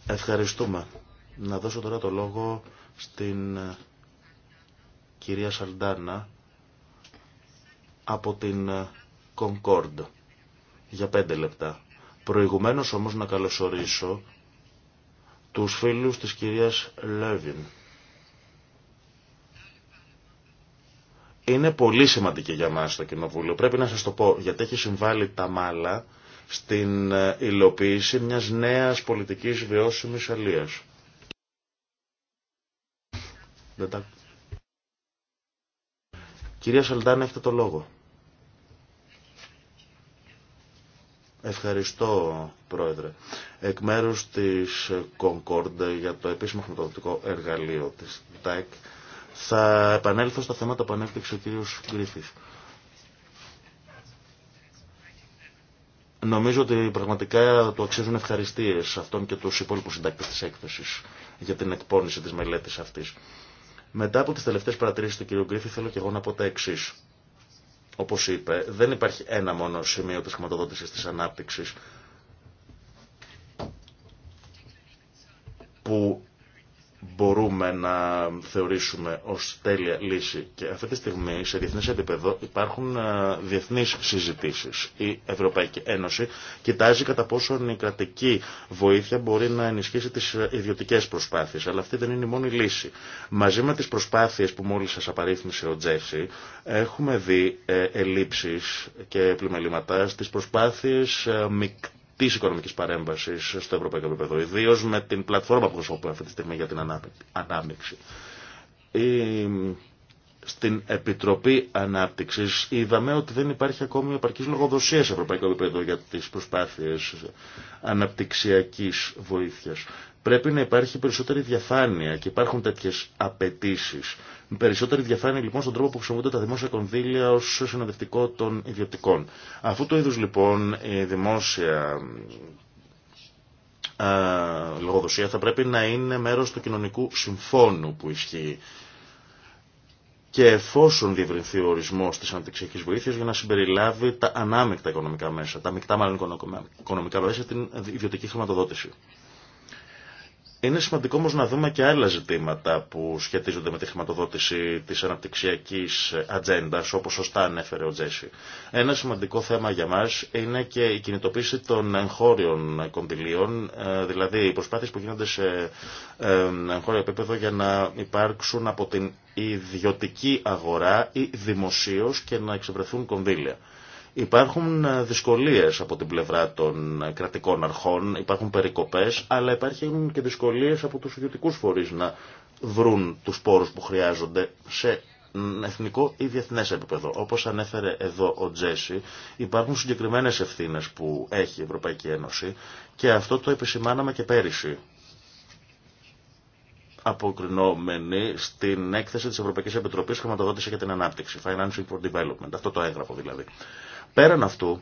Ευχαριστούμε. Να δώσω τώρα το λόγο στην ε, κυρία Σαλντάνα από την Κονκόρντ ε, για πέντε λεπτά. Προηγουμένως όμως να καλωσορίσω τους φίλους της κυρίας Λέβιν. Είναι πολύ σημαντική για μας το Κοινοβούλιο. Πρέπει να σας το πω, γιατί έχει συμβάλει τα μάλα στην ε, υλοποίηση μιας νέας πολιτικής βιώσιμης αλίας. Δεν Κυρία Σαλντάνα, έχετε το λόγο. Ευχαριστώ, Πρόεδρε. Εκ μέρου τη Concord για το επίσημο χρηματοδοτικό εργαλείο τη ΤΑΕΚ θα επανέλθω στα θέματα που ανέφτυξε ο κύριος Γκρίφης. Νομίζω ότι πραγματικά του αξίζουν ευχαριστίες αυτών και τους υπόλοιπους συντάκτες της έκθεσης για την εκπόνηση της μελέτης αυτής. Μετά από τις τελευταίες παρατηρήσεις του κ. Γκρίφη θέλω και εγώ να πω τα εξή. Όπως είπε, δεν υπάρχει ένα μόνο σημείο τη χρηματοδότηση τη ανάπτυξη. που μπορούμε να θεωρήσουμε ως τέλεια λύση. Και αυτή τη στιγμή σε διεθνές επίπεδο υπάρχουν διεθνείς συζητήσεις. Η Ευρωπαϊκή Ένωση κοιτάζει κατά πόσο η κρατική βοήθεια μπορεί να ενισχύσει τις ιδιωτικές προσπάθειες. Αλλά αυτή δεν είναι η μόνη λύση. Μαζί με τις προσπάθειες που μόλις σας απαρίθμησε ο Τζέσι, έχουμε δει ε, ελλείψεις και πλημεληματά στις προσπάθειες τη οικονομική παρέμβαση στο ευρωπαϊκό επίπεδο, ιδίω με την πλατφόρμα που χρησιμοποιούμε αυτή τη στιγμή για την ανάμειξη. Στην Επιτροπή Ανάπτυξη είδαμε ότι δεν υπάρχει ακόμη επαρκή λογοδοσία σε ευρωπαϊκό επίπεδο για τι προσπάθειε αναπτυξιακή βοήθεια. Πρέπει να υπάρχει περισσότερη διαφάνεια και υπάρχουν τέτοιε απαιτήσει. Περισσότερη διαφάνεια λοιπόν στον τρόπο που χρησιμοποιούνται τα δημόσια κονδύλια ω συνοδευτικό των ιδιωτικών. Αφού το είδου λοιπόν η δημόσια λογοδοσία θα πρέπει να είναι μέρος του κοινωνικού συμφώνου που ισχύει και εφόσον διευρυνθεί ο ορισμό τη αναπτυξιακή βοήθεια για να συμπεριλάβει τα ανάμεικτα οικονομικά μέσα, τα μεικτά μάλλον οικονομικά μέσα, την ιδιωτική χρηματοδότηση. Είναι σημαντικό όμω να δούμε και άλλα ζητήματα που σχετίζονται με τη χρηματοδότηση τη αναπτυξιακή ατζέντα, όπω σωστά ανέφερε ο Τζέσι. Ένα σημαντικό θέμα για μα είναι και η κινητοποίηση των εγχώριων κοντιλίων, ε, δηλαδή οι προσπάθειε που γίνονται σε ε, εγχώριο επίπεδο για να υπάρξουν από την ιδιωτική αγορά ή δημοσίω και να εξευρεθούν κονδύλια. Υπάρχουν ε, δυσκολίες από την πλευρά των ε, κρατικών αρχών, υπάρχουν περικοπές, αλλά υπάρχουν και δυσκολίες από τους ιδιωτικούς φορείς να βρουν τους πόρου που χρειάζονται σε εθνικό ή διεθνέ επίπεδο. Όπω ανέφερε εδώ ο Τζέσι, υπάρχουν συγκεκριμένε ευθύνε που έχει η Ευρωπαϊκή Ένωση και αυτό το επισημάναμε και πέρυσι. Αποκρινόμενοι στην έκθεση τη Ευρωπαϊκή Επιτροπή Χρηματοδότηση για την Ανάπτυξη, Financing for Development, αυτό το έγγραφο δηλαδή. Πέραν αυτού,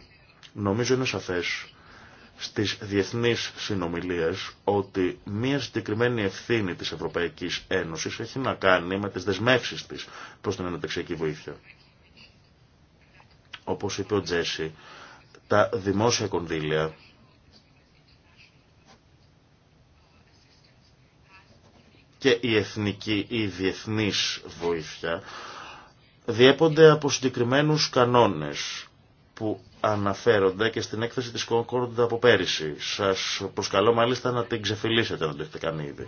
νομίζω είναι σαφές στις διεθνείς συνομιλίες ότι μια συγκεκριμένη ευθύνη της Ευρωπαϊκής Ένωσης έχει να κάνει με τις δεσμεύσεις της προς την ανατεξιακή βοήθεια. Όπως είπε ο Τζέσι, τα δημόσια κονδύλια και η εθνική ή η διεθνής βοήθεια διέπονται από συγκεκριμένους κανόνες που αναφέρονται και στην έκθεση της Concord από πέρυσι. Σας προσκαλώ μάλιστα να την ξεφυλίσετε αν το έχετε κάνει ήδη.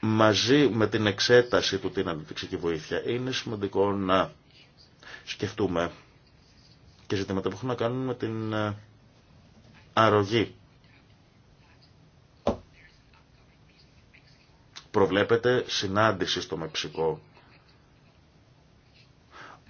Μαζί με την εξέταση του την αντιπτυξική βοήθεια είναι σημαντικό να σκεφτούμε και ζητήματα που έχουν να κάνουν με την ε, αρρωγή. Προβλέπεται συνάντηση στο Μεξικό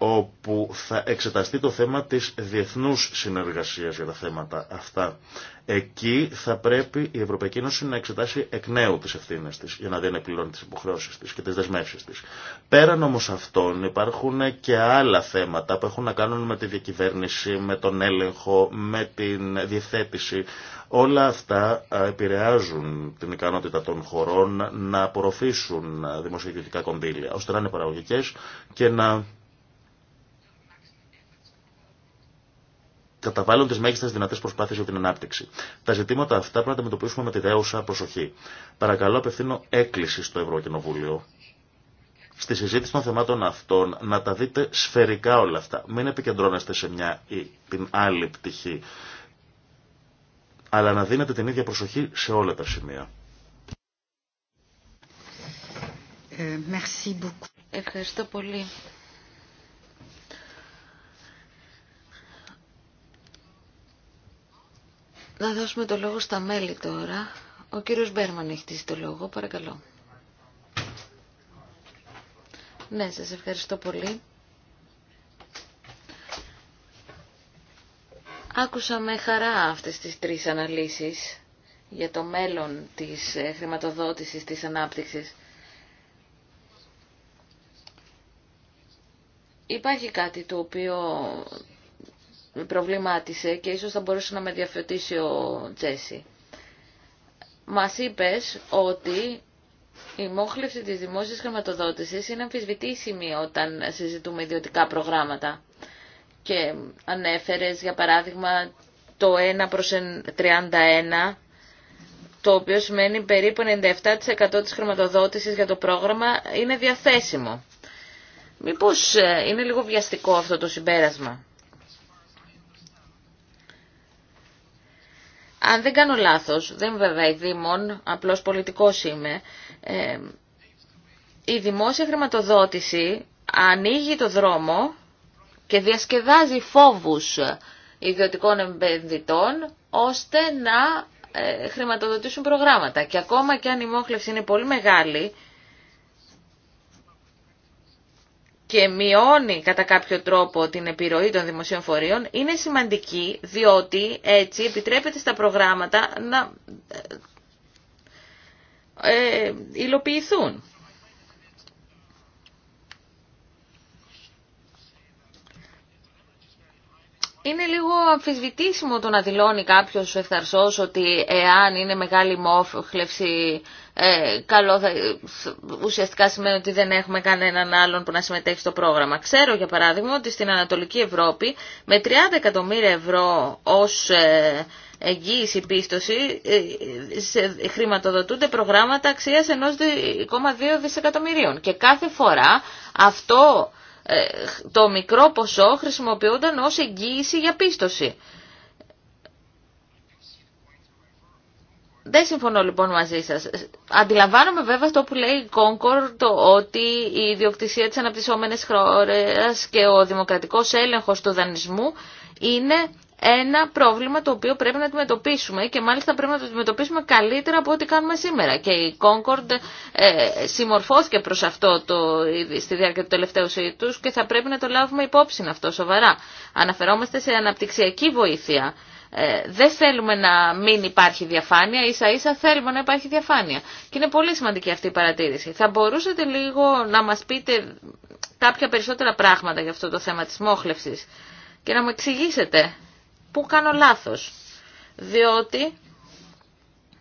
όπου θα εξεταστεί το θέμα της διεθνούς συνεργασίας για τα θέματα αυτά. Εκεί θα πρέπει η Ευρωπαϊκή Ένωση να εξετάσει εκ νέου τις ευθύνες της, για να δεν επιλώνει τις υποχρεώσεις της και τις δεσμεύσεις της. Πέραν όμως αυτών υπάρχουν και άλλα θέματα που έχουν να κάνουν με τη διακυβέρνηση, με τον έλεγχο, με την διευθέτηση. Όλα αυτά επηρεάζουν την ικανότητα των χωρών να απορροφήσουν δημοσιογητικά κονδύλια, ώστε να είναι παραγωγικές και να καταβάλουν τι μέγιστε δυνατέ προσπάθειε για την ανάπτυξη. Τα ζητήματα αυτά πρέπει να τα αντιμετωπίσουμε με τη δέουσα προσοχή. Παρακαλώ, απευθύνω έκκληση στο Ευρωκοινοβούλιο στη συζήτηση των θεμάτων αυτών να τα δείτε σφαιρικά όλα αυτά. Μην επικεντρώνεστε σε μια ή την άλλη πτυχή, αλλά να δίνετε την ίδια προσοχή σε όλα τα σημεία. Ε, Ευχαριστώ πολύ. Να δώσουμε το λόγο στα μέλη τώρα. Ο κύριος Μπέρμαν έχει τίσει το λόγο. Παρακαλώ. Ναι, σας ευχαριστώ πολύ. Άκουσα με χαρά αυτές τις τρεις αναλύσεις για το μέλλον της ε, χρηματοδότησης της ανάπτυξης. Υπάρχει κάτι το οποίο προβλημάτισε και ίσως θα μπορούσε να με διαφωτίσει ο Τζέσι. Μας είπες ότι η μόχλευση της δημόσιας χρηματοδότησης είναι αμφισβητήσιμη όταν συζητούμε ιδιωτικά προγράμματα. Και ανέφερες, για παράδειγμα, το 1 προς 31, το οποίο σημαίνει περίπου 97% της χρηματοδότησης για το πρόγραμμα είναι διαθέσιμο. Μήπως ε, είναι λίγο βιαστικό αυτό το συμπέρασμα. Αν δεν κάνω λάθος, δεν βέβαια η Δήμων, απλώς πολιτικός είμαι, ε, η δημόσια χρηματοδότηση ανοίγει το δρόμο και διασκεδάζει φόβους ιδιωτικών επενδυτών ώστε να ε, χρηματοδοτήσουν προγράμματα. Και ακόμα και αν η μόχλευση είναι πολύ μεγάλη, και μειώνει κατά κάποιο τρόπο την επιρροή των δημοσίων φορείων είναι σημαντική διότι έτσι επιτρέπεται στα προγράμματα να ε, υλοποιηθούν. Είναι λίγο αμφισβητήσιμο το να δηλώνει κάποιος ευθαρσός ότι εάν είναι μεγάλη μόχλευση ε, καλό θα, ουσιαστικά σημαίνει ότι δεν έχουμε κανέναν άλλον που να συμμετέχει στο πρόγραμμα. Ξέρω για παράδειγμα ότι στην Ανατολική Ευρώπη με 30 εκατομμύρια ευρώ ως ε, εγγύηση πίστοση ε, χρηματοδοτούνται προγράμματα αξίας ενός 2,2 δισεκατομμυρίων και κάθε φορά αυτό ε, το μικρό ποσό χρησιμοποιούνταν ως εγγύηση για πίστοση. Δεν συμφωνώ λοιπόν μαζί σας. Αντιλαμβάνομαι βέβαια αυτό που λέει η Concord ότι η ιδιοκτησία της αναπτυσσόμενης χώρας και ο δημοκρατικός έλεγχος του δανεισμού είναι ένα πρόβλημα το οποίο πρέπει να αντιμετωπίσουμε και μάλιστα πρέπει να το αντιμετωπίσουμε καλύτερα από ό,τι κάνουμε σήμερα. Και η Concord ε, συμμορφώθηκε προς αυτό το, στη διάρκεια του τελευταίου σύντου και θα πρέπει να το λάβουμε υπόψη αυτό σοβαρά. Αναφερόμαστε σε αναπτυξιακή βοήθεια. Ε, δεν θέλουμε να μην υπάρχει διαφάνεια, ίσα ίσα θέλουμε να υπάρχει διαφάνεια. Και είναι πολύ σημαντική αυτή η παρατήρηση. Θα μπορούσατε λίγο να μας πείτε κάποια περισσότερα πράγματα για αυτό το θέμα της μόχλευσης και να μου εξηγήσετε πού κάνω λάθος. Διότι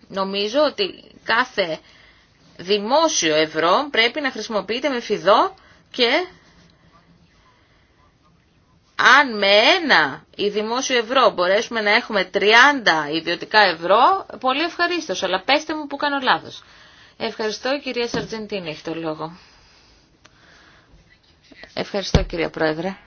νομίζω ότι κάθε δημόσιο ευρώ πρέπει να χρησιμοποιείται με φιδό και αν με ένα ή δημόσιο ευρώ μπορέσουμε να έχουμε 30 ιδιωτικά ευρώ, πολύ ευχαρίστω. Αλλά πέστε μου που κάνω λάθο. Ευχαριστώ, κυρία Σαρτζεντίνη, έχει το λόγο. Ευχαριστώ, κυρία Πρόεδρε.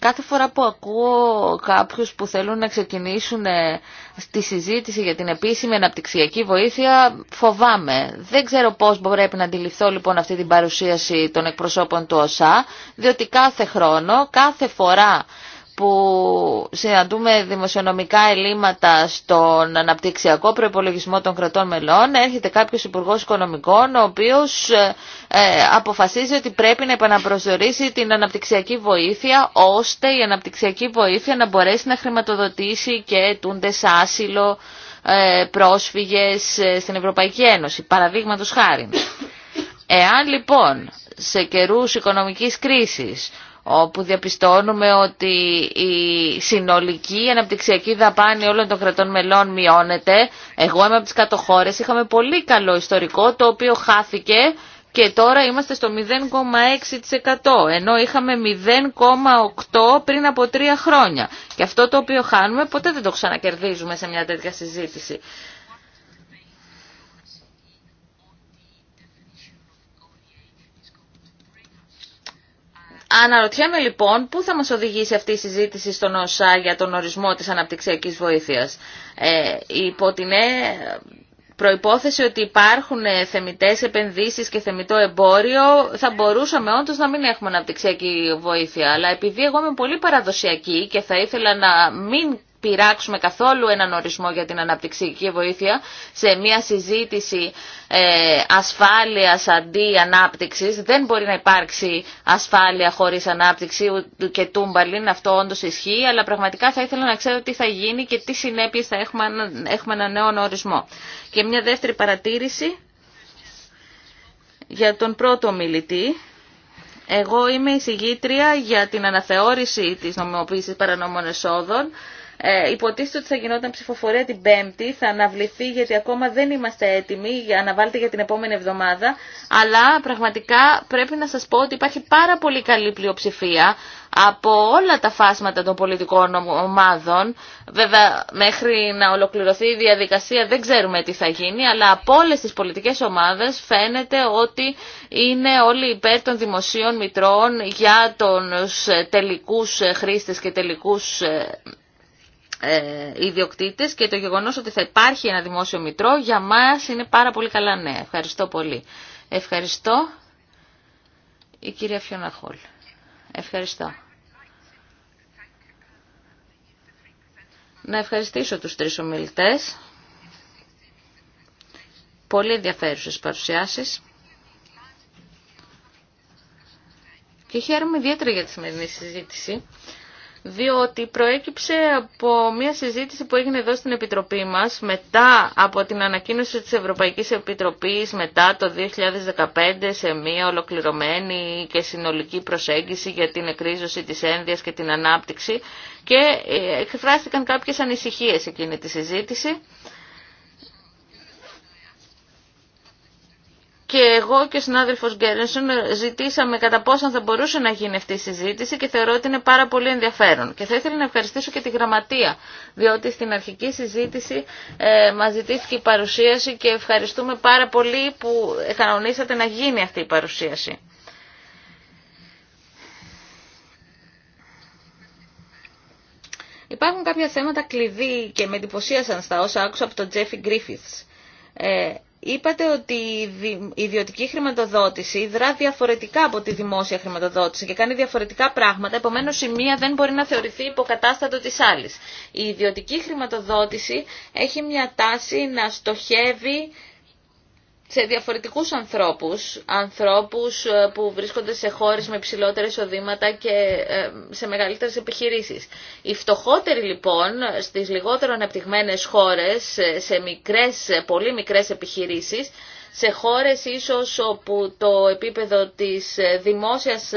Κάθε φορά που ακούω κάποιους που θέλουν να ξεκινήσουν ε, στη συζήτηση για την επίσημη αναπτυξιακή βοήθεια, φοβάμαι. Δεν ξέρω πώς πρέπει να αντιληφθώ λοιπόν αυτή την παρουσίαση των εκπροσώπων του ΟΣΑ, διότι κάθε χρόνο, κάθε φορά που συναντούμε δημοσιονομικά ελλείμματα στον αναπτυξιακό προπολογισμό των κρατών μελών, έρχεται κάποιος Υπουργός Οικονομικών, ο οποίος ε, ε, αποφασίζει ότι πρέπει να επαναπροσδιορίσει την αναπτυξιακή βοήθεια, ώστε η αναπτυξιακή βοήθεια να μπορέσει να χρηματοδοτήσει και τούντες άσυλο ε, πρόσφυγες στην Ευρωπαϊκή Ένωση, παραδείγματος χάρη. Εάν λοιπόν σε καιρούς οικονομικής κρίσης όπου διαπιστώνουμε ότι η συνολική αναπτυξιακή δαπάνη όλων των κρατών μελών μειώνεται. Εγώ είμαι από τις κατοχώρες, είχαμε πολύ καλό ιστορικό το οποίο χάθηκε και τώρα είμαστε στο 0,6% ενώ είχαμε 0,8% πριν από τρία χρόνια. Και αυτό το οποίο χάνουμε ποτέ δεν το ξανακερδίζουμε σε μια τέτοια συζήτηση. Αναρωτιέμαι λοιπόν πού θα μας οδηγήσει αυτή η συζήτηση στον ΩΣΑ για τον ορισμό της αναπτυξιακής βοήθειας. Ε, υπό την ε, προϋπόθεση ότι υπάρχουν ε, θεμητές επενδύσεις και θεμητό εμπόριο, θα μπορούσαμε όντως να μην έχουμε αναπτυξιακή βοήθεια. Αλλά επειδή εγώ είμαι πολύ παραδοσιακή και θα ήθελα να μην πειράξουμε καθόλου έναν ορισμό για την αναπτυξιακή βοήθεια σε μια συζήτηση ε, ασφάλειας αντί ανάπτυξης. Δεν μπορεί να υπάρξει ασφάλεια χωρίς ανάπτυξη και τούμπαλιν, αυτό όντως ισχύει, αλλά πραγματικά θα ήθελα να ξέρω τι θα γίνει και τι συνέπειες θα έχουμε, έχουμε ένα νέο ορισμό. Και μια δεύτερη παρατήρηση για τον πρώτο μιλητή. Εγώ είμαι η για την αναθεώρηση της νομιμοποίησης παρανόμων εσόδων. Ε, υποτίθεται ότι θα γινόταν ψηφοφορία την Πέμπτη, θα αναβληθεί γιατί ακόμα δεν είμαστε έτοιμοι, για, αναβάλλεται για την επόμενη εβδομάδα, αλλά πραγματικά πρέπει να σας πω ότι υπάρχει πάρα πολύ καλή πλειοψηφία από όλα τα φάσματα των πολιτικών ομάδων. Βέβαια, μέχρι να ολοκληρωθεί η διαδικασία δεν ξέρουμε τι θα γίνει, αλλά από όλε τι πολιτικέ ομάδε φαίνεται ότι είναι όλοι υπέρ των δημοσίων μητρών για του τελικού χρήστε και τελικού ε, ε, ιδιοκτήτε, και το γεγονός ότι θα υπάρχει ένα δημόσιο μητρό για μα είναι πάρα πολύ καλά νέα. Ευχαριστώ πολύ. Ευχαριστώ η κυρία Φιώνα Ευχαριστώ. Να ευχαριστήσω τους τρεις ομιλητές. Πολύ ενδιαφέρουσες παρουσιάσεις. Και χαίρομαι ιδιαίτερα για τη σημερινή συζήτηση, διότι προέκυψε από μια συζήτηση που έγινε εδώ στην Επιτροπή μας μετά από την ανακοίνωση της Ευρωπαϊκής Επιτροπής μετά το 2015 σε μια ολοκληρωμένη και συνολική προσέγγιση για την εκρίζωση της ένδυας και την ανάπτυξη και ε, εκφράστηκαν κάποιες ανησυχίες εκείνη τη συζήτηση και εγώ και ο συνάδελφος Γκέρνσον ζητήσαμε κατά πόσον θα μπορούσε να γίνει αυτή η συζήτηση και θεωρώ ότι είναι πάρα πολύ ενδιαφέρον. Και θα ήθελα να ευχαριστήσω και τη γραμματεία, διότι στην αρχική συζήτηση ε, μας ζητήθηκε η παρουσίαση και ευχαριστούμε πάρα πολύ που κανονίσατε να γίνει αυτή η παρουσίαση. Υπάρχουν κάποια θέματα κλειδί και με εντυπωσίασαν στα όσα άκουσα από τον Τζέφι Γκρίφιθς. Ε, Είπατε ότι η ιδιωτική χρηματοδότηση δρά διαφορετικά από τη δημόσια χρηματοδότηση και κάνει διαφορετικά πράγματα, επομένως η μία δεν μπορεί να θεωρηθεί υποκατάστατο της άλλης. Η ιδιωτική χρηματοδότηση έχει μια τάση να στοχεύει σε διαφορετικούς ανθρώπους, ανθρώπους ε, που βρίσκονται σε χώρες με υψηλότερα εισοδήματα και ε, σε μεγαλύτερες επιχειρήσεις. Οι φτωχότεροι λοιπόν στις λιγότερο αναπτυγμένες χώρες, σε μικρές, πολύ μικρές επιχειρήσεις, σε χώρες ίσως όπου το επίπεδο της δημόσιας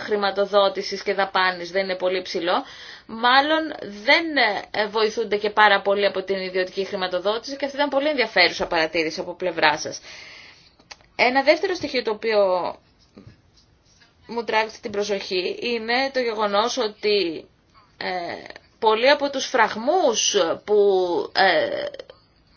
χρηματοδότησης και δαπάνης δεν είναι πολύ ψηλό, μάλλον δεν βοηθούνται και πάρα πολύ από την ιδιωτική χρηματοδότηση και αυτή ήταν πολύ ενδιαφέρουσα παρατήρηση από πλευρά σας. Ένα δεύτερο στοιχείο το οποίο μου τράβηξε την προσοχή είναι το γεγονός ότι ε, πολλοί από τους φραγμούς που ε,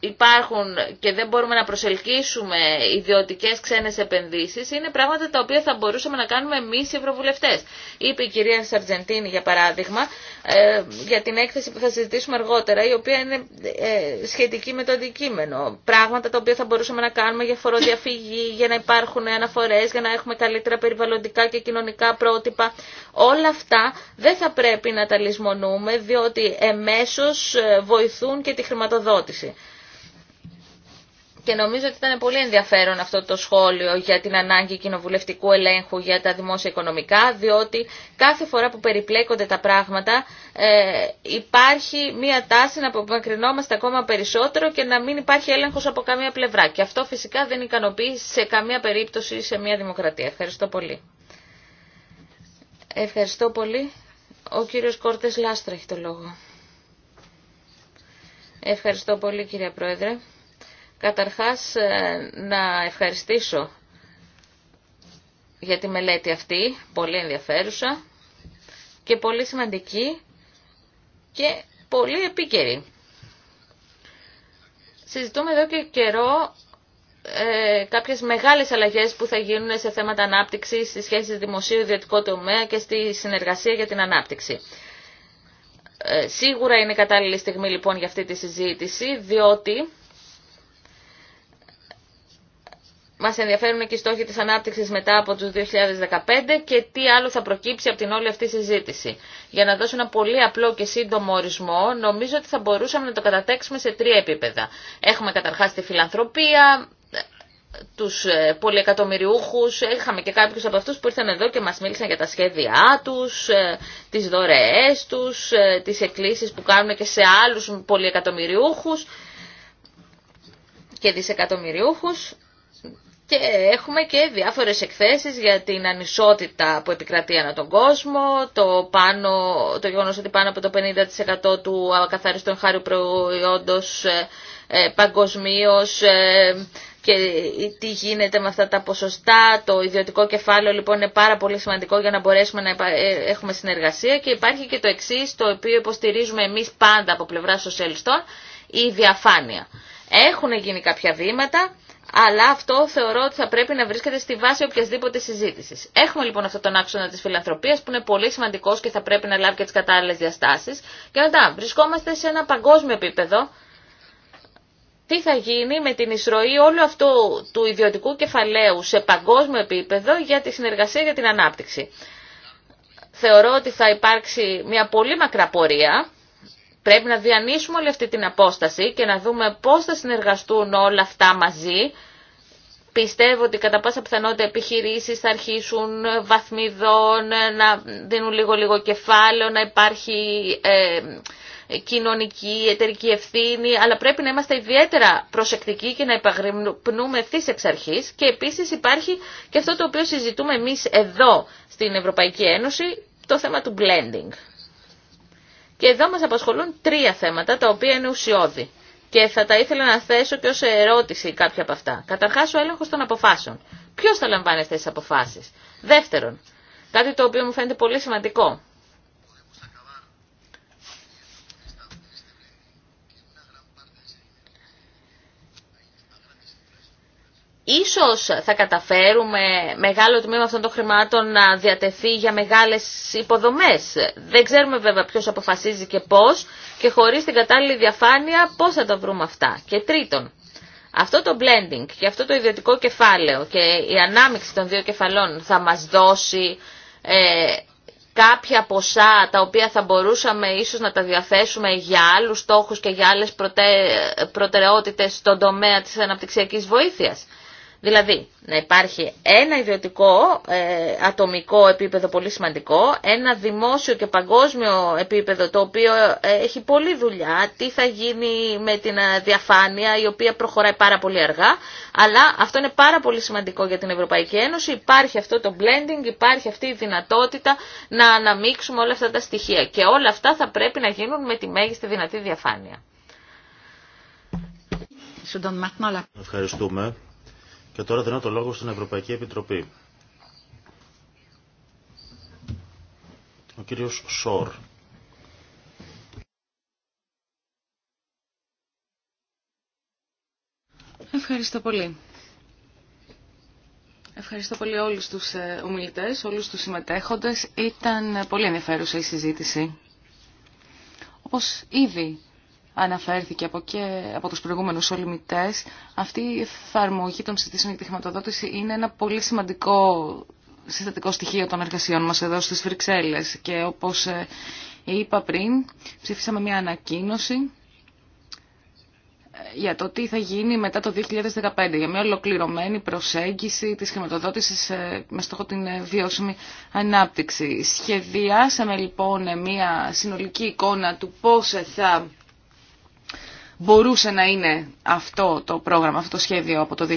υπάρχουν και δεν μπορούμε να προσελκύσουμε ιδιωτικές ξένες επενδύσεις είναι πράγματα τα οποία θα μπορούσαμε να κάνουμε εμείς οι ευρωβουλευτές. Είπε η κυρία Σαρτζεντίνη για παράδειγμα ε, για την έκθεση που θα συζητήσουμε αργότερα η οποία είναι ε, σχετική με το αντικείμενο. Πράγματα τα οποία θα μπορούσαμε να κάνουμε για φοροδιαφυγή, για να υπάρχουν αναφορές, για να έχουμε καλύτερα περιβαλλοντικά και κοινωνικά πρότυπα. Όλα αυτά δεν θα πρέπει να τα λησμονούμε διότι εμέσω ε, βοηθούν και τη χρηματοδότηση και νομίζω ότι ήταν πολύ ενδιαφέρον αυτό το σχόλιο για την ανάγκη κοινοβουλευτικού ελέγχου για τα δημόσια οικονομικά, διότι κάθε φορά που περιπλέκονται τα πράγματα ε, υπάρχει μία τάση να απομακρυνόμαστε ακόμα περισσότερο και να μην υπάρχει έλεγχος από καμία πλευρά. Και αυτό φυσικά δεν ικανοποιεί σε καμία περίπτωση σε μία δημοκρατία. Ευχαριστώ πολύ. Ευχαριστώ πολύ. Ο κύριος Κόρτες Λάστρα έχει το λόγο. Ευχαριστώ πολύ κύριε Πρόεδρε. Καταρχάς ε, να ευχαριστήσω για τη μελέτη αυτή, πολύ ενδιαφέρουσα και πολύ σημαντική και πολύ επίκαιρη. Συζητούμε εδώ και καιρό ε, κάποιες μεγάλες αλλαγές που θα γίνουν σε θέματα ανάπτυξης, στις σχέσεις δημοσίου ιδιωτικού τομέα και στη συνεργασία για την ανάπτυξη. Ε, σίγουρα είναι κατάλληλη στιγμή λοιπόν για αυτή τη συζήτηση, διότι Μας ενδιαφέρουν και οι στόχοι της ανάπτυξης μετά από τους 2015 και τι άλλο θα προκύψει από την όλη αυτή συζήτηση. Για να δώσω ένα πολύ απλό και σύντομο ορισμό, νομίζω ότι θα μπορούσαμε να το κατατέξουμε σε τρία επίπεδα. Έχουμε καταρχάς τη φιλανθρωπία, τους ε, πολυεκατομμυριούχους, είχαμε και κάποιους από αυτούς που ήρθαν εδώ και μας μίλησαν για τα σχέδιά τους, ε, τις δωρεές τους, ε, τις εκκλήσεις που κάνουν και σε άλλους πολυεκατομμυριούχους και δισεκατομμυριούχους. Και έχουμε και διάφορες εκθέσεις για την ανισότητα που επικρατεί ανά τον κόσμο, το, πάνω, το γεγονός ότι πάνω από το 50% του ακαθαριστών χάριου προϊόντος ε, ε παγκοσμίω ε, και τι γίνεται με αυτά τα ποσοστά. Το ιδιωτικό κεφάλαιο λοιπόν είναι πάρα πολύ σημαντικό για να μπορέσουμε να ε, έχουμε συνεργασία και υπάρχει και το εξή το οποίο υποστηρίζουμε εμείς πάντα από πλευρά σοσιαλιστών, η διαφάνεια. Έχουν γίνει κάποια βήματα, αλλά αυτό θεωρώ ότι θα πρέπει να βρίσκεται στη βάση οποιασδήποτε συζήτηση. Έχουμε λοιπόν αυτόν τον άξονα τη φιλανθρωπία που είναι πολύ σημαντικό και θα πρέπει να λάβει και τι κατάλληλε διαστάσει. Και μετά βρισκόμαστε σε ένα παγκόσμιο επίπεδο. Τι θα γίνει με την εισρωή όλου αυτού του ιδιωτικού κεφαλαίου σε παγκόσμιο επίπεδο για τη συνεργασία για την ανάπτυξη. Θεωρώ ότι θα υπάρξει μια πολύ μακρά πορεία Πρέπει να διανύσουμε όλη αυτή την απόσταση και να δούμε πώς θα συνεργαστούν όλα αυτά μαζί. Πιστεύω ότι κατά πάσα πιθανότητα επιχειρήσεις θα αρχίσουν βαθμιδών, να δίνουν λίγο-λίγο κεφάλαιο, να υπάρχει... Ε, κοινωνική, εταιρική ευθύνη, αλλά πρέπει να είμαστε ιδιαίτερα προσεκτικοί και να υπαγρυπνούμε ευθύ εξ αρχή. Και επίση υπάρχει και αυτό το οποίο συζητούμε εμεί εδώ στην Ευρωπαϊκή Ένωση, το θέμα του blending. Και εδώ μας απασχολούν τρία θέματα τα οποία είναι ουσιώδη. Και θα τα ήθελα να θέσω και ως ερώτηση κάποια από αυτά. Καταρχάς ο έλεγχος των αποφάσεων. Ποιος θα λαμβάνει αυτές τις αποφάσεις. Δεύτερον, κάτι το οποίο μου φαίνεται πολύ σημαντικό. Ίσως θα καταφέρουμε μεγάλο τμήμα αυτών των χρημάτων να διατεθεί για μεγάλες υποδομές. Δεν ξέρουμε βέβαια ποιος αποφασίζει και πώς και χωρίς την κατάλληλη διαφάνεια πώς θα τα βρούμε αυτά. Και τρίτον, αυτό το blending και αυτό το ιδιωτικό κεφάλαιο και η ανάμειξη των δύο κεφαλών θα μας δώσει ε, κάποια ποσά τα οποία θα μπορούσαμε ίσως να τα διαθέσουμε για άλλους στόχους και για άλλες προτε... προτεραιότητες στον τομέα της αναπτυξιακής βοήθειας. Δηλαδή, να υπάρχει ένα ιδιωτικό, ε, ατομικό επίπεδο πολύ σημαντικό, ένα δημόσιο και παγκόσμιο επίπεδο το οποίο ε, έχει πολλή δουλειά, τι θα γίνει με την ε, διαφάνεια η οποία προχωράει πάρα πολύ αργά, αλλά αυτό είναι πάρα πολύ σημαντικό για την Ευρωπαϊκή Ένωση, υπάρχει αυτό το blending, υπάρχει αυτή η δυνατότητα να αναμίξουμε όλα αυτά τα στοιχεία και όλα αυτά θα πρέπει να γίνουν με τη μέγιστη δυνατή διαφάνεια. Ευχαριστούμε. Και τώρα δίνω το λόγο στην Ευρωπαϊκή Επιτροπή. Ο κύριος Σόρ. Ευχαριστώ πολύ. Ευχαριστώ πολύ όλους τους ε, ομιλητές, όλους τους συμμετέχοντες. Ήταν πολύ ενδιαφέρουσα η συζήτηση. Όπως ήδη αναφέρθηκε από, και από τους προηγούμενους ολιμητές, αυτή η εφαρμογή των συστήσεων για τη χρηματοδότηση είναι ένα πολύ σημαντικό συστατικό στοιχείο των εργασιών μας εδώ στις Βρυξέλλες και όπως ε, είπα πριν ψήφισαμε μια ανακοίνωση ε, για το τι θα γίνει μετά το 2015, για μια ολοκληρωμένη προσέγγιση της χρηματοδότησης ε, με στόχο την βιώσιμη ανάπτυξη. Σχεδιάσαμε λοιπόν μια συνολική εικόνα του πώς θα μπορούσε να είναι αυτό το πρόγραμμα, αυτό το σχέδιο από το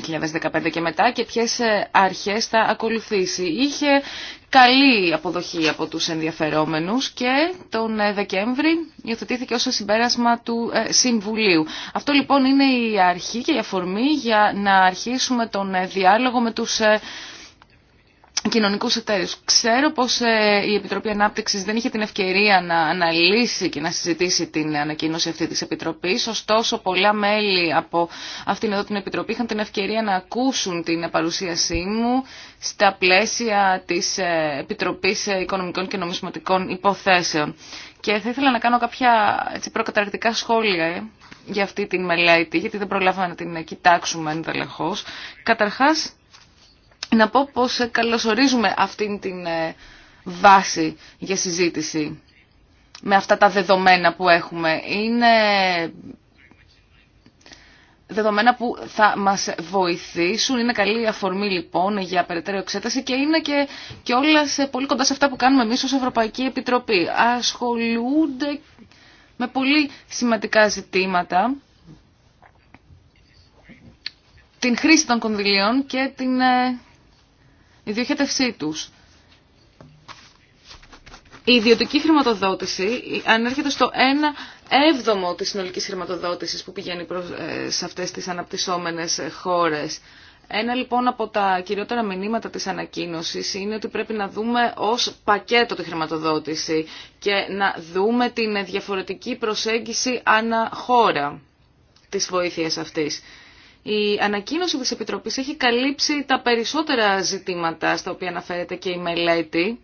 2015 και μετά και ποιες ε, αρχές θα ακολουθήσει. Είχε καλή αποδοχή από τους ενδιαφερόμενους και τον ε, Δεκέμβρη υιοθετήθηκε ως συμπέρασμα του ε, Συμβουλίου. Αυτό λοιπόν είναι η αρχή και η αφορμή για να αρχίσουμε τον διάλογο με τους κοινωνικούς εταίρους. Ξέρω πως ε, η Επιτροπή Ανάπτυξης δεν είχε την ευκαιρία να αναλύσει και να συζητήσει την ανακοίνωση αυτή της Επιτροπής, ωστόσο πολλά μέλη από αυτήν εδώ την Επιτροπή είχαν την ευκαιρία να ακούσουν την παρουσίασή μου στα πλαίσια της ε, Επιτροπής Οικονομικών και Νομισματικών Υποθέσεων. Και θα ήθελα να κάνω κάποια έτσι, προκαταρκτικά σχόλια ε, για αυτή την μελέτη, γιατί δεν προλάβαμε να την κοιτάξουμε ενδελεχώς. Καταρχάς, να πω πως ε, καλωσορίζουμε αυτήν την ε, βάση για συζήτηση με αυτά τα δεδομένα που έχουμε. Είναι δεδομένα που θα μας βοηθήσουν. Είναι καλή αφορμή λοιπόν για περαιτέρω εξέταση και είναι και, και όλα σε πολύ κοντά σε αυτά που κάνουμε εμείς ως Ευρωπαϊκή Επιτροπή. Ασχολούνται με πολύ σημαντικά ζητήματα την χρήση των κονδυλίων και την ε, η διοχέτευσή τους. Η ιδιωτική χρηματοδότηση ανέρχεται στο 1 έβδομο της συνολικής χρηματοδότησης που πηγαίνει ε, σε αυτές τις αναπτυσσόμενες χώρες. Ένα λοιπόν από τα κυριότερα μηνύματα της ανακοίνωσης είναι ότι πρέπει να δούμε ως πακέτο τη χρηματοδότηση και να δούμε την διαφορετική προσέγγιση ανά χώρα της βοήθειας αυτής. Η ανακοίνωση της Επιτροπής έχει καλύψει τα περισσότερα ζητήματα στα οποία αναφέρεται και η μελέτη.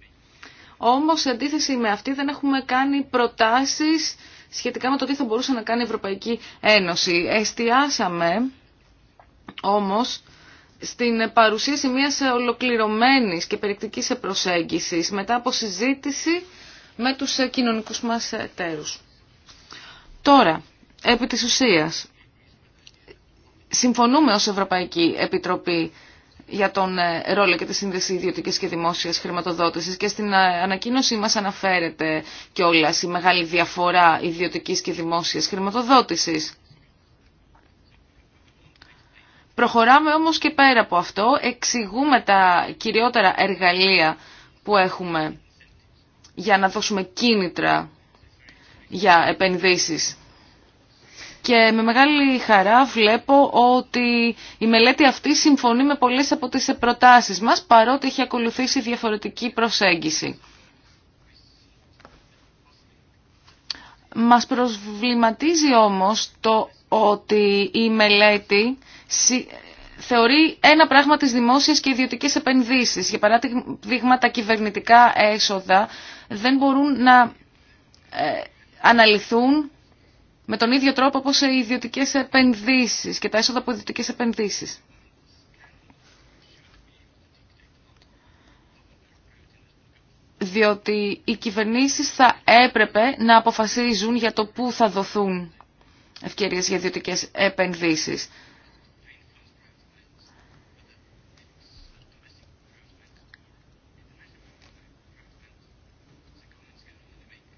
Όμως, σε αντίθεση με αυτή, δεν έχουμε κάνει προτάσεις σχετικά με το τι θα μπορούσε να κάνει η Ευρωπαϊκή Ένωση. Εστιάσαμε, όμως, στην παρουσίαση μιας ολοκληρωμένης και περιεκτικής προσέγγισης μετά από συζήτηση με τους κοινωνικούς μας εταίρους. Τώρα, επί της ουσίας, συμφωνούμε ως Ευρωπαϊκή Επιτροπή για τον ε, ρόλο και τη σύνδεση ιδιωτική και δημόσια χρηματοδότηση και στην ε, ανακοίνωσή μα αναφέρεται κιόλα η μεγάλη διαφορά ιδιωτική και δημόσια χρηματοδότηση. Προχωράμε όμως και πέρα από αυτό, εξηγούμε τα κυριότερα εργαλεία που έχουμε για να δώσουμε κίνητρα για επενδύσεις και με μεγάλη χαρά βλέπω ότι η μελέτη αυτή συμφωνεί με πολλές από τις προτάσεις μας παρότι έχει ακολουθήσει διαφορετική προσέγγιση. Μας προβληματίζει όμως το ότι η μελέτη θεωρεί ένα πράγμα της δημόσιες και ιδιωτικές επενδύσεις. Για παράδειγμα τα κυβερνητικά έσοδα δεν μπορούν να ε, αναλυθούν με τον ίδιο τρόπο όπως οι ιδιωτικές επενδύσεις και τα έσοδα από ιδιωτικές επενδύσεις. Διότι οι κυβερνήσεις θα έπρεπε να αποφασίζουν για το πού θα δοθούν ευκαιρίες για ιδιωτικές επενδύσεις.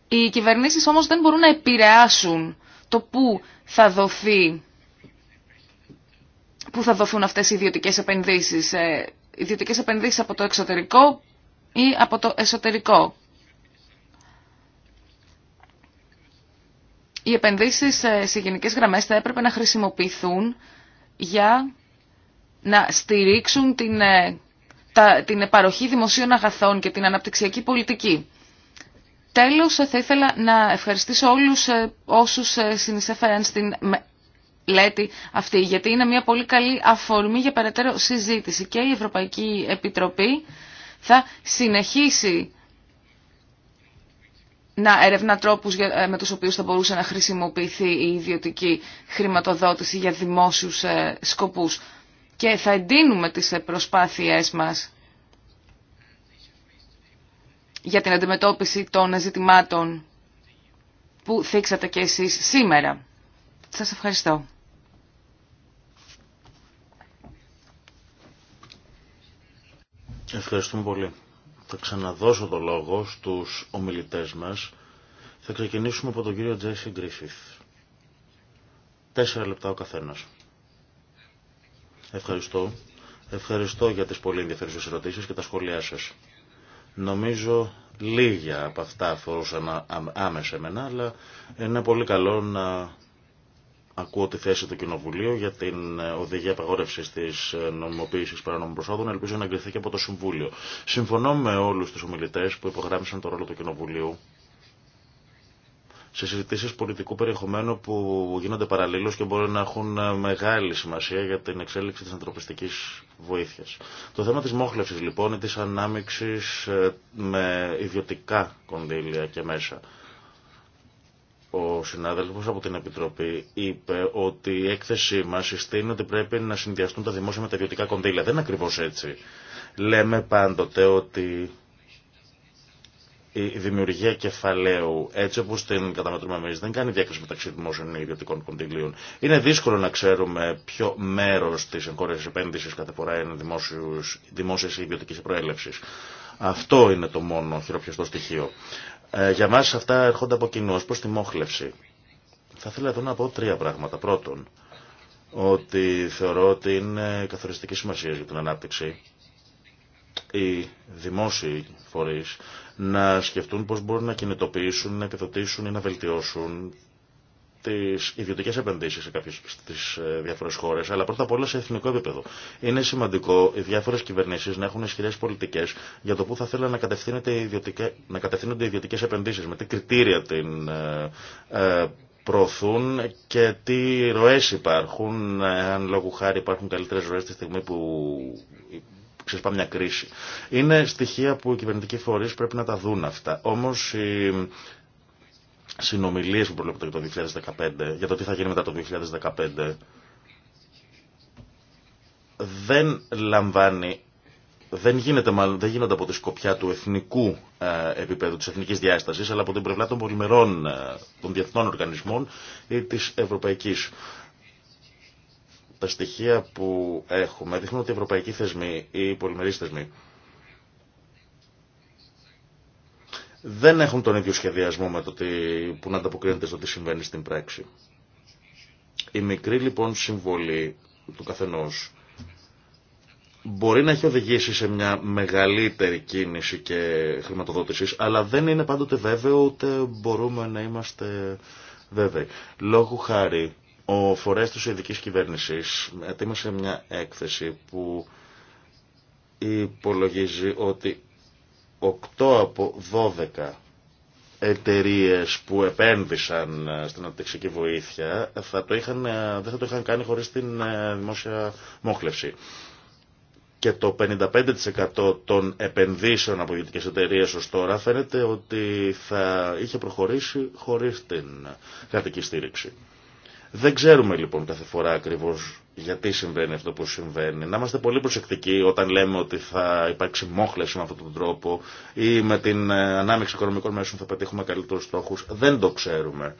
Οι κυβερνήσεις όμως δεν μπορούν να επηρεάσουν το πού θα δοθεί πού θα δοθούν αυτές οι ιδιωτικές επενδύσεις. Ε, ιδιωτικές επενδύσεις από το εξωτερικό ή από το εσωτερικό. Οι επενδύσεις ε, σε γενικές γραμμές θα έπρεπε να χρησιμοποιηθούν για να στηρίξουν την, ε, την παροχή δημοσίων αγαθών και την αναπτυξιακή πολιτική. Τέλος, θα ήθελα να ευχαριστήσω όλους ε, όσους ε, συνεισέφεραν στην μελέτη αυτή, γιατί είναι μια πολύ καλή αφορμή για περαιτέρω συζήτηση και η Ευρωπαϊκή Επιτροπή θα συνεχίσει να ερευνά τρόπους ε, με τους οποίους θα μπορούσε να χρησιμοποιηθεί η ιδιωτική χρηματοδότηση για δημόσιους σκοπούς. Και θα εντείνουμε τις προσπάθειές μας για την αντιμετώπιση των ζητημάτων που θίξατε και εσείς σήμερα. Σας ευχαριστώ. Ευχαριστούμε πολύ. Θα ξαναδώσω το λόγο στους ομιλητές μας. Θα ξεκινήσουμε από τον κύριο Τζέσι Γκρίφιθ. Τέσσερα λεπτά ο καθένας. Ευχαριστώ. Ευχαριστώ για τις πολύ ενδιαφέρουσες ερωτήσεις και τα σχόλιά σας. Νομίζω λίγια από αυτά αφορούσαν άμεσα εμένα, αλλά είναι πολύ καλό να ακούω τη θέση του Κοινοβουλίου για την ε, οδηγία απαγόρευση τη ε, νομιμοποίηση παρανόμων προσόδων. Ελπίζω να εγκριθεί και από το Συμβούλιο. Συμφωνώ με όλου του ομιλητέ που υπογράμμισαν το ρόλο του Κοινοβουλίου σε συζητήσεις πολιτικού περιεχομένου που γίνονται παραλλήλως και μπορεί να έχουν ε, μεγάλη σημασία για την εξέλιξη της ανθρωπιστικής βοήθειας. Το θέμα της μόχλευσης λοιπόν ή της ανάμειξης ε, με ιδιωτικά κονδύλια και μέσα. Ο συνάδελφος από την Επιτροπή είπε ότι η έκθεσή μας συστήνει ότι πρέπει να συνδυαστούν τα δημόσια με τα ιδιωτικά κονδύλια. Δεν είναι ακριβώς έτσι. Λέμε πάντοτε ότι η δημιουργία κεφαλαίου, έτσι όπω την καταμετρούμε εμεί, δεν κάνει διάκριση μεταξύ δημόσιων και ιδιωτικών κοντιλίων. Είναι δύσκολο να ξέρουμε ποιο μέρο τη εγχώρια επένδυση κάθε φορά είναι δημόσια ή ιδιωτική προέλευση. Αυτό είναι το μόνο χειροπιαστό στοιχείο. Ε, για μας αυτά έρχονται από κοινού ω προ τη μόχλευση. Θα ήθελα εδώ να πω τρία πράγματα. Πρώτον, ότι θεωρώ ότι είναι καθοριστική σημασία για την ανάπτυξη οι δημόσιοι φορείς να σκεφτούν πώς μπορούν να κινητοποιήσουν, να επιδοτήσουν ή να βελτιώσουν τις ιδιωτικές επενδύσεις σε κάποιες στις ε, διάφορες χώρες, αλλά πρώτα απ' όλα σε εθνικό επίπεδο. Είναι σημαντικό οι διάφορες κυβερνήσεις να έχουν ισχυρές πολιτικές για το πού θα θέλουν να, να κατευθύνονται οι ιδιωτικές επενδύσεις, με τι κριτήρια την ε, ε, προωθούν και τι ροές υπάρχουν, αν λόγου χάρη υπάρχουν καλύτερες ροές τη στιγμή που ξεσπά μια κρίση. Είναι στοιχεία που οι κυβερνητικοί φορείς πρέπει να τα δουν αυτά. Όμως οι συνομιλίες που προβλέπονται για το 2015, για το τι θα γίνει μετά το 2015, δεν λαμβάνει δεν, γίνεται, μάλλον, δεν γίνονται από τη σκοπιά του εθνικού ε, επίπεδου, της εθνικής διάστασης, αλλά από την πλευρά των πολυμερών, ε, των διεθνών οργανισμών ή της ευρωπαϊκής τα στοιχεία που έχουμε δείχνουν ότι οι ευρωπαϊκοί θεσμοί ή οι πολυμερείς θεσμοί δεν έχουν τον ίδιο σχεδιασμό με το τι, που να ανταποκρίνεται στο τι συμβαίνει στην πράξη. Η μικρή λοιπόν συμβολή του καθενός μπορεί να έχει οδηγήσει σε μια μεγαλύτερη κίνηση και χρηματοδότηση, αλλά δεν είναι πάντοτε βέβαιο ούτε μπορούμε να είμαστε βέβαιοι. Λόγου χάρη ο φορέας της ειδικής κυβέρνησης ετοίμασε μια έκθεση που υπολογίζει ότι 8 από 12 εταιρείε που επένδυσαν στην αναπτυξική βοήθεια θα το είχαν, δεν θα το είχαν κάνει χωρίς την ε, δημόσια μόχλευση. Και το 55% των επενδύσεων από ιδιωτικέ εταιρείε ω τώρα φαίνεται ότι θα είχε προχωρήσει χωρίς την κρατική στήριξη. Δεν ξέρουμε λοιπόν κάθε φορά ακριβώς γιατί συμβαίνει αυτό που συμβαίνει. Να είμαστε πολύ προσεκτικοί όταν λέμε ότι θα υπάρξει μόχλευση με αυτόν τον τρόπο ή με την ε, ανάμειξη οικονομικών μέσων θα πετύχουμε καλύτερους στόχους. Δεν το ξέρουμε.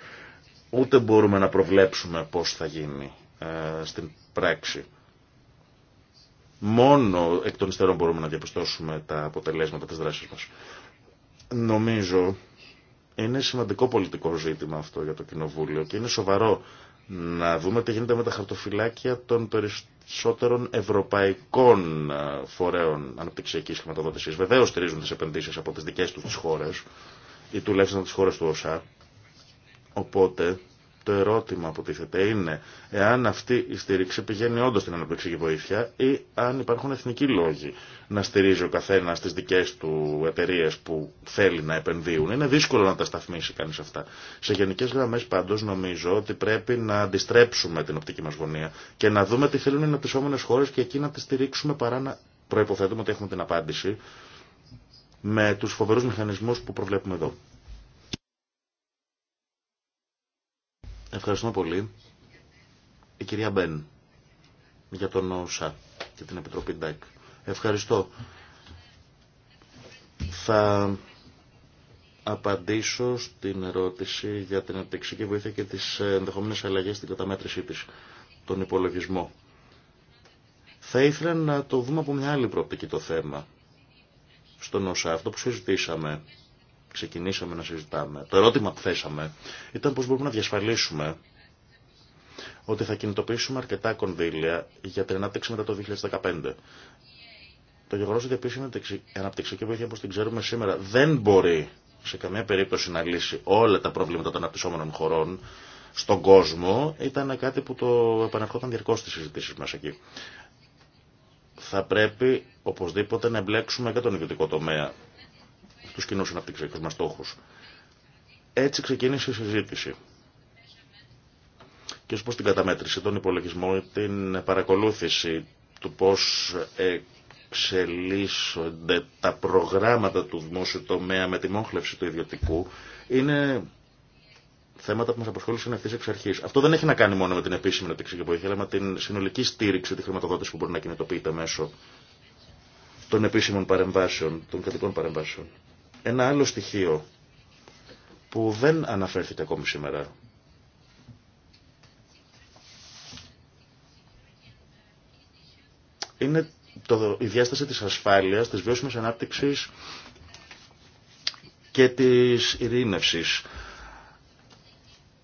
Ούτε μπορούμε να προβλέψουμε πώς θα γίνει ε, στην πράξη. Μόνο εκ των υστέρων μπορούμε να διαπιστώσουμε τα αποτελέσματα της δράσης μας. Νομίζω είναι σημαντικό πολιτικό ζήτημα αυτό για το Κοινοβούλιο και είναι σοβαρό να δούμε τι γίνεται με τα χαρτοφυλάκια των περισσότερων ευρωπαϊκών ε, φορέων αναπτυξιακή χρηματοδότηση. Βεβαίω στηρίζουν τι επενδύσει από τι δικέ του χώρε ή τουλάχιστον τι χώρε του ΩΣΑ. Οπότε το ερώτημα που τίθεται είναι εάν αυτή η στήριξη πηγαίνει όντω στην αναπτυξιακή βοήθεια ή αν υπάρχουν εθνικοί λόγοι να στηρίζει ο καθένα τι δικέ του εταιρείε που θέλει να επενδύουν. Είναι δύσκολο να τα σταθμίσει κανεί αυτά. Σε γενικέ γραμμέ πάντω νομίζω ότι πρέπει να αντιστρέψουμε την οπτική μα γωνία και να δούμε τι θέλουν οι αναπτυσσόμενε χώρε και εκεί να τι στηρίξουμε παρά να προποθέτουμε ότι έχουμε την απάντηση με του φοβερού μηχανισμού που προβλέπουμε εδώ. Ευχαριστώ πολύ. Η κυρία Μπέν για τον ΟΣΑ και την Επιτροπή ΝΤΑΚ. Ευχαριστώ. Θα απαντήσω στην ερώτηση για την αναπτυξική βοήθεια και τις ενδεχόμενες αλλαγές στην καταμέτρησή της, τον υπολογισμό. Θα ήθελα να το δούμε από μια άλλη προοπτική το θέμα. Στον ΩΣΑ, αυτό που συζητήσαμε ξεκινήσαμε να συζητάμε, το ερώτημα που θέσαμε ήταν πώς μπορούμε να διασφαλίσουμε ότι θα κινητοποιήσουμε αρκετά κονδύλια για την ανάπτυξη μετά το 2015. Το γεγονό ότι επίση η αναπτυξιακή βοήθεια, όπω την ξέρουμε σήμερα, δεν μπορεί σε καμία περίπτωση να λύσει όλα τα προβλήματα των αναπτυσσόμενων χωρών στον κόσμο, ήταν κάτι που το επαναρχόταν διαρκώ στι συζητήσει μα εκεί. Θα πρέπει οπωσδήποτε να εμπλέξουμε και τον ιδιωτικό τομέα του κοινού αναπτυξιακού μας στόχου. Έτσι ξεκίνησε η συζήτηση. Και ω την καταμέτρηση, τον υπολογισμό, την παρακολούθηση του πώ εξελίσσονται τα προγράμματα του δημόσιου τομέα με τη μόχλευση του ιδιωτικού, είναι θέματα που μα απασχόλησαν ευθύ εξ αρχή. Αυτό δεν έχει να κάνει μόνο με την επίσημη αναπτυξιακή βοήθεια, αλλά με την συνολική στήριξη, τη χρηματοδότηση που μπορεί να κινητοποιείται μέσω των επίσημων παρεμβάσεων, των κρατικών παρεμβάσεων. Ένα άλλο στοιχείο που δεν αναφέρθηκε ακόμη σήμερα. Είναι το, η διάσταση της ασφάλειας, της βιώσιμης ανάπτυξης και της ειρήνευσης.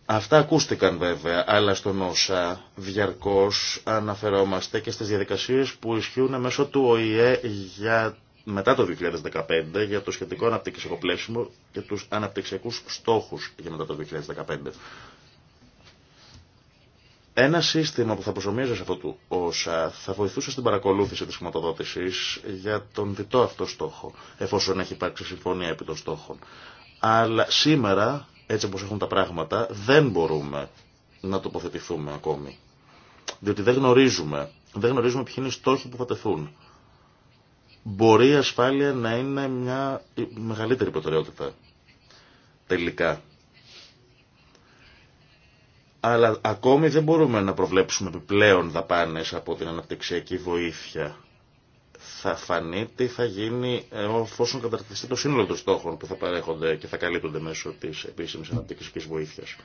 Αυτά ακούστηκαν βέβαια, αλλά στον όσα διαρκώς αναφερόμαστε και στις διαδικασίες που ισχύουν μέσω του ΟΗΕ για μετά το 2015 για το σχετικό αναπτυξιακό πλαίσιο και τους αναπτυξιακούς στόχους για μετά το 2015. Ένα σύστημα που θα προσωμίζει σε αυτό του όσα θα βοηθούσε στην παρακολούθηση της χρηματοδότησης για τον διτό αυτό στόχο, εφόσον έχει υπάρξει συμφωνία επί των στόχων. Αλλά σήμερα, έτσι όπως έχουν τα πράγματα, δεν μπορούμε να τοποθετηθούμε ακόμη. Διότι δεν γνωρίζουμε, δεν γνωρίζουμε ποιοι είναι οι στόχοι που θα τεθούν μπορεί η ασφάλεια να είναι μια μεγαλύτερη προτεραιότητα τελικά. Αλλά ακόμη δεν μπορούμε να προβλέψουμε επιπλέον δαπάνες από την αναπτυξιακή βοήθεια. Θα φανεί τι θα γίνει ε, εφόσον καταρτιστεί το σύνολο των στόχων που θα παρέχονται και θα καλύπτονται μέσω της επίσημης αναπτυξιακής βοήθειας.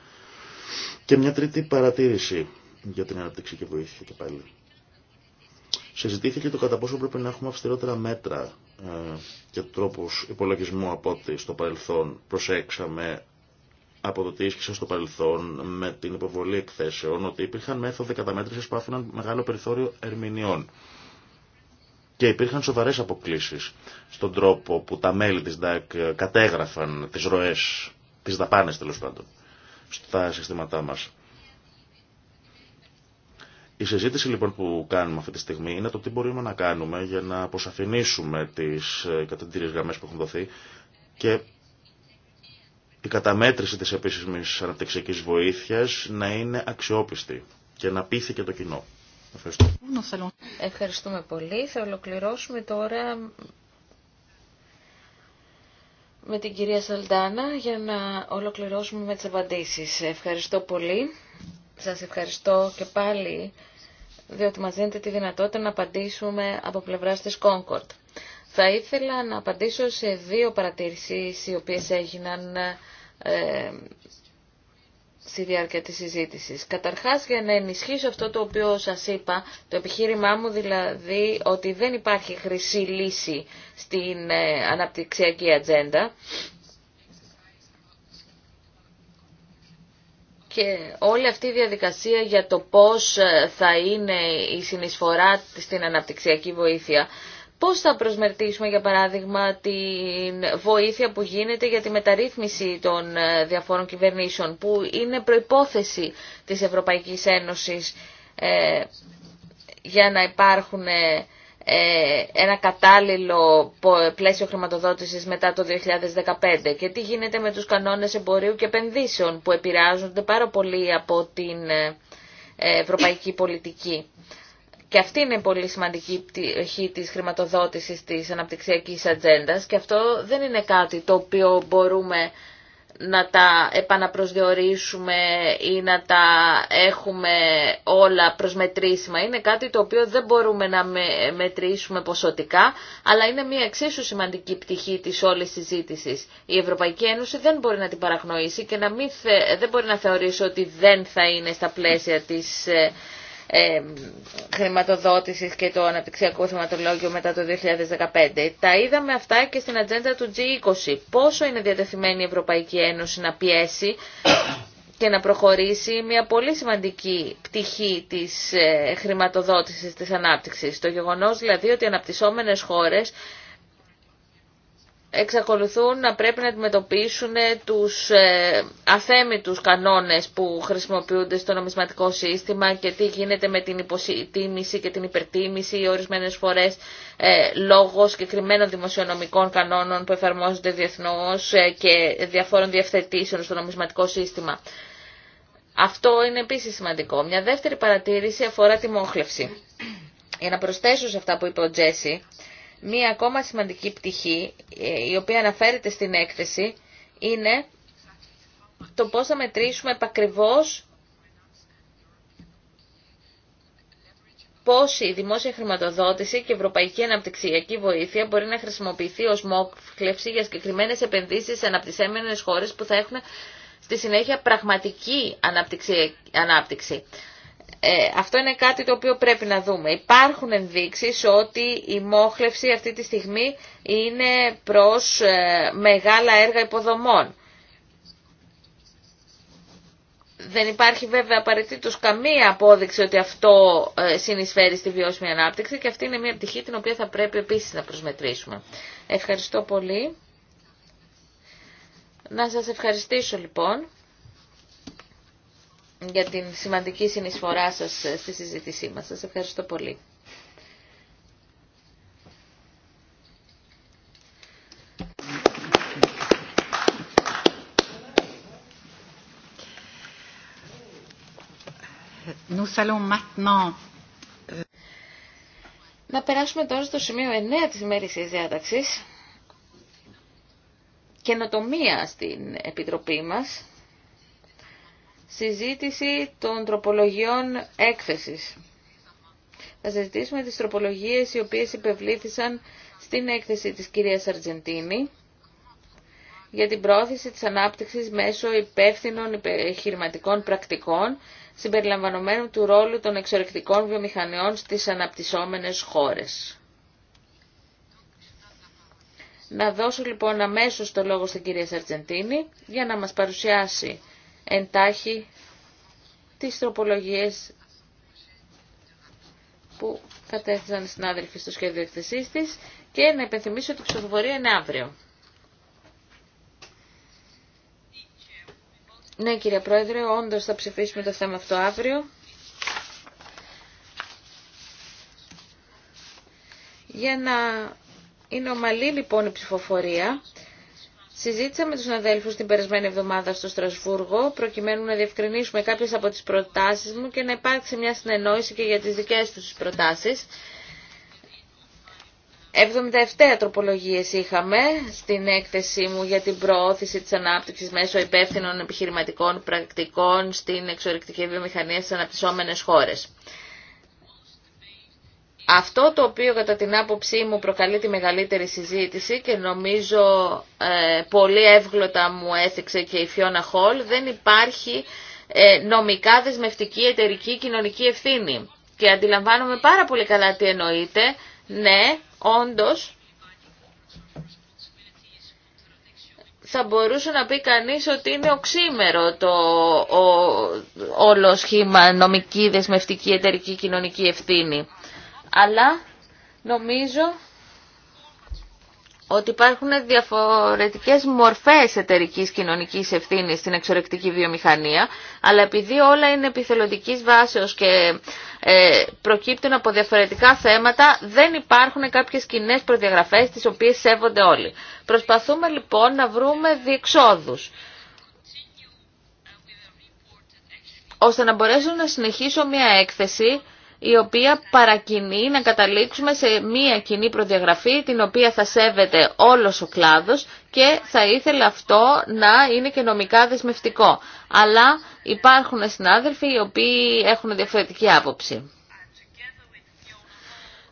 Και μια τρίτη παρατήρηση για την αναπτυξιακή βοήθεια και πάλι. Συζητήθηκε το κατά πόσο πρέπει να έχουμε αυστηρότερα μέτρα ε, και τρόπους υπολογισμού από ό,τι στο παρελθόν προσέξαμε από το τι ίσχυσε στο παρελθόν με την υποβολή εκθέσεων ότι υπήρχαν μέθοδοι καταμέτρησης που άφηναν μεγάλο περιθώριο ερμηνεών. Και υπήρχαν σοβαρές αποκλήσεις στον τρόπο που τα μέλη της ΔΑΚ κατέγραφαν τις ροές, τις δαπάνες τέλο πάντων, στα συστήματά μας. Η συζήτηση λοιπόν που κάνουμε αυτή τη στιγμή είναι το τι μπορούμε να κάνουμε για να αποσαφηνίσουμε τις ε, κατατήρες γραμμές που έχουν δοθεί και η καταμέτρηση της επίσημης αναπτυξιακής βοήθειας να είναι αξιόπιστη και να πείθει και το κοινό. Ευχαριστώ. Ευχαριστούμε πολύ. Θα ολοκληρώσουμε τώρα με την κυρία Σαλντάνα για να ολοκληρώσουμε με τις απαντήσεις. Ευχαριστώ πολύ. Σας ευχαριστώ και πάλι, διότι μας δίνετε τη δυνατότητα να απαντήσουμε από πλευράς της Concord. Θα ήθελα να απαντήσω σε δύο παρατηρήσεις οι οποίες έγιναν ε, στη διάρκεια της συζήτησης. Καταρχάς για να ενισχύσω αυτό το οποίο σας είπα, το επιχείρημά μου δηλαδή ότι δεν υπάρχει χρυσή λύση στην ε, αναπτυξιακή ατζέντα. και όλη αυτή η διαδικασία για το πώς ε, θα είναι η συνεισφορά στην αναπτυξιακή βοήθεια. Πώς θα προσμερτήσουμε, για παράδειγμα, την βοήθεια που γίνεται για τη μεταρρύθμιση των ε, διαφόρων κυβερνήσεων, που είναι προϋπόθεση της Ευρωπαϊκής Ένωσης ε, για να υπάρχουν ε, ένα κατάλληλο πλαίσιο χρηματοδότησης μετά το 2015 και τι γίνεται με τους κανόνες εμπορίου και επενδύσεων που επηρεάζονται πάρα πολύ από την ε, ευρωπαϊκή πολιτική. Και αυτή είναι πολύ σημαντική πτυχή της χρηματοδότησης της αναπτυξιακής ατζέντα και αυτό δεν είναι κάτι το οποίο μπορούμε να τα επαναπροσδιορίσουμε ή να τα έχουμε όλα προσμετρήσιμα. Είναι κάτι το οποίο δεν μπορούμε να μετρήσουμε ποσοτικά, αλλά είναι μια εξίσου σημαντική πτυχή της όλης συζήτησης. Η Ευρωπαϊκή Ένωση δεν μπορεί να την παραγνωρίσει και να μην δεν μπορεί να θεωρήσει ότι δεν θα είναι στα πλαίσια της ε, ε, χρηματοδότησης και το αναπτυξιακό θεματολόγιο μετά το 2015. Τα είδαμε αυτά και στην ατζέντα του G20. Πόσο είναι διατεθειμένη η Ευρωπαϊκή Ένωση να πιέσει και να προχωρήσει μια πολύ σημαντική πτυχή της ε, χρηματοδότησης της ανάπτυξης. Το γεγονός δηλαδή ότι οι αναπτυσσόμενες χώρες εξακολουθούν να πρέπει να αντιμετωπίσουν τους ε, αθέμητους κανόνες που χρησιμοποιούνται στο νομισματικό σύστημα και τι γίνεται με την υποτίμηση και την υπερτίμηση ορισμένες φορές ε, λόγω συγκεκριμένων δημοσιονομικών κανόνων που εφαρμόζονται διεθνώς ε, και διαφόρων διευθετήσεων στο νομισματικό σύστημα. Αυτό είναι επίσης σημαντικό. Μια δεύτερη παρατήρηση αφορά τη μόχλευση. Για να προσθέσω σε αυτά που είπε ο Μία ακόμα σημαντική πτυχή, ε, η οποία αναφέρεται στην έκθεση, είναι το πώς θα μετρήσουμε επακριβώς πώς η δημόσια χρηματοδότηση και η ευρωπαϊκή αναπτυξιακή βοήθεια μπορεί να χρησιμοποιηθεί ως μόχλευση για συγκεκριμένε επενδύσεις σε αναπτυσσέμενες χώρες που θα έχουν στη συνέχεια πραγματική ανάπτυξη. Ε, αυτό είναι κάτι το οποίο πρέπει να δούμε. Υπάρχουν ενδείξεις ότι η μόχλευση αυτή τη στιγμή είναι προς ε, μεγάλα έργα υποδομών. Δεν υπάρχει βέβαια απαραίτητος καμία απόδειξη ότι αυτό ε, συνεισφέρει στη βιώσιμη ανάπτυξη και αυτή είναι μια πτυχή την οποία θα πρέπει επίσης να προσμετρήσουμε. Ευχαριστώ πολύ. Να σας ευχαριστήσω λοιπόν για την σημαντική συνεισφορά σας ε, στη συζήτησή μας. Σας ευχαριστώ πολύ. Euh, Να περάσουμε τώρα στο σημείο 9 της της διάταξης. Καινοτομία στην Επιτροπή μας συζήτηση των τροπολογιών έκθεσης. Θα συζητήσουμε τις τροπολογίες οι οποίες υπευλήθησαν στην έκθεση της κυρίας Αργεντίνη για την πρόθεση της ανάπτυξης μέσω υπεύθυνων επιχειρηματικών πρακτικών συμπεριλαμβανομένου του ρόλου των εξορρεκτικών βιομηχανιών στις αναπτυσσόμενες χώρες. Να δώσω λοιπόν αμέσως το λόγο στην κυρία Σαρτζεντίνη για να μας παρουσιάσει εντάχει τις τροπολογίες που κατέθεσαν οι συνάδελφοι στο σχέδιο εκθεσής της και να υπενθυμίσω ότι η ψηφοφορία είναι αύριο. Ναι κύριε Πρόεδρε, όντως θα ψηφίσουμε το θέμα αυτό αύριο. Για να είναι ομαλή λοιπόν η ψηφοφορία, Συζήτησα με τους αδέλφου την περασμένη εβδομάδα στο Στρασβούργο προκειμένου να διευκρινίσουμε κάποιε από τις προτάσεις μου και να υπάρξει μια συνεννόηση και για τις δικές τους προτάσεις. 77 τροπολογίες είχαμε στην έκθεσή μου για την προώθηση της ανάπτυξη μέσω υπεύθυνων επιχειρηματικών πρακτικών στην εξορρυκτική βιομηχανία στι αναπτυσσόμενε χώρε. Αυτό το οποίο κατά την άποψή μου προκαλεί τη μεγαλύτερη συζήτηση και νομίζω ε, πολύ εύγλωτα μου έθιξε και η Φιώνα Χολ, δεν υπάρχει ε, νομικά δεσμευτική εταιρική κοινωνική ευθύνη. Και αντιλαμβάνομαι πάρα πολύ καλά τι εννοείται. Ναι, όντως, θα μπορούσε να πει κανείς ότι είναι οξύμερο το ο, όλο σχήμα νομική, δεσμευτική, εταιρική, κοινωνική ευθύνη αλλά νομίζω ότι υπάρχουν διαφορετικές μορφές εταιρικής κοινωνικής ευθύνης στην εξορεκτική βιομηχανία, αλλά επειδή όλα είναι επιθελοντικής βάσεως και ε, προκύπτουν από διαφορετικά θέματα, δεν υπάρχουν κάποιες κοινέ προδιαγραφές τις οποίες σέβονται όλοι. Προσπαθούμε λοιπόν να βρούμε διεξόδους, ώστε να μπορέσω να συνεχίσω μια έκθεση η οποία παρακινεί να καταλήξουμε σε μία κοινή προδιαγραφή την οποία θα σέβεται όλος ο κλάδος και θα ήθελε αυτό να είναι και νομικά δεσμευτικό. Αλλά υπάρχουν συνάδελφοι οι οποίοι έχουν διαφορετική άποψη.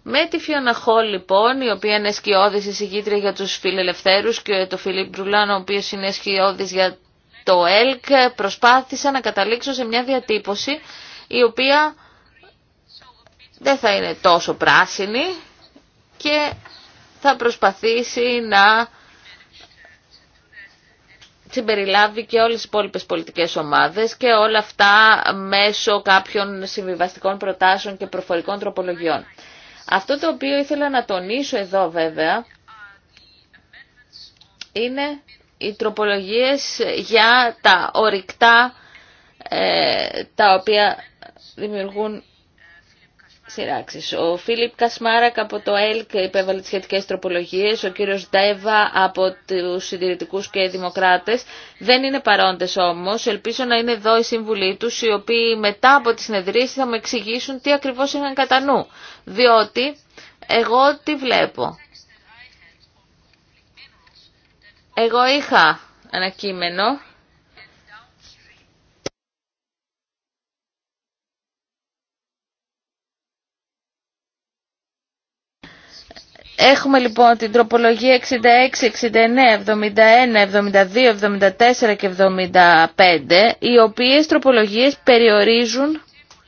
Με τη Φιώνα Χόλ λοιπόν, η οποία είναι σκιώδης εισηγήτρια για τους φιλελευθέρους και το Φιλίπ Μπρουλάν, ο οποίο είναι σκιώδης για το ΕΛΚ, προσπάθησα να καταλήξω σε μια διατύπωση η οποία δεν θα είναι τόσο πράσινη και θα προσπαθήσει να συμπεριλάβει και όλες τις υπόλοιπες πολιτικές ομάδες και όλα αυτά μέσω κάποιων συμβιβαστικών προτάσεων και προφορικών τροπολογιών. Αυτό το οποίο ήθελα να τονίσω εδώ βέβαια είναι οι τροπολογίες για τα ορυκτά ε, τα οποία δημιουργούν ο Φίλιπ Κασμάρακ από το ΕΛΚ υπέβαλε τι σχετικέ τροπολογίε, ο κύριος Ντέβα από τους συντηρητικού και δημοκράτες. Δεν είναι παρόντες όμως, ελπίζω να είναι εδώ οι σύμβουλοι του, οι οποίοι μετά από τι συνεδρίσει θα μου εξηγήσουν τι ακριβώς είχαν κατά νου. Διότι εγώ τι βλέπω. Εγώ είχα ένα κείμενο Έχουμε λοιπόν την τροπολογία 66, 69, 71, 72, 74 και 75, οι οποίες τροπολογίες περιορίζουν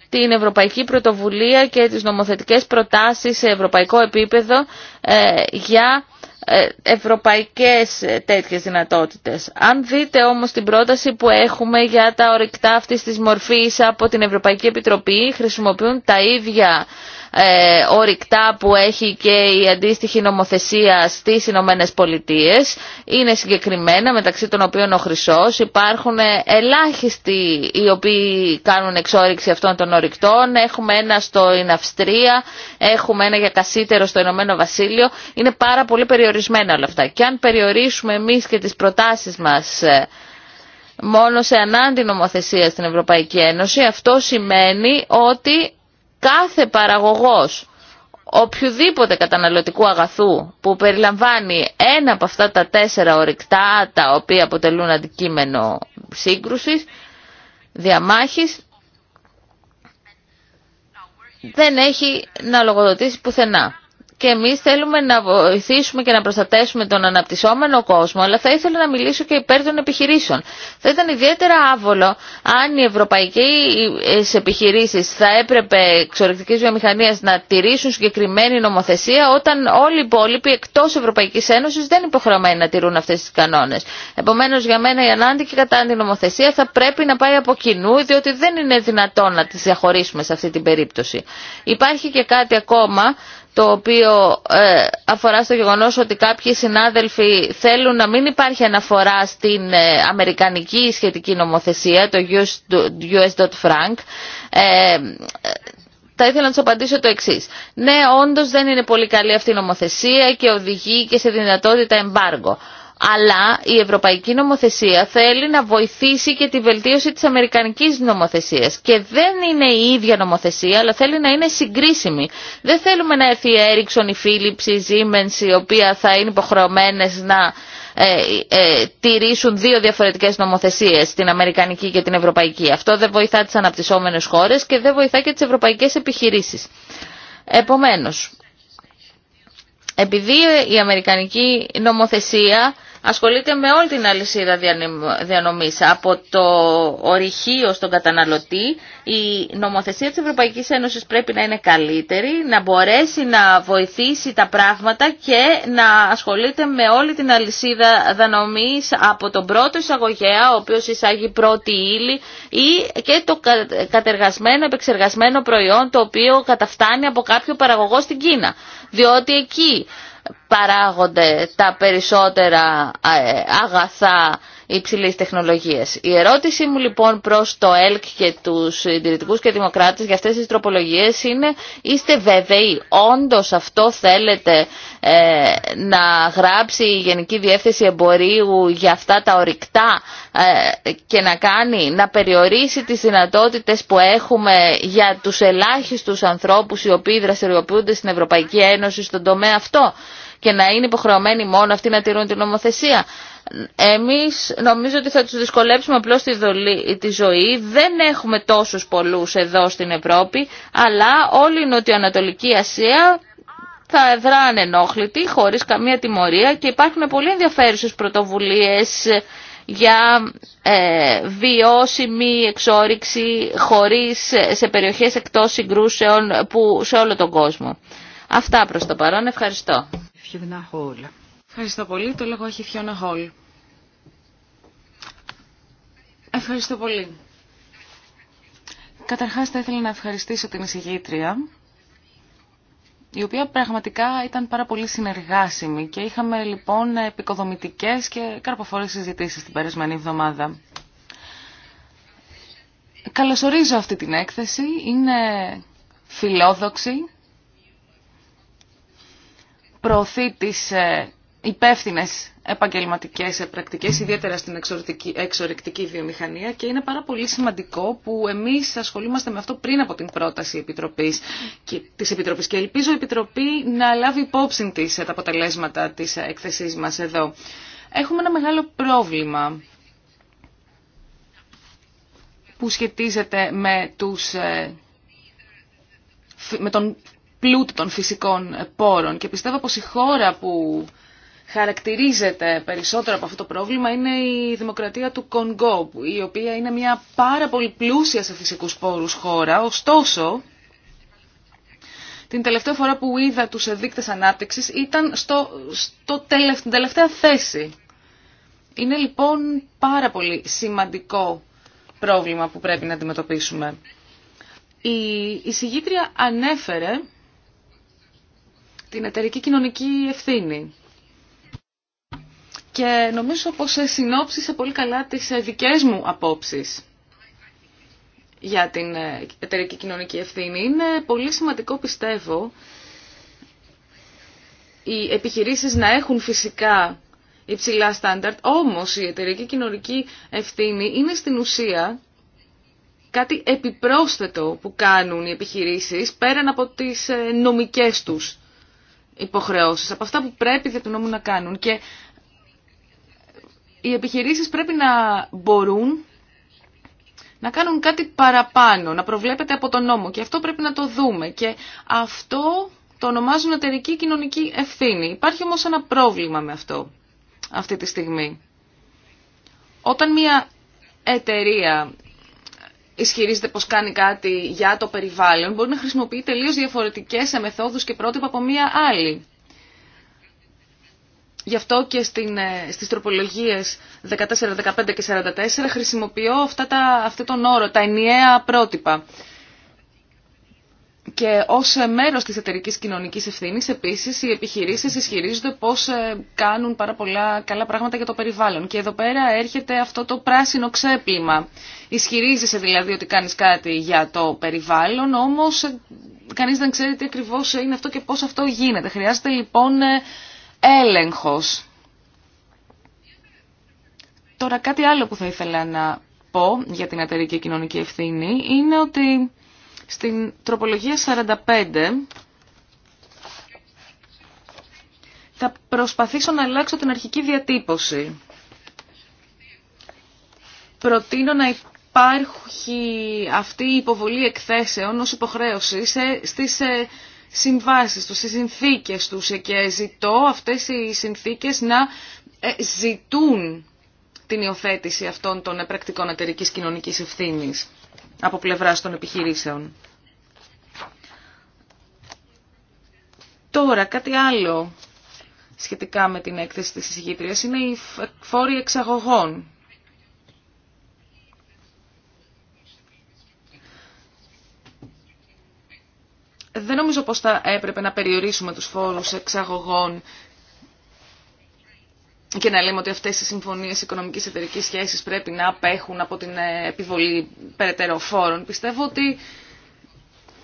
την Ευρωπαϊκή Πρωτοβουλία και τις νομοθετικές προτάσεις σε ευρωπαϊκό επίπεδο ε, για ε, ευρωπαϊκές ε, τέτοιες δυνατότητες. Αν δείτε όμως την πρόταση που έχουμε για τα ορεικτά αυτής της μορφής από την Ευρωπαϊκή Επιτροπή, χρησιμοποιούν τα ίδια ε, ορυκτά που έχει και η αντίστοιχη νομοθεσία στις Ηνωμένε Πολιτείε. Είναι συγκεκριμένα μεταξύ των οποίων ο χρυσό. Υπάρχουν ελάχιστοι οι οποίοι κάνουν εξόριξη αυτών των ορυκτών. Έχουμε ένα στο Ιναυστρία, Αυστρία, έχουμε ένα για κασίτερο στο Ηνωμένο Βασίλειο. Είναι πάρα πολύ περιορισμένα όλα αυτά. Και αν περιορίσουμε εμείς και τις προτάσεις μας ε, μόνο σε ανάντι νομοθεσία στην Ευρωπαϊκή Ένωση, αυτό σημαίνει ότι κάθε παραγωγός οποιοδήποτε καταναλωτικού αγαθού που περιλαμβάνει ένα από αυτά τα τέσσερα ορυκτά τα οποία αποτελούν αντικείμενο σύγκρουσης, διαμάχης, δεν έχει να λογοδοτήσει πουθενά και εμείς θέλουμε να βοηθήσουμε και να προστατέσουμε τον αναπτυσσόμενο κόσμο, αλλά θα ήθελα να μιλήσω και υπέρ των επιχειρήσεων. Θα ήταν ιδιαίτερα άβολο αν οι ευρωπαϊκές επιχειρήσεις θα έπρεπε εξορρυκτικής βιομηχανία να τηρήσουν συγκεκριμένη νομοθεσία όταν όλοι οι υπόλοιποι εκτό Ευρωπαϊκή Ένωση δεν υποχρεωμένοι να τηρούν αυτέ τι κανόνε. Επομένω για μένα η ανάντη κατά η κατάντη νομοθεσία θα πρέπει να πάει από κοινού διότι δεν είναι δυνατόν να τι διαχωρίσουμε σε αυτή την περίπτωση. Υπάρχει και κάτι ακόμα το οποίο ε, αφορά στο γεγονός ότι κάποιοι συνάδελφοι θέλουν να μην υπάρχει αναφορά στην ε, αμερικανική σχετική νομοθεσία, το US.Frank, ε, θα ήθελα να του απαντήσω το εξή. Ναι, όντω δεν είναι πολύ καλή αυτή η νομοθεσία και οδηγεί και σε δυνατότητα εμπάργκο αλλά η ευρωπαϊκή νομοθεσία θέλει να βοηθήσει και τη βελτίωση της αμερικανικής νομοθεσίας. Και δεν είναι η ίδια νομοθεσία, αλλά θέλει να είναι συγκρίσιμη. Δεν θέλουμε να έρθει η Έριξον, η Philips, η Siemens, οι οποία θα είναι υποχρεωμένες να ε, ε, τηρήσουν δύο διαφορετικές νομοθεσίες, την αμερικανική και την ευρωπαϊκή. Αυτό δεν βοηθά τις αναπτυσσόμενες χώρες και δεν βοηθά και τις ευρωπαϊκές επιχειρήσεις. Επομένως, επειδή η αμερικανική νομοθεσία ασχολείται με όλη την αλυσίδα διανομής, από το ορυχείο στον καταναλωτή. Η νομοθεσία της Ευρωπαϊκής Ένωσης πρέπει να είναι καλύτερη, να μπορέσει να βοηθήσει τα πράγματα και να ασχολείται με όλη την αλυσίδα διανομής από τον πρώτο εισαγωγέα, ο οποίος εισάγει πρώτη ύλη ή και το κατεργασμένο, επεξεργασμένο προϊόν το οποίο καταφτάνει από κάποιο παραγωγό στην Κίνα. Διότι εκεί παράγονται τα περισσότερα ε, αγαθά υψηλής τεχνολογίας. Η ερώτηση μου λοιπόν προς το ΕΛΚ και τους συντηρητικούς και δημοκράτες για αυτές τις τροπολογίες είναι είστε βέβαιοι όντως αυτό θέλετε ε, να γράψει η Γενική Διεύθυνση Εμπορίου για αυτά τα ορυκτά ε, και να κάνει, να περιορίσει τις δυνατότητες που έχουμε για τους ελάχιστους ανθρώπους οι οποίοι δραστηριοποιούνται στην Ευρωπαϊκή Ένωση στον τομέα αυτό και να είναι υποχρεωμένοι μόνο αυτοί να τηρούν την νομοθεσία. Εμείς νομίζω ότι θα τους δυσκολέψουμε απλώς τη, δολή, τη ζωή. Δεν έχουμε τόσους πολλούς εδώ στην Ευρώπη, αλλά όλη η Νοτιοανατολική Ασία θα δράνε ενόχλητη, χωρίς καμία τιμωρία και υπάρχουν πολύ ενδιαφέρουσες πρωτοβουλίες για ε, βιώσιμη εξόριξη χωρίς σε περιοχές εκτός συγκρούσεων που, σε όλο τον κόσμο. Αυτά προς το παρόν. Ευχαριστώ. Ευχαριστώ πολύ. Το λόγο έχει η Φιώνα Χολ. Ευχαριστώ πολύ. Καταρχάς θα ήθελα να ευχαριστήσω την εισηγήτρια, η οποία πραγματικά ήταν πάρα πολύ συνεργάσιμη και είχαμε λοιπόν επικοδομητικές και καρποφόρες συζητήσεις την περασμένη εβδομάδα. Καλωσορίζω αυτή την έκθεση, είναι φιλόδοξη, προωθεί ε, υπεύθυνε επαγγελματικέ πρακτικέ ιδιαίτερα στην εξορρυκτική βιομηχανία και είναι πάρα πολύ σημαντικό που εμεί ασχολούμαστε με αυτό πριν από την πρόταση τη Επιτροπή και ελπίζω η Επιτροπή να λάβει υπόψη τη τα αποτελέσματα τη εκθεσή μα εδώ. Έχουμε ένα μεγάλο πρόβλημα που σχετίζεται με, τους, ε, με τον πλούτο των φυσικών πόρων και πιστεύω πως η χώρα που χαρακτηρίζεται περισσότερο από αυτό το πρόβλημα είναι η δημοκρατία του Κονγκό, η οποία είναι μια πάρα πολύ πλούσια σε φυσικούς πόρους χώρα, ωστόσο... Την τελευταία φορά που είδα τους εδείκτες ανάπτυξης ήταν στο, τελευταία θέση. Είναι λοιπόν πάρα πολύ σημαντικό πρόβλημα που πρέπει να αντιμετωπίσουμε. Η, η συγγήτρια ανέφερε την εταιρική κοινωνική ευθύνη και νομίζω πως συνόψισε πολύ καλά τις δικές μου απόψεις για την εταιρική κοινωνική ευθύνη. Είναι πολύ σημαντικό πιστεύω οι επιχειρήσεις να έχουν φυσικά υψηλά στάνταρτ, όμως η εταιρική κοινωνική ευθύνη είναι στην ουσία κάτι επιπρόσθετο που κάνουν οι επιχειρήσεις πέραν από τις νομικές τους υποχρεώσεις, από αυτά που πρέπει για το νόμο να κάνουν. Και οι επιχειρήσεις πρέπει να μπορούν να κάνουν κάτι παραπάνω, να προβλέπεται από τον νόμο και αυτό πρέπει να το δούμε και αυτό το ονομάζουν εταιρική κοινωνική ευθύνη. Υπάρχει όμως ένα πρόβλημα με αυτό αυτή τη στιγμή. Όταν μια εταιρεία ισχυρίζεται πως κάνει κάτι για το περιβάλλον, μπορεί να χρησιμοποιεί τελείως διαφορετικές μεθόδους και πρότυπα από μια άλλη. Γι' αυτό και στην, ε, στις τροπολογίες 14, 15 και 44 χρησιμοποιώ αυτά τα, αυτό τον όρο, τα ενιαία πρότυπα. Και ως μέρος της εταιρικής κοινωνικής ευθύνης, επίσης, οι επιχειρήσεις ισχυρίζονται πως ε, κάνουν πάρα πολλά καλά πράγματα για το περιβάλλον. Και εδώ πέρα έρχεται αυτό το πράσινο ξέπλυμα. Ισχυρίζεσαι δηλαδή ότι κάνεις κάτι για το περιβάλλον, όμως ε, κανείς δεν ξέρει τι ακριβώς είναι αυτό και πώς αυτό γίνεται. Χρειάζεται λοιπόν έλεγχος. Τώρα κάτι άλλο που θα ήθελα να πω για την εταιρική κοινωνική ευθύνη είναι ότι στην τροπολογία 45 θα προσπαθήσω να αλλάξω την αρχική διατύπωση. Προτείνω να υπάρχει αυτή η υποβολή εκθέσεων ως υποχρέωση σε, στις ε, συμβάσεις τους, οι συνθήκες τους και ζητώ αυτές οι συνθήκες να ε, ζητούν την υιοθέτηση αυτών των πρακτικών εταιρική κοινωνικής ευθύνης από πλευράς των επιχειρήσεων. Τώρα κάτι άλλο σχετικά με την έκθεση της εισηγήτριας είναι οι φόροι εξαγωγών. δεν νομίζω πως θα έπρεπε να περιορίσουμε τους φόρους εξαγωγών και να λέμε ότι αυτές οι συμφωνίες οικονομικής εταιρικής σχέσης πρέπει να απέχουν από την ε, επιβολή περαιτέρω φόρων. Πιστεύω ότι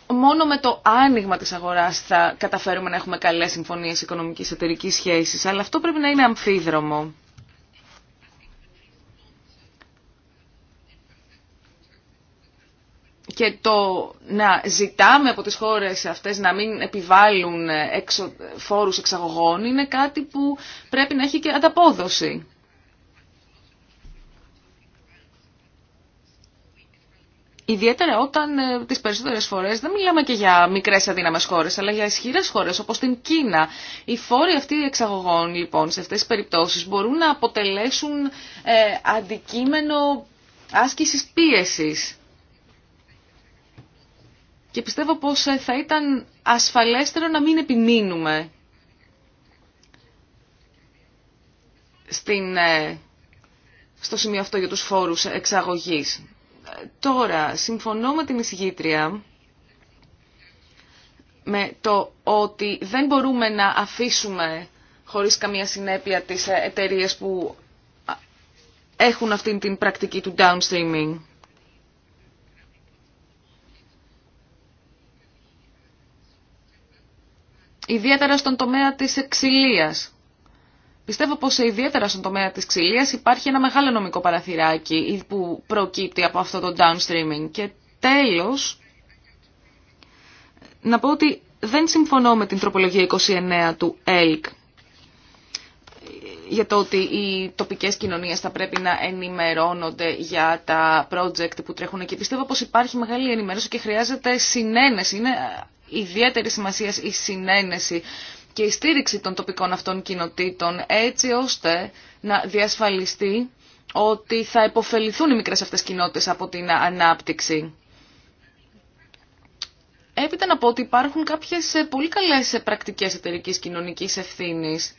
μόνο με το άνοιγμα της αγοράς θα καταφέρουμε να έχουμε καλές συμφωνίες οικονομικής εταιρικής σχέσης, αλλά αυτό πρέπει να είναι αμφίδρομο. και το να ζητάμε από τις χώρες αυτές να μην επιβάλλουν φόρου φόρους εξαγωγών είναι κάτι που πρέπει να έχει και ανταπόδοση. Ιδιαίτερα όταν ε, τις περισσότερες φορές δεν μιλάμε και για μικρές αδύναμες χώρες, αλλά για ισχυρές χώρες όπως την Κίνα. Οι φόροι αυτοί εξαγωγών λοιπόν σε αυτές τις περιπτώσεις μπορούν να αποτελέσουν ε, αντικείμενο άσκησης πίεσης και πιστεύω πως ε, θα ήταν ασφαλέστερο να μην επιμείνουμε στην, ε, στο σημείο αυτό για τους φόρους εξαγωγής. Ε, τώρα, συμφωνώ με την εισηγήτρια με το ότι δεν μπορούμε να αφήσουμε χωρίς καμία συνέπεια τις εταιρείες που έχουν αυτή την πρακτική του downstreaming. ιδιαίτερα στον τομέα της ξυλίας. Πιστεύω πως ιδιαίτερα στον τομέα της ξυλίας υπάρχει ένα μεγάλο νομικό παραθυράκι που προκύπτει από αυτό το downstreaming. Και τέλος, να πω ότι δεν συμφωνώ με την τροπολογία 29 του ΕΛΚ για το ότι οι τοπικές κοινωνίες θα πρέπει να ενημερώνονται για τα project που τρέχουν εκεί. Πιστεύω πως υπάρχει μεγάλη ενημέρωση και χρειάζεται συνένεση. Είναι ιδιαίτερη σημασία η συνένεση και η στήριξη των τοπικών αυτών κοινοτήτων έτσι ώστε να διασφαλιστεί ότι θα υποφεληθούν οι μικρές αυτές κοινότητες από την ανάπτυξη. Έπειτα να πω ότι υπάρχουν κάποιες πολύ καλές πρακτικές εταιρικής κοινωνικής ευθύνης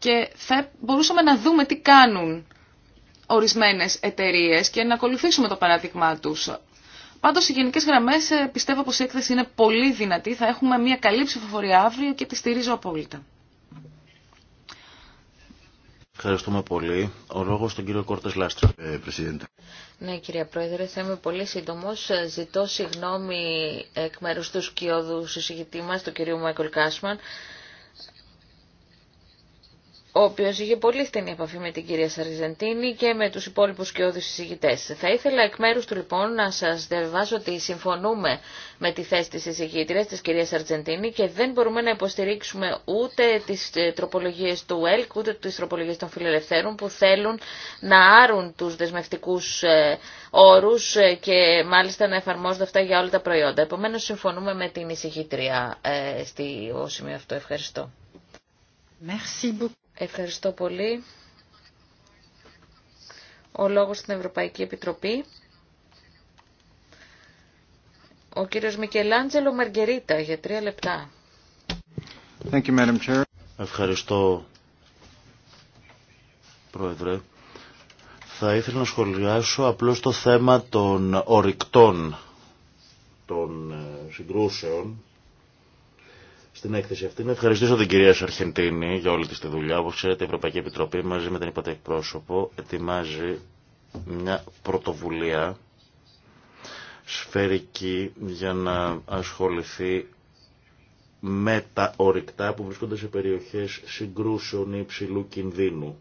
και θα μπορούσαμε να δούμε τι κάνουν ορισμένες εταιρείες και να ακολουθήσουμε το παράδειγμά τους. Πάντως οι γενικές γραμμές ε, πιστεύω πως η έκθεση είναι πολύ δυνατή, θα έχουμε μια καλή ψηφοφορία αύριο και τη στηρίζω απόλυτα. Ευχαριστούμε πολύ. Ο λόγο στον κύριο Κόρτε Λάστρα. Ε, ναι, κύριε Πρόεδρε, θα είμαι πολύ σύντομο. Ε, ζητώ συγγνώμη εκ μέρου του σκιώδου συζητητή μα, του κυρίου Μάικολ Κάσμαν ο οποίος είχε πολύ στενή επαφή με την κυρία Σαριζεντίνη και με τους υπόλοιπους και όδους εισηγητές. Θα ήθελα εκ μέρους του λοιπόν να σας διαβάσω ότι συμφωνούμε με τη θέση της εισηγήτριας της κυρίας Σαριζεντίνη και δεν μπορούμε να υποστηρίξουμε ούτε τις ε, τροπολογίες του ΕΛΚ ούτε τις τροπολογίες των φιλελευθέρων που θέλουν να άρουν τους δεσμευτικούς ε, όρους ε, και μάλιστα να εφαρμόζονται αυτά για όλα τα προϊόντα. Επομένως συμφωνούμε με την εισηγήτρια στη σημείο αυτό. Ευχαριστώ. Merci beaucoup. Ευχαριστώ πολύ. Ο λόγος στην Ευρωπαϊκή Επιτροπή. Ο κύριος Μικελάντζελο Μαργκερίτα για τρία λεπτά. Thank you, Madam Chair. Ευχαριστώ, Πρόεδρε. Θα ήθελα να σχολιάσω απλώς το θέμα των ορυκτών των ε, συγκρούσεων στην έκθεση αυτή. Να ευχαριστήσω την κυρία Σαρχεντίνη για όλη τη τη δουλειά. όπω ξέρετε η Ευρωπαϊκή Επιτροπή μαζί με την υπατή εκπρόσωπο ετοιμάζει μια πρωτοβουλία σφαιρική για να ασχοληθεί με τα ορυκτά που βρίσκονται σε περιοχές συγκρούσεων υψηλού κινδύνου.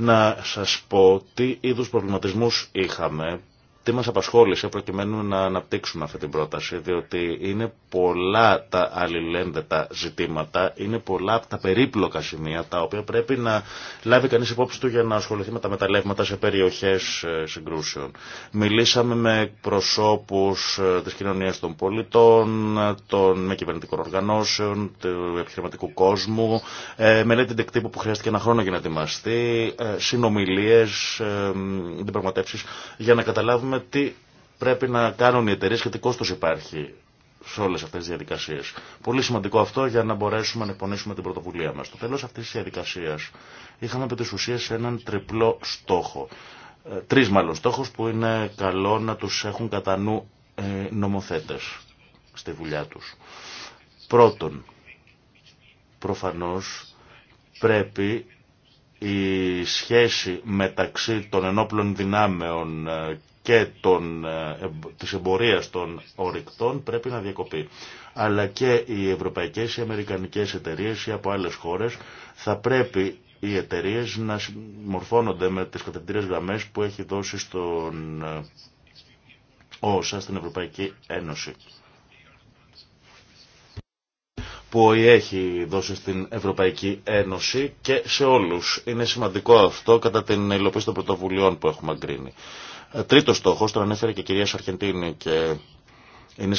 να σας πω τι είδους προβληματισμούς είχαμε αυτή μας απασχόλησε προκειμένου να αναπτύξουμε αυτή την πρόταση, διότι είναι πολλά τα αλληλένδετα ζητήματα, είναι πολλά από τα περίπλοκα σημεία, τα οποία πρέπει να λάβει κανείς υπόψη του για να ασχοληθεί με τα μεταλλεύματα σε περιοχές ε, συγκρούσεων. Μιλήσαμε με προσώπους ε, της κοινωνίας των πολιτών, ε, των με κυβερνητικών οργανώσεων, του επιχειρηματικού κόσμου, μελέτη τεκτύπου που χρειάστηκε ένα χρόνο για να ετοιμαστεί, συνομιλίες, διαπραγματεύσεις, για να καταλάβουμε τι πρέπει να κάνουν οι εταιρείε και τι κόστο υπάρχει σε όλε αυτέ τι διαδικασίε. Πολύ σημαντικό αυτό για να μπορέσουμε να εκπονήσουμε την πρωτοβουλία μα. Στο τέλο αυτή τη διαδικασία είχαμε επί τη ουσία έναν τριπλό στόχο. Ε, Τρει μάλλον στόχου που είναι καλό να του έχουν κατά νου ε, νομοθέτε στη δουλειά του. Πρώτον, προφανώ πρέπει η σχέση μεταξύ των ενόπλων δυνάμεων ε, και των, ε, της εμπορίας των ορυκτών πρέπει να διακοπεί. Αλλά και οι ευρωπαϊκές, οι αμερικανικές εταιρείες ή από άλλες χώρες θα πρέπει οι εταιρείες να μορφώνονται με τις κατευθυντήρες γραμμές που έχει δώσει στον ε, ΩΣΑ στην Ευρωπαϊκή Ένωση που έχει δώσει στην Ευρωπαϊκή Ένωση και σε όλους. Είναι σημαντικό αυτό κατά την υλοποίηση των πρωτοβουλειών που έχουμε αγκρίνει. Τρίτος στόχο, τον ανέφερε και η κυρία Σαρχεντίνη και είναι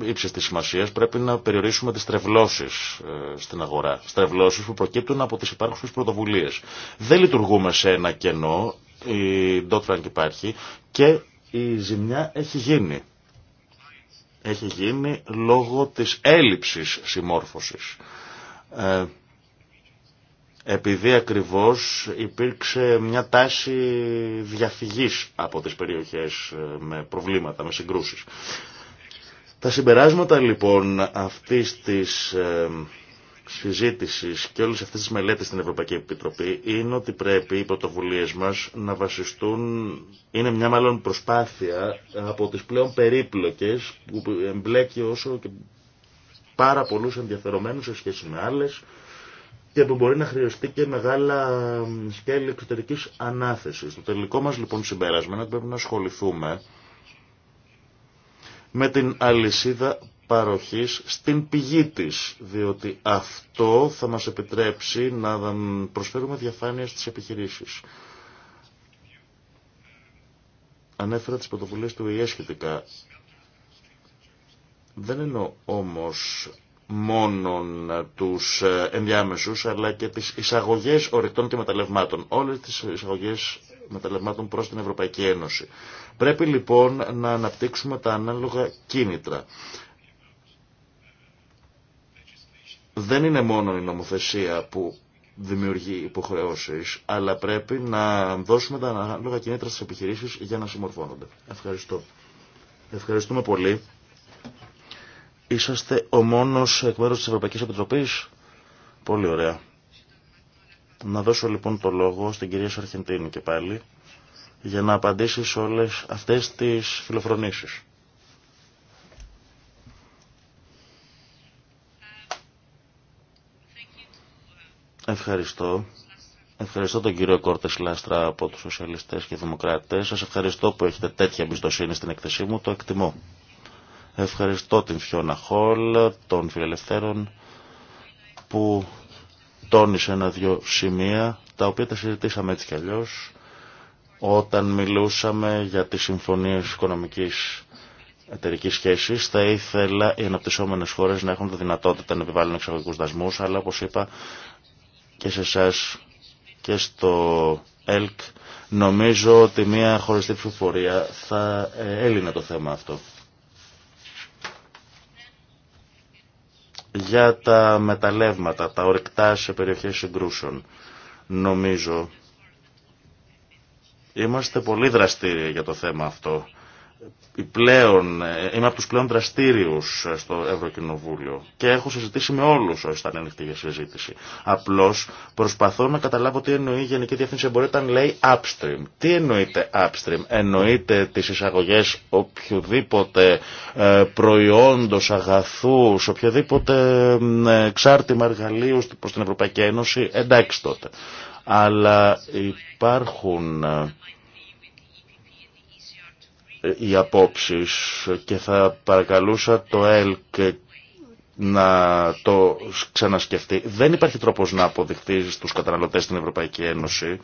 ε, ύψη τη σημασία, πρέπει να περιορίσουμε τι τρευλώσει ε, στην αγορά. Στρεβλώσει που προκύπτουν από τι υπάρχουσε πρωτοβουλίε. Δεν λειτουργούμε σε ένα κενό, η Ντότφρανκ υπάρχει και η ζημιά έχει γίνει. Έχει γίνει λόγω της έλλειψης συμμόρφωσης. Ε, επειδή ακριβώς υπήρξε μια τάση διαφυγής από τις περιοχές ε, με προβλήματα, με συγκρούσεις. Τα συμπεράσματα λοιπόν αυτής της ε, συζήτησης και όλες αυτές τις μελέτες στην Ευρωπαϊκή Επιτροπή είναι ότι πρέπει οι πρωτοβουλίες μας να βασιστούν, είναι μια μάλλον προσπάθεια από τις πλέον περίπλοκες που εμπλέκει όσο και πάρα πολλούς ενδιαφερομένους σε σχέση με άλλες και που μπορεί να χρειαστεί και μεγάλα σκέλη εξωτερική ανάθεση. Το τελικό μα λοιπόν συμπέρασμα είναι ότι πρέπει να ασχοληθούμε με την αλυσίδα παροχής στην πηγή της, διότι αυτό θα μας επιτρέψει να προσφέρουμε διαφάνεια στις επιχειρήσεις. Ανέφερα τις πρωτοβουλίες του ΙΕ σχετικά. Δεν εννοώ όμως μόνο τους ε, ενδιάμεσους αλλά και τις εισαγωγές ορεικτών και μεταλλευμάτων. Όλες τις εισαγωγές μεταλλευμάτων προς την Ευρωπαϊκή Ένωση. Πρέπει λοιπόν να αναπτύξουμε τα ανάλογα κίνητρα. Δεν είναι μόνο η νομοθεσία που δημιουργεί υποχρεώσεις, αλλά πρέπει να δώσουμε τα ανάλογα κινήτρα στις επιχειρήσεις για να συμμορφώνονται. Ευχαριστώ. Ευχαριστούμε πολύ. Είσαστε ο μόνος εκ μέρους της Ευρωπαϊκής Επιτροπής. Πολύ ωραία. Να δώσω λοιπόν το λόγο στην κυρία Σαρχεντίνη και πάλι για να απαντήσει σε όλες αυτές τις φιλοφρονήσεις. Ευχαριστώ. Ευχαριστώ τον κύριο Κόρτε Λάστρα από τους Σοσιαλιστές και Δημοκράτες. Σας ευχαριστώ που έχετε τέτοια εμπιστοσύνη στην εκθεσή μου. Το εκτιμώ. Ευχαριστώ την Φιώνα Χόλ των Φιλελευθέρων που τόνισε ένα-δυο σημεία τα οποία τα συζητήσαμε έτσι κι αλλιώ όταν μιλούσαμε για τις συμφωνίες οικονομικής εταιρικής σχέσης θα ήθελα οι αναπτυσσόμενες χώρες να έχουν τη δυνατότητα να επιβάλλουν εξαγωγικούς δασμούς αλλά όπως είπα και σε εσά και στο ΕΛΚ νομίζω ότι μια χωριστή ψηφοφορία θα ε, έλυνε το θέμα αυτό. για τα μεταλλεύματα, τα ορεκτά σε περιοχές συγκρούσεων. Νομίζω είμαστε πολύ δραστήριοι για το θέμα αυτό. Ε, πλέον, ε, είμαι από τους πλέον δραστήριους ε, στο Ευρωκοινοβούλιο και έχω συζητήσει με όλους όσοι ήταν ανοιχτοί για συζήτηση. Απλώς προσπαθώ να καταλάβω τι εννοεί η Γενική Διεύθυνση Εμπορία όταν λέει upstream. Τι εννοείται upstream. Εννοείται τις εισαγωγές οποιοδήποτε προϊόντος, αγαθού, οποιοδήποτε εξάρτημα εργαλείου προς την Ευρωπαϊκή Ένωση. Εντάξει τότε. Αλλά υπάρχουν οι απόψεις και θα παρακαλούσα το ΕΛΚ να το ξανασκεφτεί. Δεν υπάρχει τρόπος να αποδειχθεί στους καταναλωτές στην Ευρωπαϊκή Ένωση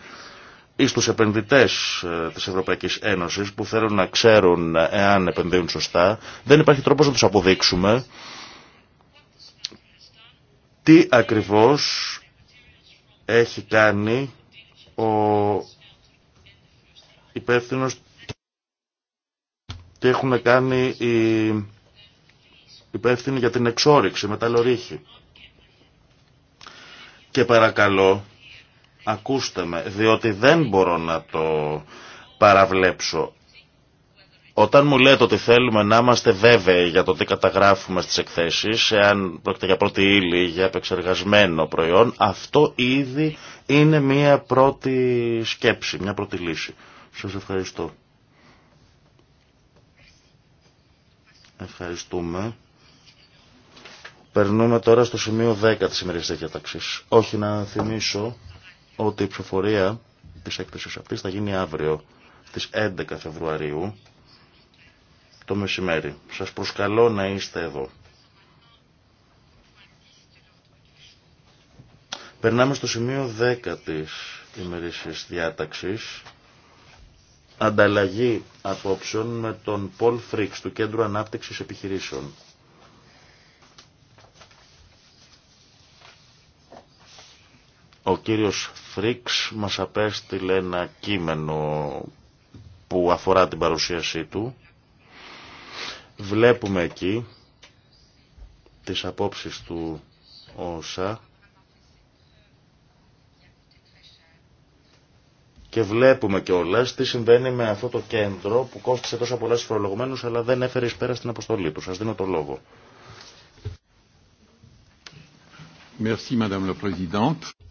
ή στους επενδυτές ε, της Ευρωπαϊκής Ένωσης που θέλουν να ξέρουν εάν επενδύουν σωστά. Δεν υπάρχει τρόπος να τους αποδείξουμε τι ακριβώς έχει κάνει ο υπεύθυνος τι έχουν κάνει οι υπεύθυνοι για την εξόριξη με τα Και παρακαλώ, ακούστε με, διότι δεν μπορώ να το παραβλέψω. Όταν μου λέτε ότι θέλουμε να είμαστε βέβαιοι για το τι καταγράφουμε στις εκθέσεις, εάν πρόκειται για πρώτη ύλη, για επεξεργασμένο προϊόν, αυτό ήδη είναι μια πρώτη σκέψη, μια πρώτη λύση. Σας ευχαριστώ. Ευχαριστούμε. Περνούμε τώρα στο σημείο 10 της σημερινής διαταξής. Όχι να θυμίσω ότι η ψηφοφορία της έκθεσης αυτής θα γίνει αύριο στις 11 Φεβρουαρίου το μεσημέρι. Σας προσκαλώ να είστε εδώ. Περνάμε στο σημείο 10 της ημερήσιας διάταξης ανταλλαγή απόψεων με τον Πολ Φρίξ του Κέντρου Ανάπτυξης Επιχειρήσεων. Ο κύριος Φρίξ μας απέστειλε ένα κείμενο που αφορά την παρουσίασή του. Βλέπουμε εκεί τις απόψεις του όσα Και βλέπουμε κιόλα τι συμβαίνει με αυτό το κέντρο που κόστησε τόσα πολλά στου αλλά δεν έφερε ει πέρα στην αποστολή του. Σα δίνω το λόγο.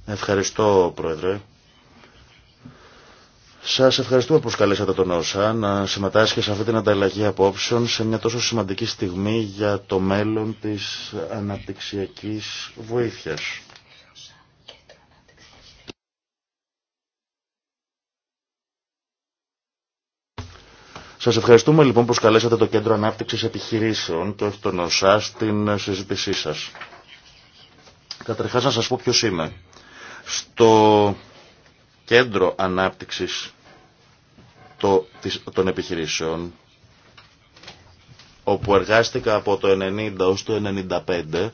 Ευχαριστώ, Πρόεδρε. Σα ευχαριστούμε που καλέσατε τον ΩΣΑ να συμμετάσχει σε αυτή την ανταλλαγή απόψεων σε μια τόσο σημαντική στιγμή για το μέλλον τη αναπτυξιακή βοήθεια. Σας ευχαριστούμε λοιπόν που καλέσατε το Κέντρο Ανάπτυξης Επιχειρήσεων και όχι τον ΩΣΑ στην ε, συζήτησή σας. Καταρχάς να σας πω ποιος είμαι. Στο Κέντρο Ανάπτυξης των Επιχειρήσεων όπου εργάστηκα από το 90 ως το 95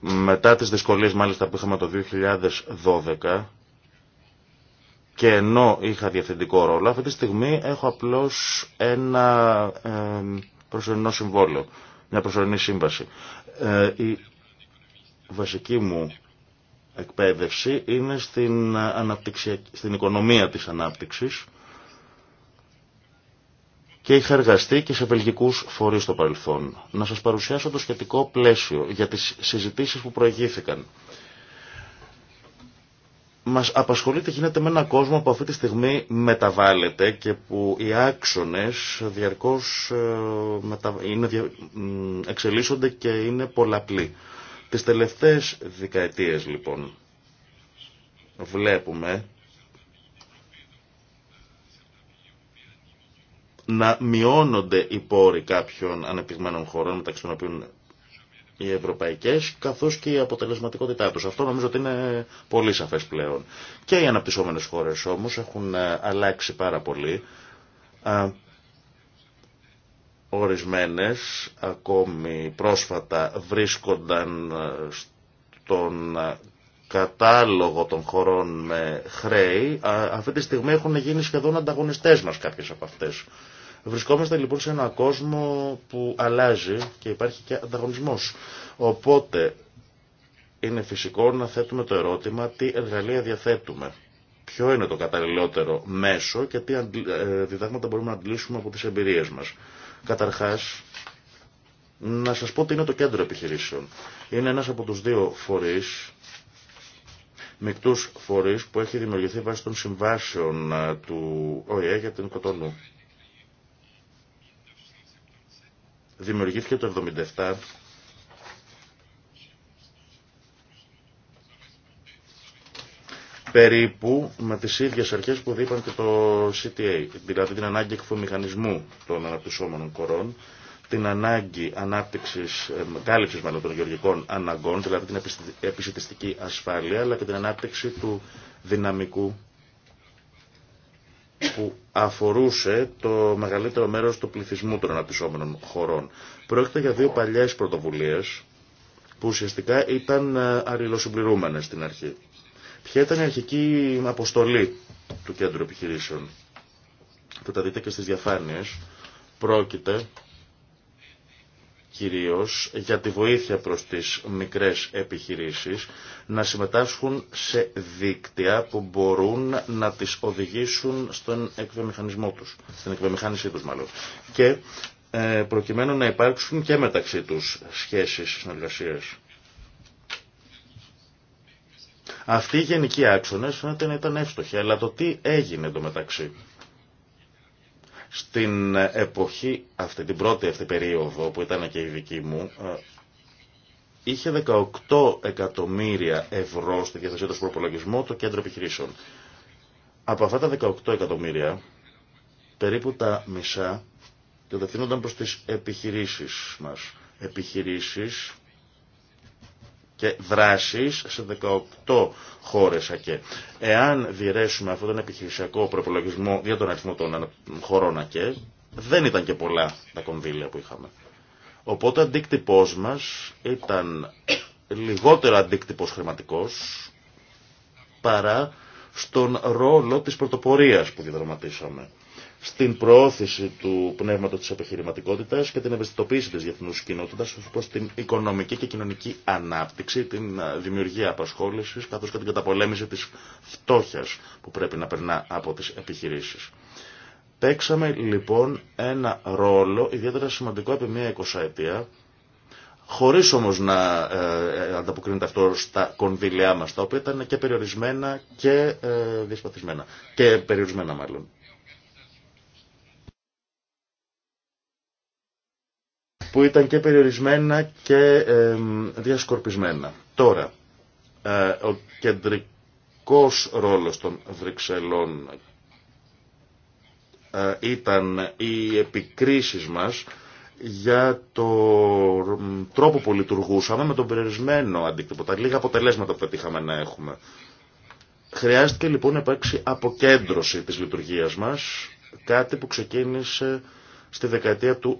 μετά τις δυσκολίες μάλιστα που είχαμε το 2012 και ενώ είχα διευθυντικό ρόλο, αυτή τη στιγμή έχω απλώς ένα ε, προσωρινό συμβόλαιο, μια προσωρινή σύμβαση. Ε, η βασική μου εκπαίδευση είναι στην, στην οικονομία της ανάπτυξης και είχα εργαστεί και σε βελγικούς φορείς στο παρελθόν. Να σας παρουσιάσω το σχετικό πλαίσιο για τις συζητήσεις που προηγήθηκαν μας απασχολείται γίνεται με έναν κόσμο που αυτή τη στιγμή μεταβάλλεται και που οι άξονες διαρκώς ε, είναι, εξελίσσονται και είναι πολλαπλοί. Τις τελευταίες δεκαετίες λοιπόν βλέπουμε να μειώνονται οι πόροι κάποιων ανεπτυγμένων χωρών μεταξύ των οποίων οι ευρωπαϊκές καθώς και η αποτελεσματικότητά τους. Αυτό νομίζω ότι είναι πολύ σαφές πλέον. Και οι αναπτυσσόμενες χώρες όμως έχουν ε, αλλάξει πάρα πολύ. Ορισμένες ακόμη πρόσφατα βρίσκονταν ε, στον ε, κατάλογο των χωρών με χρέη, αυτή τη στιγμή έχουν γίνει σχεδόν ανταγωνιστές μας κάποιες από αυτές. Βρισκόμαστε λοιπόν σε ένα κόσμο που αλλάζει και υπάρχει και ανταγωνισμός. Οπότε είναι φυσικό να θέτουμε το ερώτημα τι εργαλεία διαθέτουμε. Ποιο είναι το καταλληλότερο μέσο και τι ε, διδάγματα μπορούμε να αντλήσουμε από τις εμπειρίες μας. Καταρχάς, να σας πω τι είναι το κέντρο επιχειρήσεων. Είναι ένας από τους δύο φορείς, μεικτούς φορείς που έχει δημιουργηθεί βάσει των συμβάσεων ε, του ΟΗΕ για την Κοτονού. δημιουργήθηκε το 1977 περίπου με τις ίδιες αρχές που δείπαν και το CTA, δηλαδή την ανάγκη εκφομηχανισμού των αναπτυσσόμενων κορών, την ανάγκη ανάπτυξης, ε, κάλυψης μάλλον των γεωργικών αναγκών, δηλαδή την επισητιστική ασφάλεια, αλλά και την ανάπτυξη του δυναμικού που αφορούσε το μεγαλύτερο μέρος του πληθυσμού των αναπτυσσόμενων χωρών. Πρόκειται για δύο παλιές πρωτοβουλίες που ουσιαστικά ήταν ε, αριλοσυμπληρούμενες στην αρχή. Ποια ήταν η αρχική αποστολή του κέντρου επιχειρήσεων. Θα τα δείτε και στις διαφάνειες. Πρόκειται κυρίως για τη βοήθεια προς τις μικρές επιχειρήσεις να συμμετάσχουν σε δίκτυα που μπορούν να τις οδηγήσουν στον εκβιομηχανισμό τους, στην εκβιομηχάνησή τους μάλλον. Και ε, προκειμένου να υπάρξουν και μεταξύ τους σχέσεις συνεργασίες. Αυτοί οι γενικοί άξονες φαίνεται να ήταν εύστοχοι, αλλά το τι έγινε εντωμεταξύ. μεταξύ. Στην εποχή, αυτή την πρώτη αυτή περίοδο που ήταν και η δική μου, ε, είχε 18 εκατομμύρια ευρώ στη διαθεσία του προπολογισμού το κέντρο επιχειρήσεων. Από αυτά τα 18 εκατομμύρια, περίπου τα μισά κατευθύνονταν προς τις επιχειρήσεις μας. Επιχειρήσεις και δράσεις σε 18 χώρες ΑΚΕ. Εάν διαιρέσουμε αυτόν τον επιχειρησιακό προπολογισμό για τον αριθμό των χωρών ΑΚΕ, δεν ήταν και πολλά τα κονδύλια που είχαμε. Οπότε ο αντίκτυπός μας ήταν λιγότερο αντίκτυπος χρηματικός παρά στον ρόλο της πρωτοπορίας που διαδραματίσαμε στην προώθηση του πνεύματος της επιχειρηματικότητας και την ευαισθητοποίηση της διεθνούς κοινότητας προς την οικονομική και κοινωνική ανάπτυξη, την ε, δημιουργία απασχόλησης καθώς και την καταπολέμηση της φτώχειας που πρέπει να περνά από τις επιχειρήσεις. Παίξαμε λοιπόν ένα ρόλο ιδιαίτερα σημαντικό επί μία εικοσαετία χωρίς όμως να ε, ε, ανταποκρίνεται αυτό στα κονδύλια μας, τα οποία ήταν και περιορισμένα και ε, διασπαθισμένα. Και περιορισμένα μάλλον. που ήταν και περιορισμένα και διασκορπισμένα. Τώρα, ε, ο κεντρικός ρόλος των Βρυξελών ε, ήταν οι επικρίσεις μας για τον τρόπο που λειτουργούσαμε με τον περιορισμένο αντίκτυπο, τα λίγα αποτελέσματα που πετύχαμε να έχουμε. Χρειάστηκε λοιπόν να υπάρξει αποκέντρωση της λειτουργίας μας, κάτι που ξεκίνησε στη δεκαετία του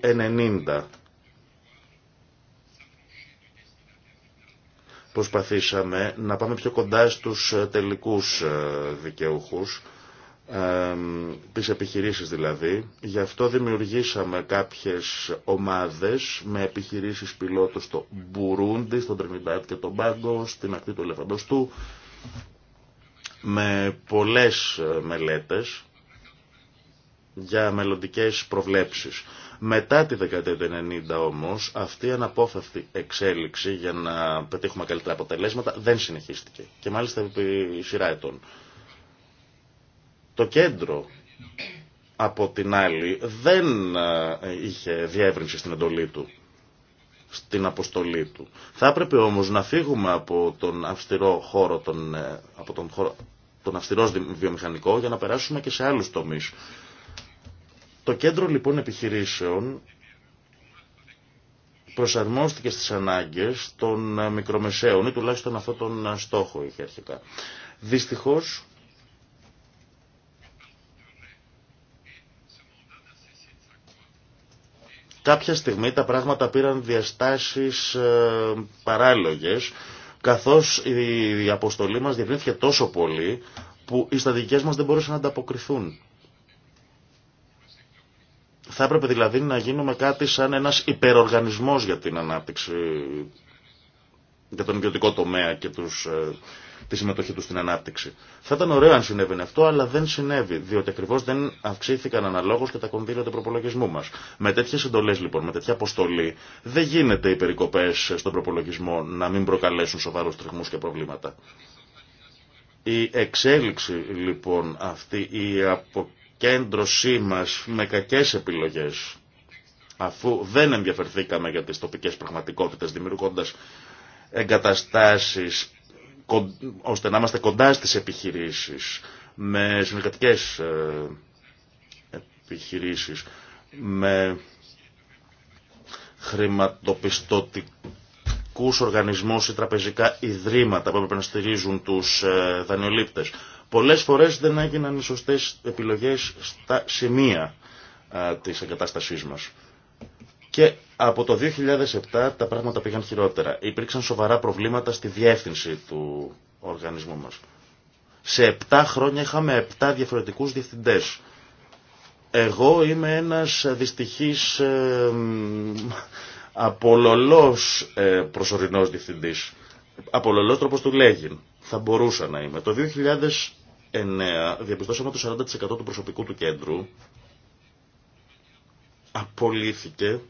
προσπαθήσαμε να πάμε πιο κοντά στους ε, τελικούς ε, δικαιούχους, τις επιχειρήσεις δηλαδή. Γι' αυτό δημιουργήσαμε κάποιες ομάδες με επιχειρήσεις πιλότου στο Μπουρούντι, στον Τρινιντάτ και τον Μπάγκο, στην ακτή του Ελεφαντοστού, με πολλές ε, μελέτες για μελλοντικές προβλέψεις. Μετά τη δεκαετία του 1990 όμως αυτή η αναπόφευκτη εξέλιξη για να πετύχουμε καλύτερα αποτελέσματα δεν συνεχίστηκε και μάλιστα επί σειρά ετών. Το κέντρο από την άλλη δεν ε, είχε διεύρυνση στην εντολή του στην αποστολή του. Θα έπρεπε όμως να φύγουμε από τον αυστηρό χώρο, τον, ε, από τον χώρο τον αυστηρό βιομηχανικό για να περάσουμε και σε άλλους τομείς. Το κέντρο λοιπόν επιχειρήσεων προσαρμόστηκε στις ανάγκες των ε, μικρομεσαίων ή τουλάχιστον αυτόν τον ε, στόχο είχε αρχικά. Δυστυχώς κάποια στιγμή τα πράγματα πήραν διαστάσεις ε, παράλογες καθώς η αποστολή μας διευρύνθηκε τόσο πολύ που οι σταδικές μας δεν μπορούσαν να ανταποκριθούν. Θα έπρεπε δηλαδή να γίνουμε κάτι σαν ένας υπεροργανισμός για την ανάπτυξη, για τον ιδιωτικό τομέα και τους, ε, τη συμμετοχή του στην ανάπτυξη. Θα ήταν ωραίο αν συνέβαινε αυτό, αλλά δεν συνέβη, διότι ακριβώ δεν αυξήθηκαν αναλόγω και τα κονδύλια του προπολογισμού μα. Με τέτοιε εντολέ λοιπόν, με τέτοια αποστολή, δεν γίνεται οι περικοπέ στον προπολογισμό να μην προκαλέσουν σοβαρού τριγμού και προβλήματα. Η εξέλιξη λοιπόν αυτή, η, απο επικέντρωσή μας με κακές επιλογές, αφού δεν ενδιαφερθήκαμε για τις τοπικές πραγματικότητες, δημιουργώντας εγκαταστάσεις ώστε να είμαστε κοντά στις επιχειρήσεις, με συνεργατικές ε, επιχειρήσεις, με χρηματοπιστωτικούς οργανισμούς ή τραπεζικά ιδρύματα που έπρεπε να στηρίζουν τους ε, δανειολήπτες. Πολλές φορές δεν έγιναν οι σωστές επιλογές στα σημεία τη της εγκατάστασής μας. Και από το 2007 τα πράγματα πήγαν χειρότερα. Υπήρξαν σοβαρά προβλήματα στη διεύθυνση του οργανισμού μας. Σε 7 χρόνια είχαμε 7 διαφορετικούς διευθυντές. Εγώ είμαι ένας δυστυχής ε, απολολός ε, προσωρινός διευθυντής. Απολολός τρόπος του λέγει. Θα μπορούσα να είμαι. Το διαπιστώσαμε ότι το 40% του προσωπικού του κέντρου απολύθηκε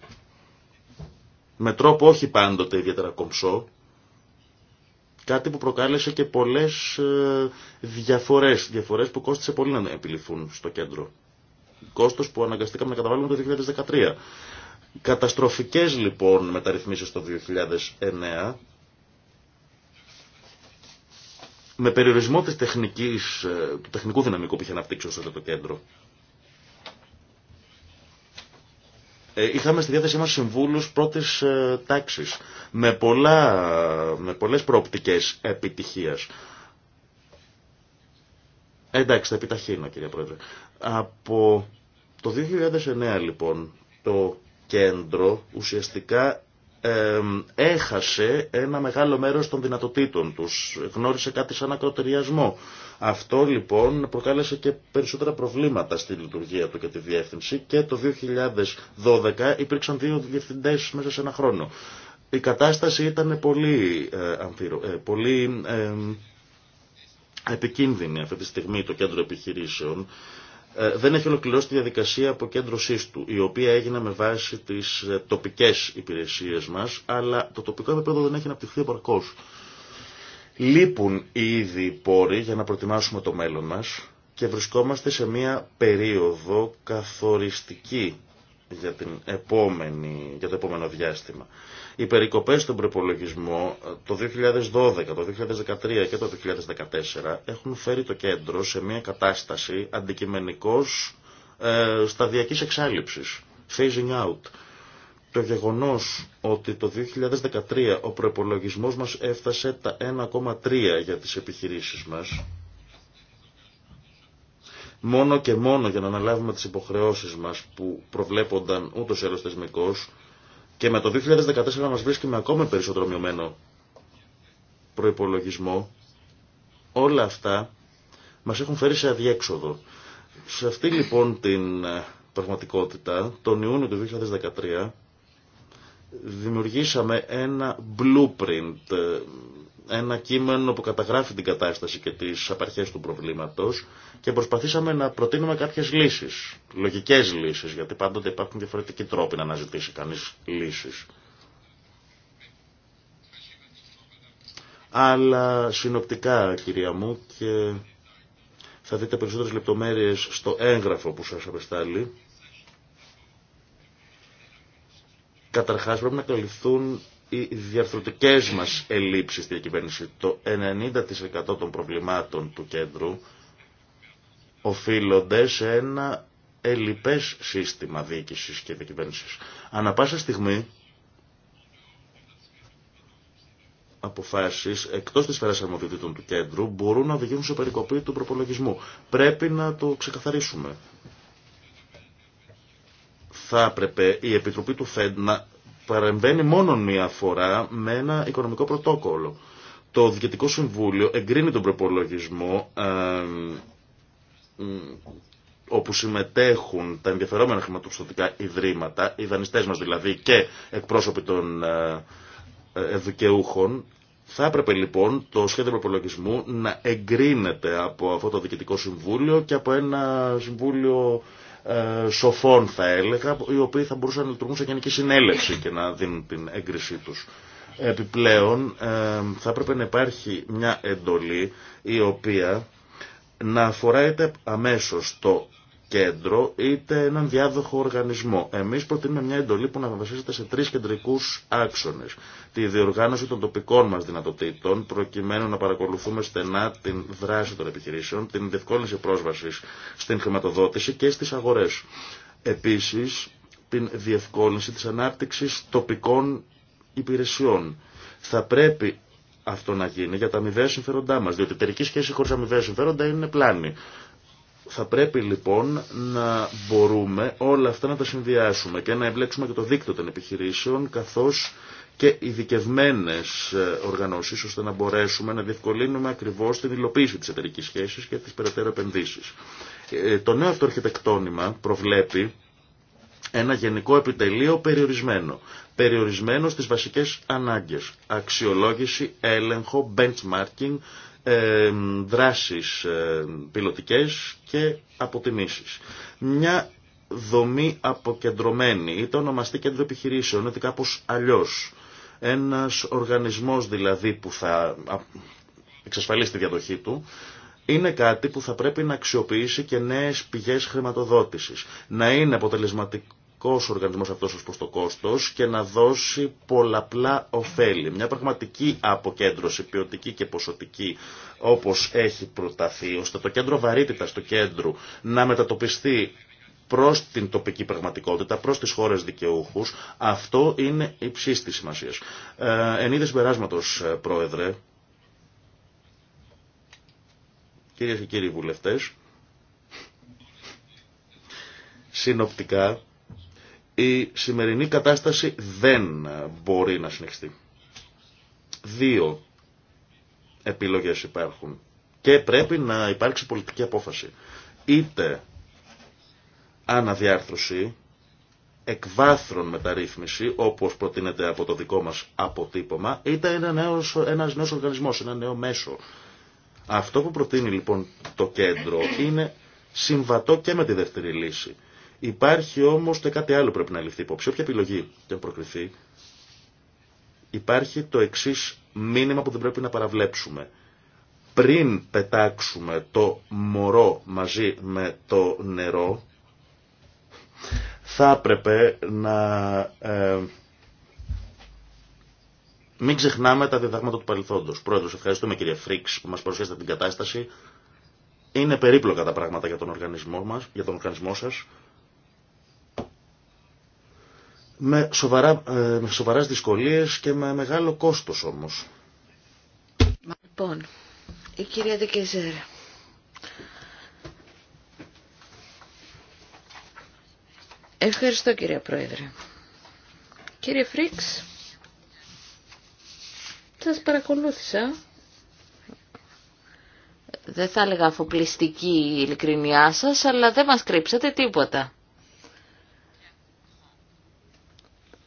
με τρόπο όχι πάντοτε ιδιαίτερα κομψό, κάτι που προκάλεσε και πολλές ε, διαφορές, διαφορές που κόστισε πολύ να επιληθούν στο κέντρο. Κόστος που αναγκαστήκαμε να καταβάλουμε το 2013. Καταστροφικές λοιπόν μεταρρυθμίσεις το 2009 με περιορισμό της τεχνικής, ε, του τεχνικού δυναμικού που είχε αναπτύξει όσο το κέντρο. Ε, είχαμε στη διάθεσή μας συμβούλους πρώτης ε, τάξης, με, πολλά, με πολλές προοπτικές επιτυχίας. Εντάξει, θα επιταχύνω κύριε Πρόεδρε. Από το 2009 λοιπόν το κέντρο ουσιαστικά έχασε ένα μεγάλο μέρος των δυνατοτήτων τους. Γνώρισε κάτι σαν ακροτεριασμό. Αυτό λοιπόν προκάλεσε και περισσότερα προβλήματα στη λειτουργία του και τη διεύθυνση και το 2012 υπήρξαν δύο διευθυντές μέσα σε ένα χρόνο. Η κατάσταση ήταν πολύ, ε, ε, πολύ επικίνδυνη αυτή τη στιγμή το κέντρο επιχειρήσεων ε, δεν έχει ολοκληρώσει τη διαδικασία αποκέντρωσής του, η οποία έγινε με βάση τις ε, τοπικές υπηρεσίες μας, αλλά το τοπικό επίπεδο δεν έχει αναπτυχθεί επαρκώς. Λείπουν ήδη οι πόροι για να προετοιμάσουμε το μέλλον μας και βρισκόμαστε σε μια περίοδο καθοριστική για, την επόμενη, για το επόμενο διάστημα. Οι περικοπές στον προπολογισμό το 2012, το 2013 και το 2014 έχουν φέρει το κέντρο σε μια κατάσταση αντικειμενικός ε, σταδιακής εξάλληψης, phasing out. Το γεγονός ότι το 2013 ο προπολογισμό μας έφτασε τα 1,3 για τις επιχειρήσεις μας, μόνο και μόνο για να αναλάβουμε τις υποχρεώσεις μας που προβλέπονταν ούτως ή άλλως και με το 2014 μας βρίσκει με ακόμα περισσότερο μειωμένο προϋπολογισμό, όλα αυτά μας έχουν φέρει σε αδιέξοδο. Σε αυτή λοιπόν την πραγματικότητα, τον Ιούνιο του 2013, δημιουργήσαμε ένα blueprint, ένα κείμενο που καταγράφει την κατάσταση και τις απαρχές του προβλήματος και προσπαθήσαμε να προτείνουμε κάποιες λύσεις, λογικές λύσεις, γιατί πάντοτε υπάρχουν διαφορετικοί τρόποι να αναζητήσει κανείς λύσεις. Αλλά συνοπτικά, κυρία μου, και θα δείτε περισσότερες λεπτομέρειες στο έγγραφο που σας απεστάλλει, Καταρχάς πρέπει να καλυφθούν οι διαρθρωτικές μας ελλείψεις στη διακυβέρνηση. Το 90% των προβλημάτων του κέντρου οφείλονται σε ένα ελλειπές σύστημα διοίκησης και διακυβέρνησης. Ανα πάσα στιγμή αποφάσεις εκτός της σφαίρας αρμοδιοτήτων του κέντρου μπορούν να οδηγήσουν σε περικοπή του προπολογισμού. Πρέπει να το ξεκαθαρίσουμε θα έπρεπε η Επιτροπή του ΦΕΝΤ... να παρεμβαίνει μόνο μία φορά με ένα οικονομικό πρωτόκολλο. Το Διοικητικό Συμβούλιο εγκρίνει τον προπολογισμό όπου συμμετέχουν τα ενδιαφερόμενα χρηματοπιστωτικά ιδρύματα, οι δανειστές μας δηλαδή και εκπρόσωποι των ε, ε, δικαιούχων, θα έπρεπε λοιπόν το σχέδιο προπολογισμού να εγκρίνεται από αυτό το Διοικητικό Συμβούλιο και από ένα Συμβούλιο ε, σοφών θα έλεγα, οι οποίοι θα μπορούσαν να λειτουργούν σε γενική συνέλευση και να δίνουν την έγκρισή τους. Επιπλέον ε, θα έπρεπε να υπάρχει μια εντολή η οποία να αφορά είτε αμέσως το κέντρο είτε έναν διάδοχο οργανισμό. Εμείς προτείνουμε μια εντολή που να βασίζεται σε τρεις κεντρικούς άξονες. Τη διοργάνωση των τοπικών μας δυνατοτήτων προκειμένου να παρακολουθούμε στενά την δράση των επιχειρήσεων, την διευκόλυνση πρόσβασης στην χρηματοδότηση και στις αγορές. Επίσης, την διευκόλυνση της ανάπτυξης τοπικών υπηρεσιών. Θα πρέπει αυτό να γίνει για τα αμοιβαία συμφέροντά μα. Διότι η εταιρική σχέση χωρί αμοιβαία συμφέροντα είναι πλάνη. Θα πρέπει λοιπόν να μπορούμε όλα αυτά να τα συνδυάσουμε και να εμπλέξουμε και το δίκτυο των επιχειρήσεων καθώς και ειδικευμένε ε, οργανώσεις ώστε να μπορέσουμε να διευκολύνουμε ακριβώς την υλοποίηση της εταιρικής σχέσης και τις περαιτέρω επενδύσεις. Ε, το νέο αυτό προβλέπει ένα γενικό επιτελείο περιορισμένο. Περιορισμένο στις βασικές ανάγκες. Αξιολόγηση, έλεγχο, benchmarking, ε, δράσεις ε, πιλωτικές και αποτιμήσεις. Μια δομή αποκεντρωμένη, είτε ονομαστεί κέντρο επιχειρήσεων, είτε κάπως αλλιώς. Ένας οργανισμός δηλαδή που θα εξασφαλίσει τη διαδοχή του, είναι κάτι που θα πρέπει να αξιοποιήσει και νέες πηγές χρηματοδότησης. Να είναι αποτελεσματικό ο οργανισμό αυτός ως προς το κόστος και να δώσει πολλαπλά ωφέλη. Μια πραγματική αποκέντρωση, ποιοτική και ποσοτική, όπως έχει προταθεί, ώστε το κέντρο βαρύτητας του κέντρου να μετατοπιστεί προς την τοπική πραγματικότητα, προς τις χώρες δικαιούχου. αυτό είναι υψής της σημασίας. Ε, εν είδε Πρόεδρε, κυρίες και κύριοι βουλευτές, συνοπτικά η σημερινή κατάσταση δεν μπορεί να συνεχιστεί. Δύο επιλογές υπάρχουν και πρέπει να υπάρξει πολιτική απόφαση. Είτε αναδιάρθρωση, εκβάθρων μεταρρύθμιση, όπως προτείνεται από το δικό μας αποτύπωμα, είτε ένα νέος, ένας νέος οργανισμός, ένα νέο μέσο. Αυτό που προτείνει λοιπόν το κέντρο είναι συμβατό και με τη δεύτερη λύση. Υπάρχει όμως και κάτι άλλο πρέπει να ληφθεί υπόψη. Όποια επιλογή και προκριθεί, υπάρχει το εξής μήνυμα που δεν πρέπει να παραβλέψουμε. Πριν πετάξουμε το μωρό μαζί με το νερό, θα έπρεπε να ε, μην ξεχνάμε τα διδάγματα του παρελθόντος. Πρόεδρος, ευχαριστούμε κύριε Φρίξ που μας παρουσιάσετε την κατάσταση. Είναι περίπλοκα τα πράγματα για τον οργανισμό μας, για τον οργανισμό σας με, σοβαρά, ε, με δυσκολίες και με μεγάλο κόστος όμως. Λοιπόν, η κυρία Ευχαριστώ κυρία Πρόεδρε. Κύριε Φρίξ, σας παρακολούθησα. Δεν θα έλεγα αφοπλιστική η ειλικρινιά σας, αλλά δεν μας κρύψατε τίποτα.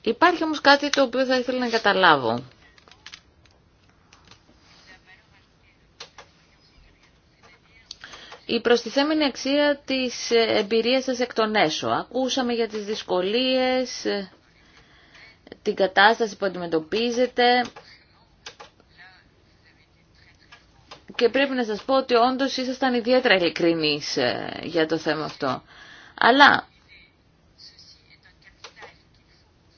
Υπάρχει όμως κάτι το οποίο θα ήθελα να καταλάβω. Η προστιθέμενη αξία της εμπειρίας σας εκ των έσω. Ακούσαμε για τις δυσκολίες, την κατάσταση που αντιμετωπίζετε και πρέπει να σας πω ότι όντως ήσασταν ιδιαίτερα ειλικρινείς ε, για το θέμα αυτό. Αλλά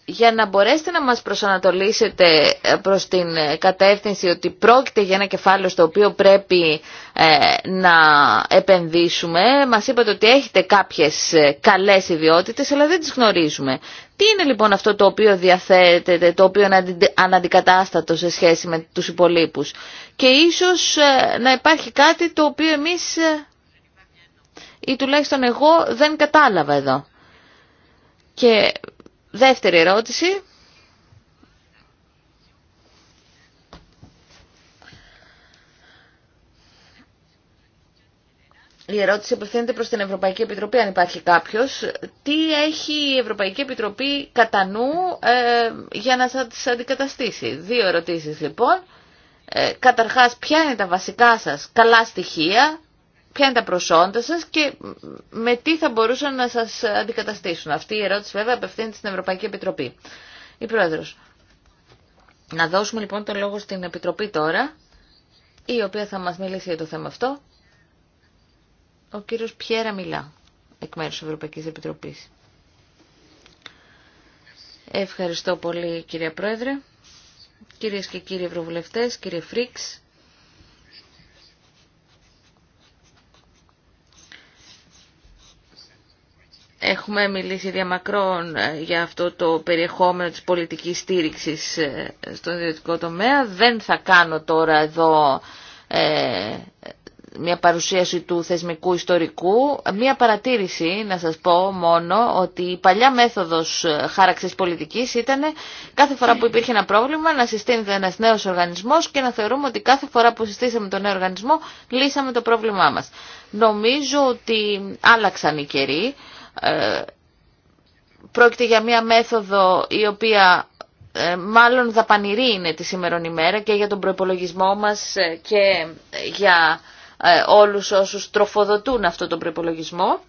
για να μπορέσετε να μας προσανατολίσετε ε, προς την ε, κατεύθυνση ότι πρόκειται για ένα κεφάλαιο στο οποίο πρέπει ε, να επενδύσουμε. Μας είπατε ότι έχετε κάποιες καλές ιδιότητες, αλλά δεν τις γνωρίζουμε. Τι είναι λοιπόν αυτό το οποίο διαθέτεται, το οποίο είναι αναντικατάστατο σε σχέση με τους υπολείπους. Και ίσως να υπάρχει κάτι το οποίο εμείς ή τουλάχιστον εγώ δεν κατάλαβα εδώ. Δεύτερη ερώτηση. Η ερώτηση απευθύνεται προς την Ευρωπαϊκή Επιτροπή, αν υπάρχει κάποιος. Τι έχει η Ευρωπαϊκή Επιτροπή κατά νου ε, για να σας αντικαταστήσει. Δύο ερωτήσεις λοιπόν. Ε, καταρχάς, ποια είναι τα βασικά σας καλά στοιχεία ποια είναι τα προσόντα σας και με τι θα μπορούσαν να σας αντικαταστήσουν. Αυτή η ερώτηση βέβαια απευθύνεται στην Ευρωπαϊκή Επιτροπή. Η Πρόεδρος. Να δώσουμε λοιπόν το λόγο στην Επιτροπή τώρα, η οποία θα μας μιλήσει για το θέμα αυτό. Ο κύριος Πιέρα Μιλά, εκ μέρους της Ευρωπαϊκής Επιτροπής. Ευχαριστώ πολύ κύριε Πρόεδρε, κυρίες και κύριοι Ευρωβουλευτές, κύριε Φρίξ. Έχουμε μιλήσει διαμακρών ε, για αυτό το περιεχόμενο της πολιτικής στήριξης ε, στον ιδιωτικό τομέα. Δεν θα κάνω τώρα εδώ ε, μια παρουσίαση του θεσμικού ιστορικού. Μια παρατήρηση να σας πω μόνο ότι η παλιά μέθοδος χάραξης πολιτικής ήταν κάθε φορά που υπήρχε ένα πρόβλημα να συστήνεται ένας νέος οργανισμός και να θεωρούμε ότι κάθε φορά που συστήσαμε τον νέο οργανισμό λύσαμε το πρόβλημά μας. Νομίζω ότι άλλαξαν οι καιροί. Ε, πρόκειται για μία μέθοδο η οποία ε, μάλλον δαπανηρή είναι τη σήμερον ημέρα και για τον προπολογισμό μας ε, και για όλους όσους τροφοδοτούν αυτό τον προπολογισμό.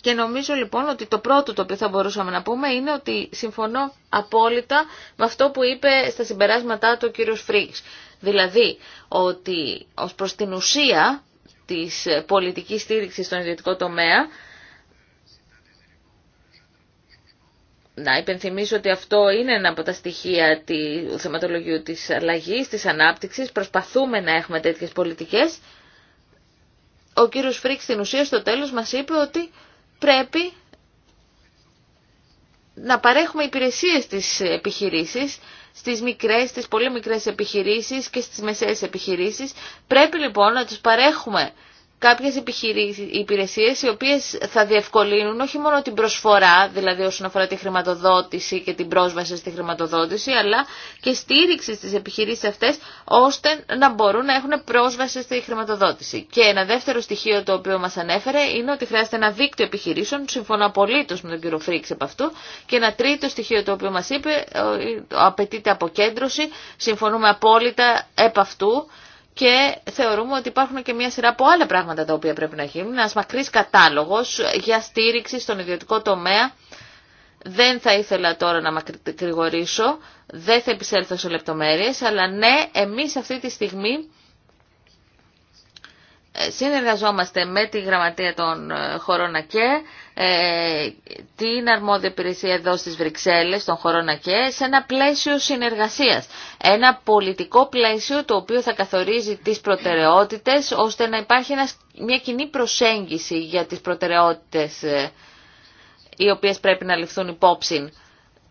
Και νομίζω λοιπόν ότι το πρώτο το οποίο θα μπορούσαμε να πούμε είναι ότι συμφωνώ απόλυτα με αυτό που είπε στα συμπεράσματά του ο κύριος Φρίξ. Δηλαδή ότι ως προς την ουσία της πολιτικής στήριξης στον ιδιωτικό τομέα. Να υπενθυμίσω ότι αυτό είναι ένα από τα στοιχεία του θεματολογίου της αλλαγής, της ανάπτυξης. Προσπαθούμε να έχουμε τέτοιες πολιτικές. Ο κύριος Φρίξ στην ουσία στο τέλος μας είπε ότι πρέπει να παρέχουμε υπηρεσίες στις επιχειρήσεις στις μικρές, στις πολύ μικρές επιχειρήσεις και στις μεσαίες επιχειρήσεις. Πρέπει λοιπόν να τους παρέχουμε κάποιες υπηρεσίες οι οποίες θα διευκολύνουν όχι μόνο την προσφορά, δηλαδή όσον αφορά τη χρηματοδότηση και την πρόσβαση στη χρηματοδότηση, αλλά και στήριξη στις επιχειρήσεις αυτές, ώστε να μπορούν να έχουν πρόσβαση στη χρηματοδότηση. Και ένα δεύτερο στοιχείο το οποίο μας ανέφερε είναι ότι χρειάζεται ένα δίκτυο επιχειρήσεων, συμφωνώ απολύτως με τον κύριο Φρίξ από αυτού, και ένα τρίτο στοιχείο το οποίο μας είπε, απαιτείται αποκέντρωση, συμφωνούμε απόλυτα επ' αυτού, και θεωρούμε ότι υπάρχουν και μια σειρά από άλλα πράγματα τα οποία πρέπει να γίνουν. Ένα μακρύ κατάλογο για στήριξη στον ιδιωτικό τομέα. Δεν θα ήθελα τώρα να μακρηγορήσω, δεν θα επισέλθω σε λεπτομέρειες, αλλά ναι, εμείς αυτή τη στιγμή ε, συνεργαζόμαστε με τη Γραμματεία των ε, χωρών ΑΚΕ, ε, την αρμόδια υπηρεσία εδώ στις Βρυξέλλες των χωρών ΑΚΕ, σε ένα πλαίσιο συνεργασίας. Ένα πολιτικό πλαίσιο το οποίο θα καθορίζει τις προτεραιότητες, ώστε να υπάρχει μια κοινή προσέγγιση για τις προτεραιότητες οι οποίες πρέπει να ληφθούν υπόψη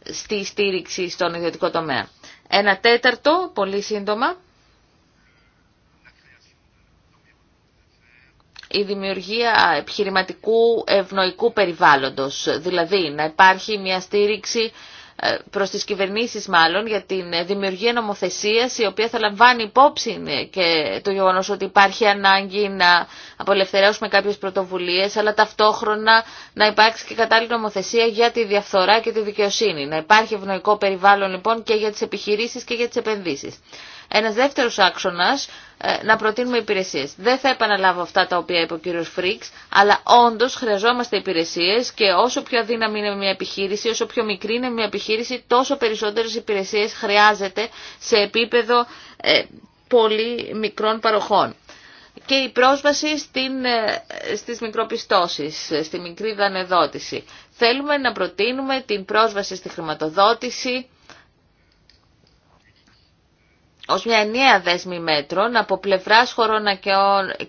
στη στήριξη στον ιδιωτικό τομέα. Ένα τέταρτο, πολύ σύντομα, η δημιουργία επιχειρηματικού ευνοϊκού περιβάλλοντος, δηλαδή να υπάρχει μια στήριξη ε, προς τις κυβερνήσεις μάλλον για την δημιουργία νομοθεσίας η οποία θα λαμβάνει υπόψη ε, και το γεγονός ότι υπάρχει ανάγκη να απολευθερώσουμε κάποιες πρωτοβουλίες αλλά ταυτόχρονα να υπάρξει και κατάλληλη νομοθεσία για τη διαφθορά και τη δικαιοσύνη. Να υπάρχει ευνοϊκό περιβάλλον λοιπόν και για τις επιχειρήσεις και για τις επενδύσεις ενα δεύτερο άξονα ε, να προτείνουμε υπηρεσίε. Δεν θα επαναλάβω αυτά τα οποία είπε ο κύριο Φρίξ, αλλά όντω χρειαζόμαστε υπηρεσίε και όσο πιο αδύναμη είναι μια επιχείρηση, όσο πιο μικρή είναι μια επιχείρηση, τόσο περισσότερε υπηρεσίε χρειάζεται σε επίπεδο ε, πολύ μικρών παροχών. Και η πρόσβαση στην, ε, στις μικροπιστώσεις, στη μικρή δανεδότηση. Θέλουμε να προτείνουμε την πρόσβαση στη χρηματοδότηση, ως μια ενιαία δέσμη μέτρων από πλευράς χωρών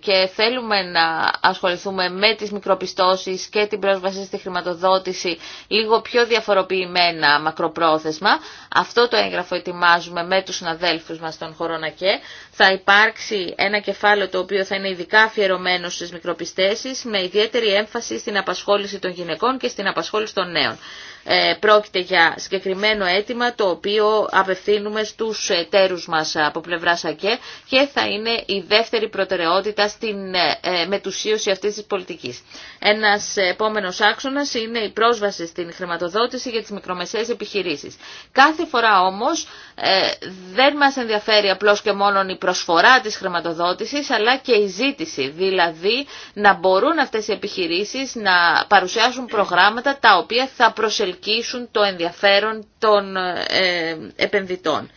και θέλουμε να ασχοληθούμε με τις μικροπιστώσεις και την πρόσβαση στη χρηματοδότηση λίγο πιο διαφοροποιημένα μακροπρόθεσμα. Αυτό το έγγραφο ετοιμάζουμε με τους συναδέλφους μας των χωρών και θα υπάρξει ένα κεφάλαιο το οποίο θα είναι ειδικά αφιερωμένο στις μικροπιστέσεις με ιδιαίτερη έμφαση στην απασχόληση των γυναικών και στην απασχόληση των νέων. Ε, πρόκειται για συγκεκριμένο αίτημα το οποίο απευθύνουμε στους εταίρους μας από πλευρά ΣΑΚΕ και θα είναι η δεύτερη προτεραιότητα στην ε, ε μετουσίωση αυτής της πολιτικής. Ένας επόμενος άξονας είναι η πρόσβαση στην χρηματοδότηση για τις μικρομεσαίες επιχειρήσεις. Κάθε φορά όμως ε, δεν μας ενδιαφέρει απλώς και μόνο η προσφορά της χρηματοδότησης αλλά και η ζήτηση, δηλαδή να μπορούν αυτές οι επιχειρήσεις να παρουσιάσουν προγράμματα τα οποία θα προσελκύσουν το ενδιαφέρον των ε, επενδυτών.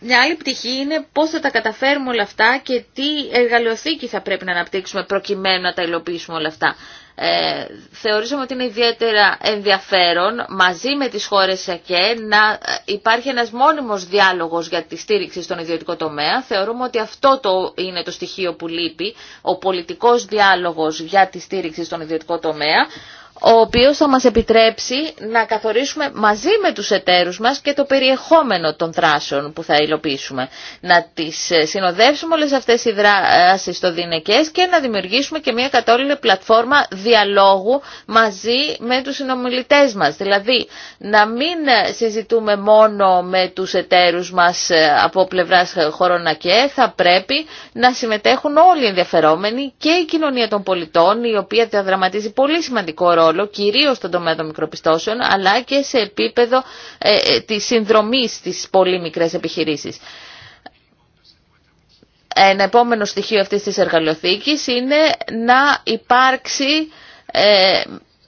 μια άλλη πτυχή είναι πώς θα τα καταφέρουμε όλα αυτά και τι εργαλειοθήκη θα πρέπει να αναπτύξουμε προκειμένου να τα υλοποιήσουμε όλα αυτά. Ε, θεωρήσαμε ότι είναι ιδιαίτερα ενδιαφέρον μαζί με τις χώρες ΑΚΕ να ε, υπάρχει ένας μόνιμος διάλογος για τη στήριξη στον ιδιωτικό τομέα. Θεωρούμε ότι αυτό το είναι το στοιχείο που λείπει, ο πολιτικός διάλογος για τη στήριξη στον ιδιωτικό τομέα, ο οποίος θα μας επιτρέψει να καθορίσουμε μαζί με τους εταίρους μας και το περιεχόμενο των δράσεων που θα υλοποιήσουμε. Να τις ε, συνοδεύσουμε όλες αυτές οι δράσεις στο Δινεκές και να δημιουργήσουμε και μια κατάλληλη πλατφόρμα διαλόγου μαζί με τους συνομιλητές μας. Δηλαδή να μην ε, συζητούμε μόνο με τους εταίρους μας ε, από πλευράς χωρών και θα πρέπει να συμμετέχουν όλοι οι ενδιαφερόμενοι και η κοινωνία των πολιτών, η οποία διαδραματίζει πολύ σημαντικό ρόλο ρόλο, κυρίως στον τομέα των μικροπιστώσεων, αλλά και σε επίπεδο ε, ε, της συνδρομής στις πολύ μικρές επιχειρήσεις. Ένα επόμενο στοιχείο αυτής της εργαλειοθήκης είναι να υπάρξει ε,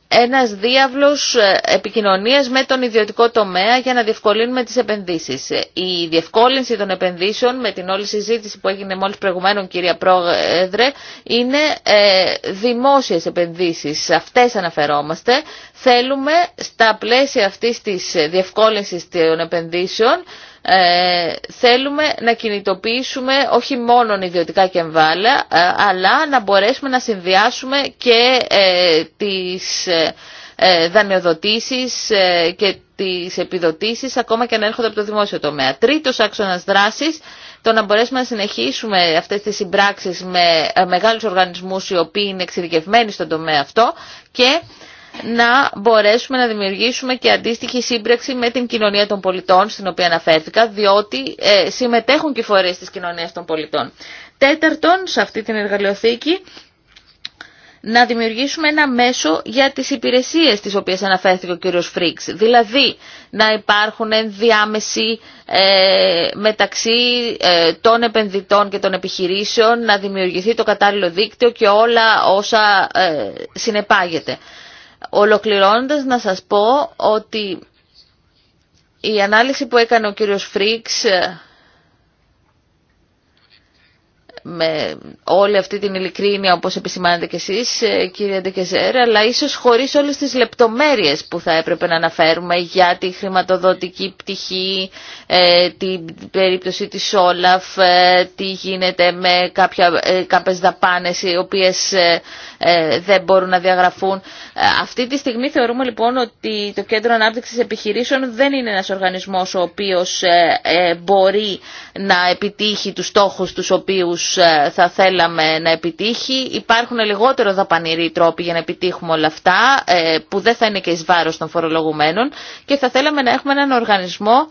ένας διάβλος ε, επικοινωνίας με τον ιδιωτικό τομέα για να διευκολύνουμε τις επενδύσεις. Η διευκόλυνση των επενδύσεων με την όλη συζήτηση που έγινε μόλις προηγουμένων κυρία Πρόεδρε είναι ε, δημόσιες επενδύσεις. Σε αυτές αναφερόμαστε. Θέλουμε στα πλαίσια αυτής της διευκόλυνσης των επενδύσεων ε, θέλουμε να κινητοποιήσουμε όχι μόνο ιδιωτικά κεμβάλα, ε, αλλά να μπορέσουμε να συνδυάσουμε και ε, τις ε, δανειοδοτήσεις και τις επιδοτήσεις ακόμα και να έρχονται από το δημόσιο τομέα. Τρίτος άξονας δράσης, το να μπορέσουμε να συνεχίσουμε αυτές τις συμπράξεις με μεγάλους οργανισμούς οι οποίοι είναι εξειδικευμένοι στον τομέα αυτό και να μπορέσουμε να δημιουργήσουμε και αντίστοιχη σύμπραξη με την κοινωνία των πολιτών, στην οποία αναφέρθηκα, διότι ε, συμμετέχουν και οι φορείς της κοινωνίας των πολιτών. Τέταρτον, σε αυτή την εργαλειοθήκη, να δημιουργήσουμε ένα μέσο για τις υπηρεσίες τις οποίες αναφέρθηκε ο κύριος Φρίξ. Δηλαδή να υπάρχουν ενδιάμεση ε, μεταξύ ε, των επενδυτών και των επιχειρήσεων, να δημιουργηθεί το κατάλληλο δίκτυο και όλα όσα ε, συνεπάγεται. Ολοκληρώνοντας να σας πω ότι η ανάλυση που έκανε ο κύριος Φρίξ με όλη αυτή την ειλικρίνεια όπως επισημάνετε κι εσείς ε, κύριε Ντεκεζέρ αλλά ίσως χωρίς όλες τις λεπτομέρειες που θα έπρεπε να αναφέρουμε για τη χρηματοδοτική πτυχή, ε, την περίπτωση της Όλαφ, ε, τι γίνεται με κάποια, κάποιες δαπάνες οι οποίες δεν μπορούν να διαγραφούν. Αυτή τη στιγμή θεωρούμε λοιπόν ότι το Κέντρο Ανάπτυξης Επιχειρήσεων δεν είναι ένας οργανισμός ο οποίος μπορεί να επιτύχει τους στόχους τους οποίους ε, θα θέλαμε να επιτύχει. Υπάρχουν λιγότερο δαπανηροί τρόποι για να επιτύχουμε όλα αυτά, ε, που δεν θα είναι και εις βάρος των φορολογουμένων και θα θέλαμε να έχουμε έναν οργανισμό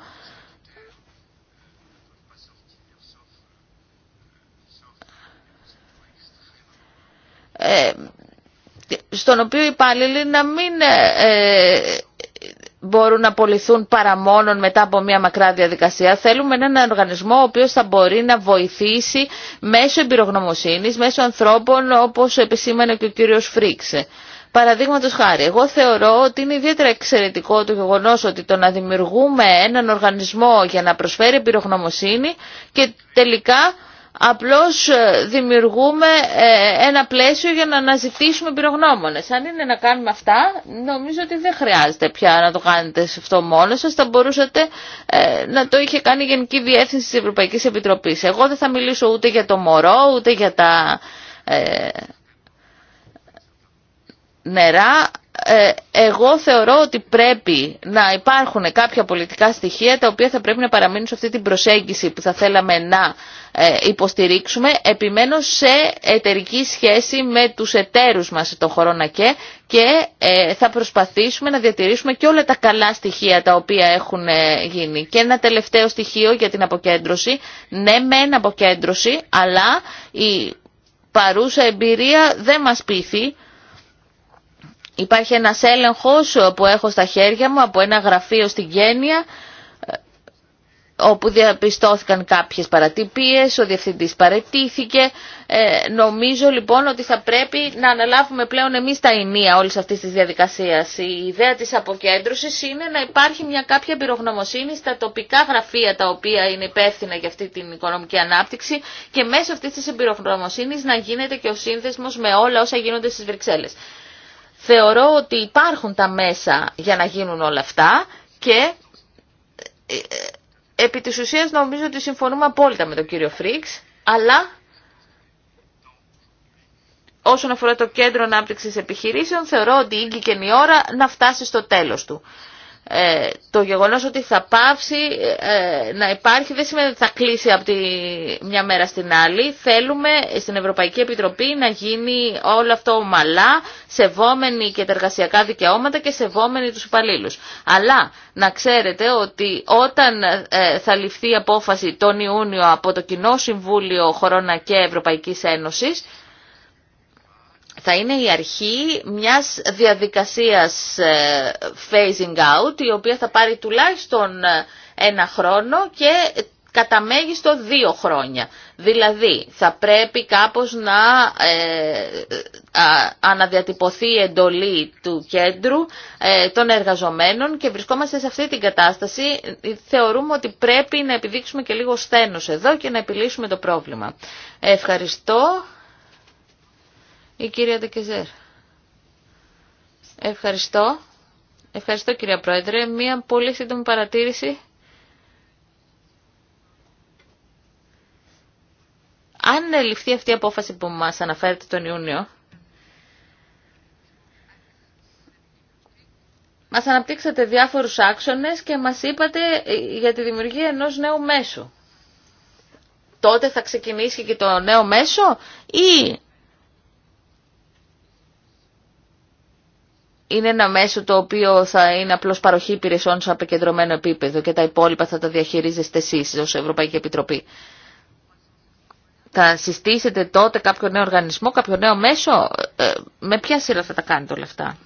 ε, στον οποίο οι υπάλληλοι να μην μπορούν να απολυθούν παρά μόνο μετά από μια μακρά διαδικασία. Θέλουμε έναν οργανισμό ο οποίος θα μπορεί να βοηθήσει μέσω εμπειρογνωμοσύνης, μέσω ανθρώπων όπως επισήμανε και ο κύριος Φρίξε. Παραδείγματο χάρη, εγώ θεωρώ ότι είναι ιδιαίτερα εξαιρετικό το γεγονό ότι το να δημιουργούμε έναν οργανισμό για να προσφέρει εμπειρογνωμοσύνη και τελικά Απλώς ε, δημιουργούμε ε, ένα πλαίσιο για να αναζητήσουμε πυρογνώμονες. Αν είναι να κάνουμε αυτά, νομίζω ότι δεν χρειάζεται πια να το κάνετε σε αυτό μόνο σας. Θα μπορούσατε ε, να το είχε κάνει η Γενική Διεύθυνση της Ευρωπαϊκής Επιτροπής. Εγώ δεν θα μιλήσω ούτε για το μωρό, ούτε για τα νερά ε, εγώ θεωρώ ότι πρέπει να υπάρχουν κάποια πολιτικά στοιχεία τα οποία θα πρέπει να παραμείνουν σε αυτή την προσέγγιση που θα θέλαμε να ε, υποστηρίξουμε επιμένω σε εταιρική σχέση με τους εταίρους μας το χωρών και ε, θα προσπαθήσουμε να διατηρήσουμε και όλα τα καλά στοιχεία τα οποία έχουν γίνει. Και ένα τελευταίο στοιχείο για την αποκέντρωση. Ναι, μεν αποκέντρωση, αλλά η παρούσα εμπειρία δεν μας πείθει Υπάρχει ένας έλεγχος που έχω στα χέρια μου από ένα γραφείο στην Κένια όπου διαπιστώθηκαν κάποιες παρατυπίες, ο διευθυντής παρετήθηκε. Ε, νομίζω λοιπόν ότι θα πρέπει να αναλάβουμε πλέον εμείς τα ενία όλη αυτή τη διαδικασία. Η ιδέα της αποκέντρωσης είναι να υπάρχει μια κάποια πυρογνωμοσύνη στα τοπικά γραφεία τα οποία είναι υπεύθυνα για αυτή την οικονομική ανάπτυξη και μέσω αυτής της εμπειρογνωμοσύνης να γίνεται και ο σύνδεσμος με όλα όσα γίνονται στις Βρυξέλλες. Θεωρώ ότι υπάρχουν τα μέσα για να γίνουν όλα αυτά και ε, ε, επί της ουσίας νομίζω ότι συμφωνούμε απόλυτα με τον κύριο Φρίξ, αλλά όσον αφορά το κέντρο ανάπτυξης επιχειρήσεων θεωρώ ότι ήγηκε η ώρα να φτάσει στο τέλος του. Ε, το γεγονός ότι θα πάψει ε, να υπάρχει δεν σημαίνει ότι θα κλείσει από τη μια μέρα στην άλλη. Θέλουμε στην Ευρωπαϊκή Επιτροπή να γίνει όλο αυτό ομαλά, σεβόμενοι και τα εργασιακά δικαιώματα και σεβόμενοι τους υπαλλήλους. Αλλά να ξέρετε ότι όταν ε, θα ληφθεί η απόφαση τον Ιούνιο από το Κοινό Συμβούλιο Χωρώνα και Ευρωπαϊκής Ένωσης, θα είναι η αρχή μιας διαδικασίας ε, phasing out, η οποία θα πάρει τουλάχιστον ε, ένα χρόνο και κατά μέγιστο δύο χρόνια. Δηλαδή θα πρέπει κάπως να ε, αναδιατυπωθεί η εντολή του κέντρου των εργαζομένων και βρισκόμαστε σε αυτή την κατάσταση. Θεωρούμε ότι πρέπει να επιδείξουμε και λίγο σθένος εδώ και να επιλύσουμε το πρόβλημα. Ευχαριστώ. Η κυρία Ντεκεζέρ. Ευχαριστώ. Ευχαριστώ κυρία Πρόεδρε. Μία πολύ σύντομη παρατήρηση. Αν ληφθεί αυτή η απόφαση που μας αναφέρετε τον Ιούνιο, μας αναπτύξατε διάφορους άξονες και μας είπατε για τη δημιουργία ενός νέου μέσου. Τότε θα ξεκινήσει και το νέο μέσο ή είναι ένα μέσο το οποίο θα είναι απλώς παροχή υπηρεσιών σε απεκεντρωμένο επίπεδο και τα υπόλοιπα θα τα διαχειρίζεστε εσείς ως Ευρωπαϊκή Επιτροπή. Θα συστήσετε τότε κάποιο νέο οργανισμό, κάποιο νέο μέσο. Ε, με ποια σειρά θα τα κάνετε όλα αυτά.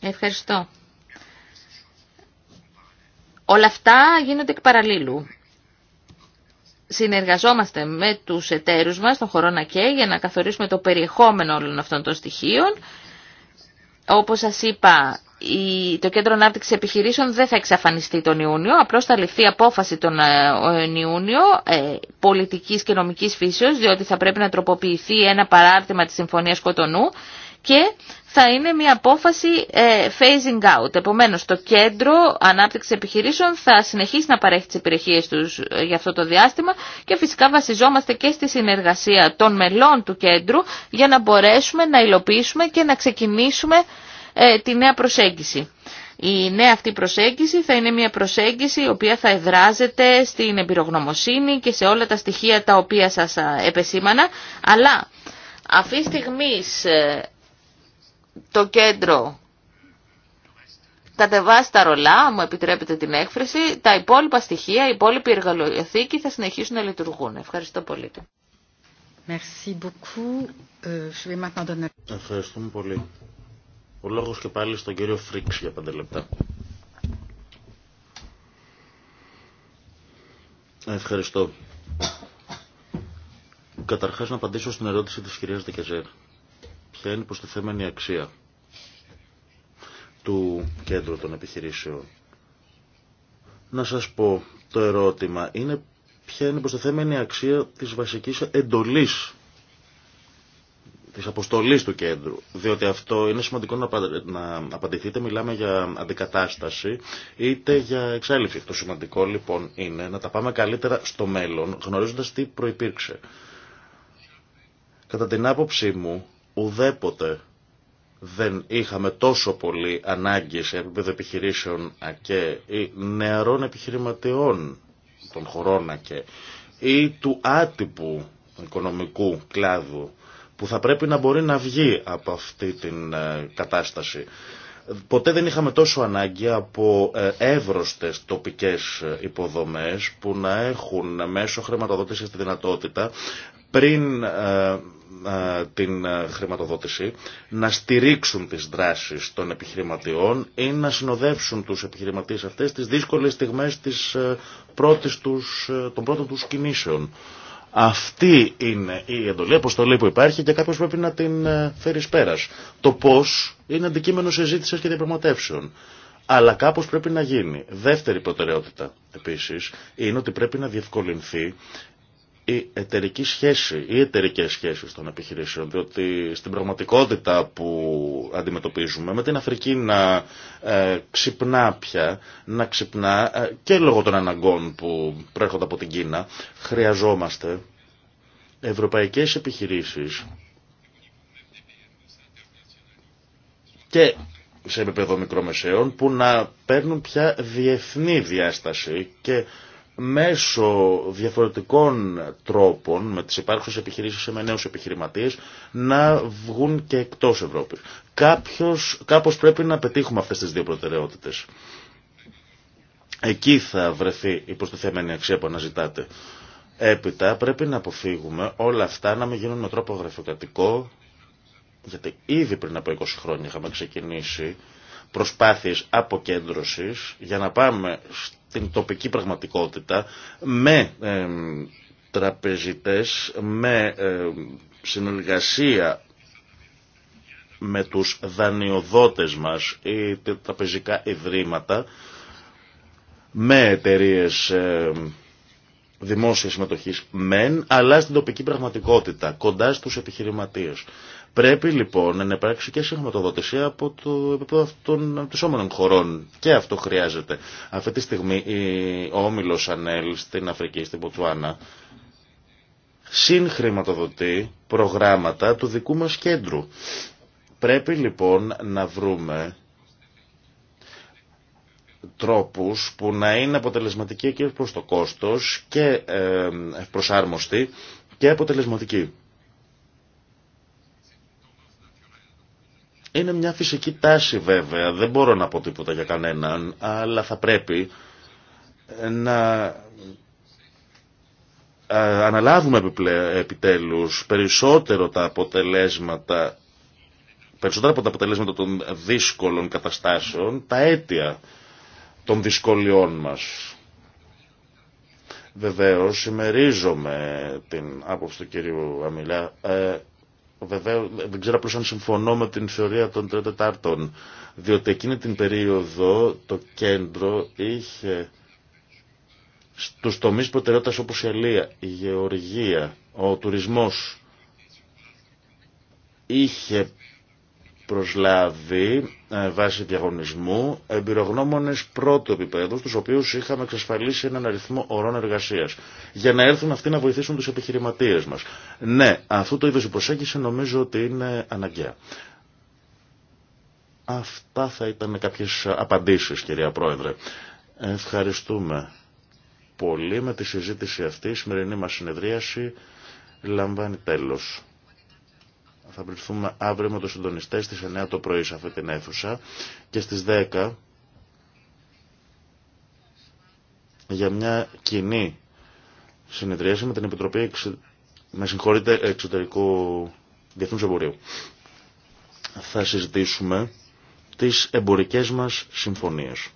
Ευχαριστώ. Όλα αυτά γίνονται εκ παραλλήλου συνεργαζόμαστε με τους εταίρους μας, τον χωρών ΑΚΕ, για να καθορίσουμε το περιεχόμενο όλων αυτών των στοιχείων. Όπως σας είπα, το Κέντρο Ανάπτυξης Επιχειρήσεων δεν θα εξαφανιστεί τον Ιούνιο, απλώς θα ληφθεί απόφαση τον ε, Ιούνιο ε, πολιτικής και νομικής φύσεως, διότι θα πρέπει να τροποποιηθεί ένα παράρτημα της Συμφωνίας Κοτονού και θα είναι μια απόφαση ε, phasing out. Επομένως, το κέντρο ανάπτυξη επιχειρήσεων θα συνεχίσει να παρέχει τις υπηρεσίες τους ε, για αυτό το διάστημα και φυσικά βασιζόμαστε και στη συνεργασία των μελών του κέντρου για να μπορέσουμε να υλοποιήσουμε και να ξεκινήσουμε ε, τη νέα προσέγγιση. Η νέα αυτή προσέγγιση θα είναι μια προσέγγιση η οποία θα εδράζεται στην εμπειρογνωμοσύνη και σε όλα τα στοιχεία τα οποία σας επεσήμανα, αλλά αυτή τη το κέντρο κατεβάσει τα ρολά, μου επιτρέπετε την έκφραση, τα υπόλοιπα στοιχεία, η υπόλοιπη εργαλειοθήκη θα συνεχίσουν να λειτουργούν. Ευχαριστώ πολύ. Ε, Ευχαριστούμε πολύ. Ο λόγος και πάλι στον κύριο Φρίξ για πέντε λεπτά. Ευχαριστώ. Καταρχάς να απαντήσω στην ερώτηση της κυρίας Δεκεζέρ ποια είναι η αξία του κέντρου των επιχειρήσεων. Να σας πω το ερώτημα. Είναι ποια είναι η αξία της βασικής εντολής της αποστολής του κέντρου. Διότι αυτό είναι σημαντικό να απαντηθείτε. Μιλάμε για αντικατάσταση είτε για εξέλιξη. Το σημαντικό λοιπόν είναι να τα πάμε καλύτερα στο μέλλον γνωρίζοντας τι προϋπήρξε. Κατά την άποψή μου Ουδέποτε δεν είχαμε τόσο πολύ ανάγκη σε επίπεδο επιχειρήσεων ΑΚΕ ή νεαρών επιχειρηματιών των χωρών ΑΚΕ ή του άτυπου οικονομικού κλάδου που θα πρέπει να μπορεί να βγει από αυτή την ε, κατάσταση. Ποτέ δεν είχαμε τόσο ανάγκη από ε, εύρωστες τοπικές υποδομές που να έχουν μέσω χρηματοδότησης τη δυνατότητα πριν ε, ε, την ε, χρηματοδότηση, να στηρίξουν τις δράσεις των επιχειρηματιών ή να συνοδεύσουν τους επιχειρηματίες αυτές τις δύσκολες στιγμές της ε, πρώτης τους, των πρώτων τους κινήσεων. Αυτή είναι η εντολή, αποστολή που υπάρχει και κάποιος πρέπει να την φέρει πέρα. Το πώ είναι αντικείμενο συζήτηση και διαπραγματεύσεων. Αλλά κάπως πρέπει να γίνει. Δεύτερη προτεραιότητα επίσης είναι ότι πρέπει να διευκολυνθεί η εταιρική σχέση, οι εταιρικέ σχέσει των επιχειρήσεων, διότι στην πραγματικότητα που αντιμετωπίζουμε με την Αφρική να ε, ξυπνά πια, να ξυπνά ε, και λόγω των αναγκών που προέρχονται από την Κίνα, χρειαζόμαστε ευρωπαϊκές επιχειρήσεις και σε επίπεδο μικρομεσαίων που να παίρνουν πια διεθνή διάσταση και μέσω διαφορετικών τρόπων με τις υπάρχουσες επιχειρήσεις και με νέους επιχειρηματίες να βγουν και εκτός Ευρώπης. Κάποιος, κάπως πρέπει να πετύχουμε αυτές τις δύο προτεραιότητες. Εκεί θα βρεθεί η προστιθέμενη αξία που αναζητάτε. Έπειτα πρέπει να αποφύγουμε όλα αυτά να μην γίνουν με τρόπο γραφειοκρατικό, γιατί ήδη πριν από 20 χρόνια είχαμε ξεκινήσει προσπάθειες αποκέντρωσης για να πάμε την τοπική πραγματικότητα με τραπεζιτές, με συνεργασία με τους δανειοδότες μας ή τα τραπεζικά ιδρύματα, με εταιρείε ε, δημόσιας συμμετοχής μεν, αλλά στην τοπική πραγματικότητα, κοντά στους επιχειρηματίες. Πρέπει λοιπόν να υπάρξει και συγχρηματοδότηση από το επίπεδο των αντισώμενων χωρών. Και αυτό χρειάζεται. Αυτή τη στιγμή ο όμιλο Ανέλ στην Αφρική, στην Ποτσουάνα, συγχρηματοδοτεί προγράμματα του δικού μας κέντρου. Πρέπει λοιπόν να βρούμε τρόπους που να είναι αποτελεσματικοί και προς το κόστος και ε, προσάρμοστοι και αποτελεσματικοί. Είναι μια φυσική τάση βέβαια, δεν μπορώ να πω τίποτα για κανέναν, αλλά θα πρέπει να ε, αναλάβουμε επιτέλους περισσότερο τα αποτελέσματα περισσότερα από τα αποτελέσματα των δύσκολων καταστάσεων, τα αίτια των δυσκολιών μας. Βεβαίως, συμμερίζομαι την άποψη του κυρίου Αμιλιά, ε, Βεβαίω, δεν ξέρω απλώς αν συμφωνώ με την θεωρία των τριών τετάρτων, διότι εκείνη την περίοδο το κέντρο είχε στους τομείς προτεραιότητας όπως η Αλία, η Γεωργία, ο τουρισμός, είχε προσλάβει ε, βάσει διαγωνισμού εμπειρογνώμονες πρώτου επίπεδου, τους οποίους είχαμε εξασφαλίσει έναν αριθμό ωρών εργασίας, για να έρθουν αυτοί να βοηθήσουν τους επιχειρηματίες μας. Ναι, αυτό το είδος η προσέγγιση νομίζω ότι είναι αναγκαία. Αυτά θα ήταν κάποιες απαντήσεις, κυρία Πρόεδρε. Ευχαριστούμε πολύ με τη συζήτηση αυτή. Η σημερινή μας συνεδρίαση λαμβάνει τέλος. Θα βρισκόμαστε αύριο με τους συντονιστές στις 9 το πρωί σε αυτή την αίθουσα και στις 10 για μια κοινή συνεδρίαση με την Επιτροπή με συγχωρείτε, Εξωτερικού Διεθνούς Εμπορίου. Θα συζητήσουμε τις εμπορικές μας συμφωνίες.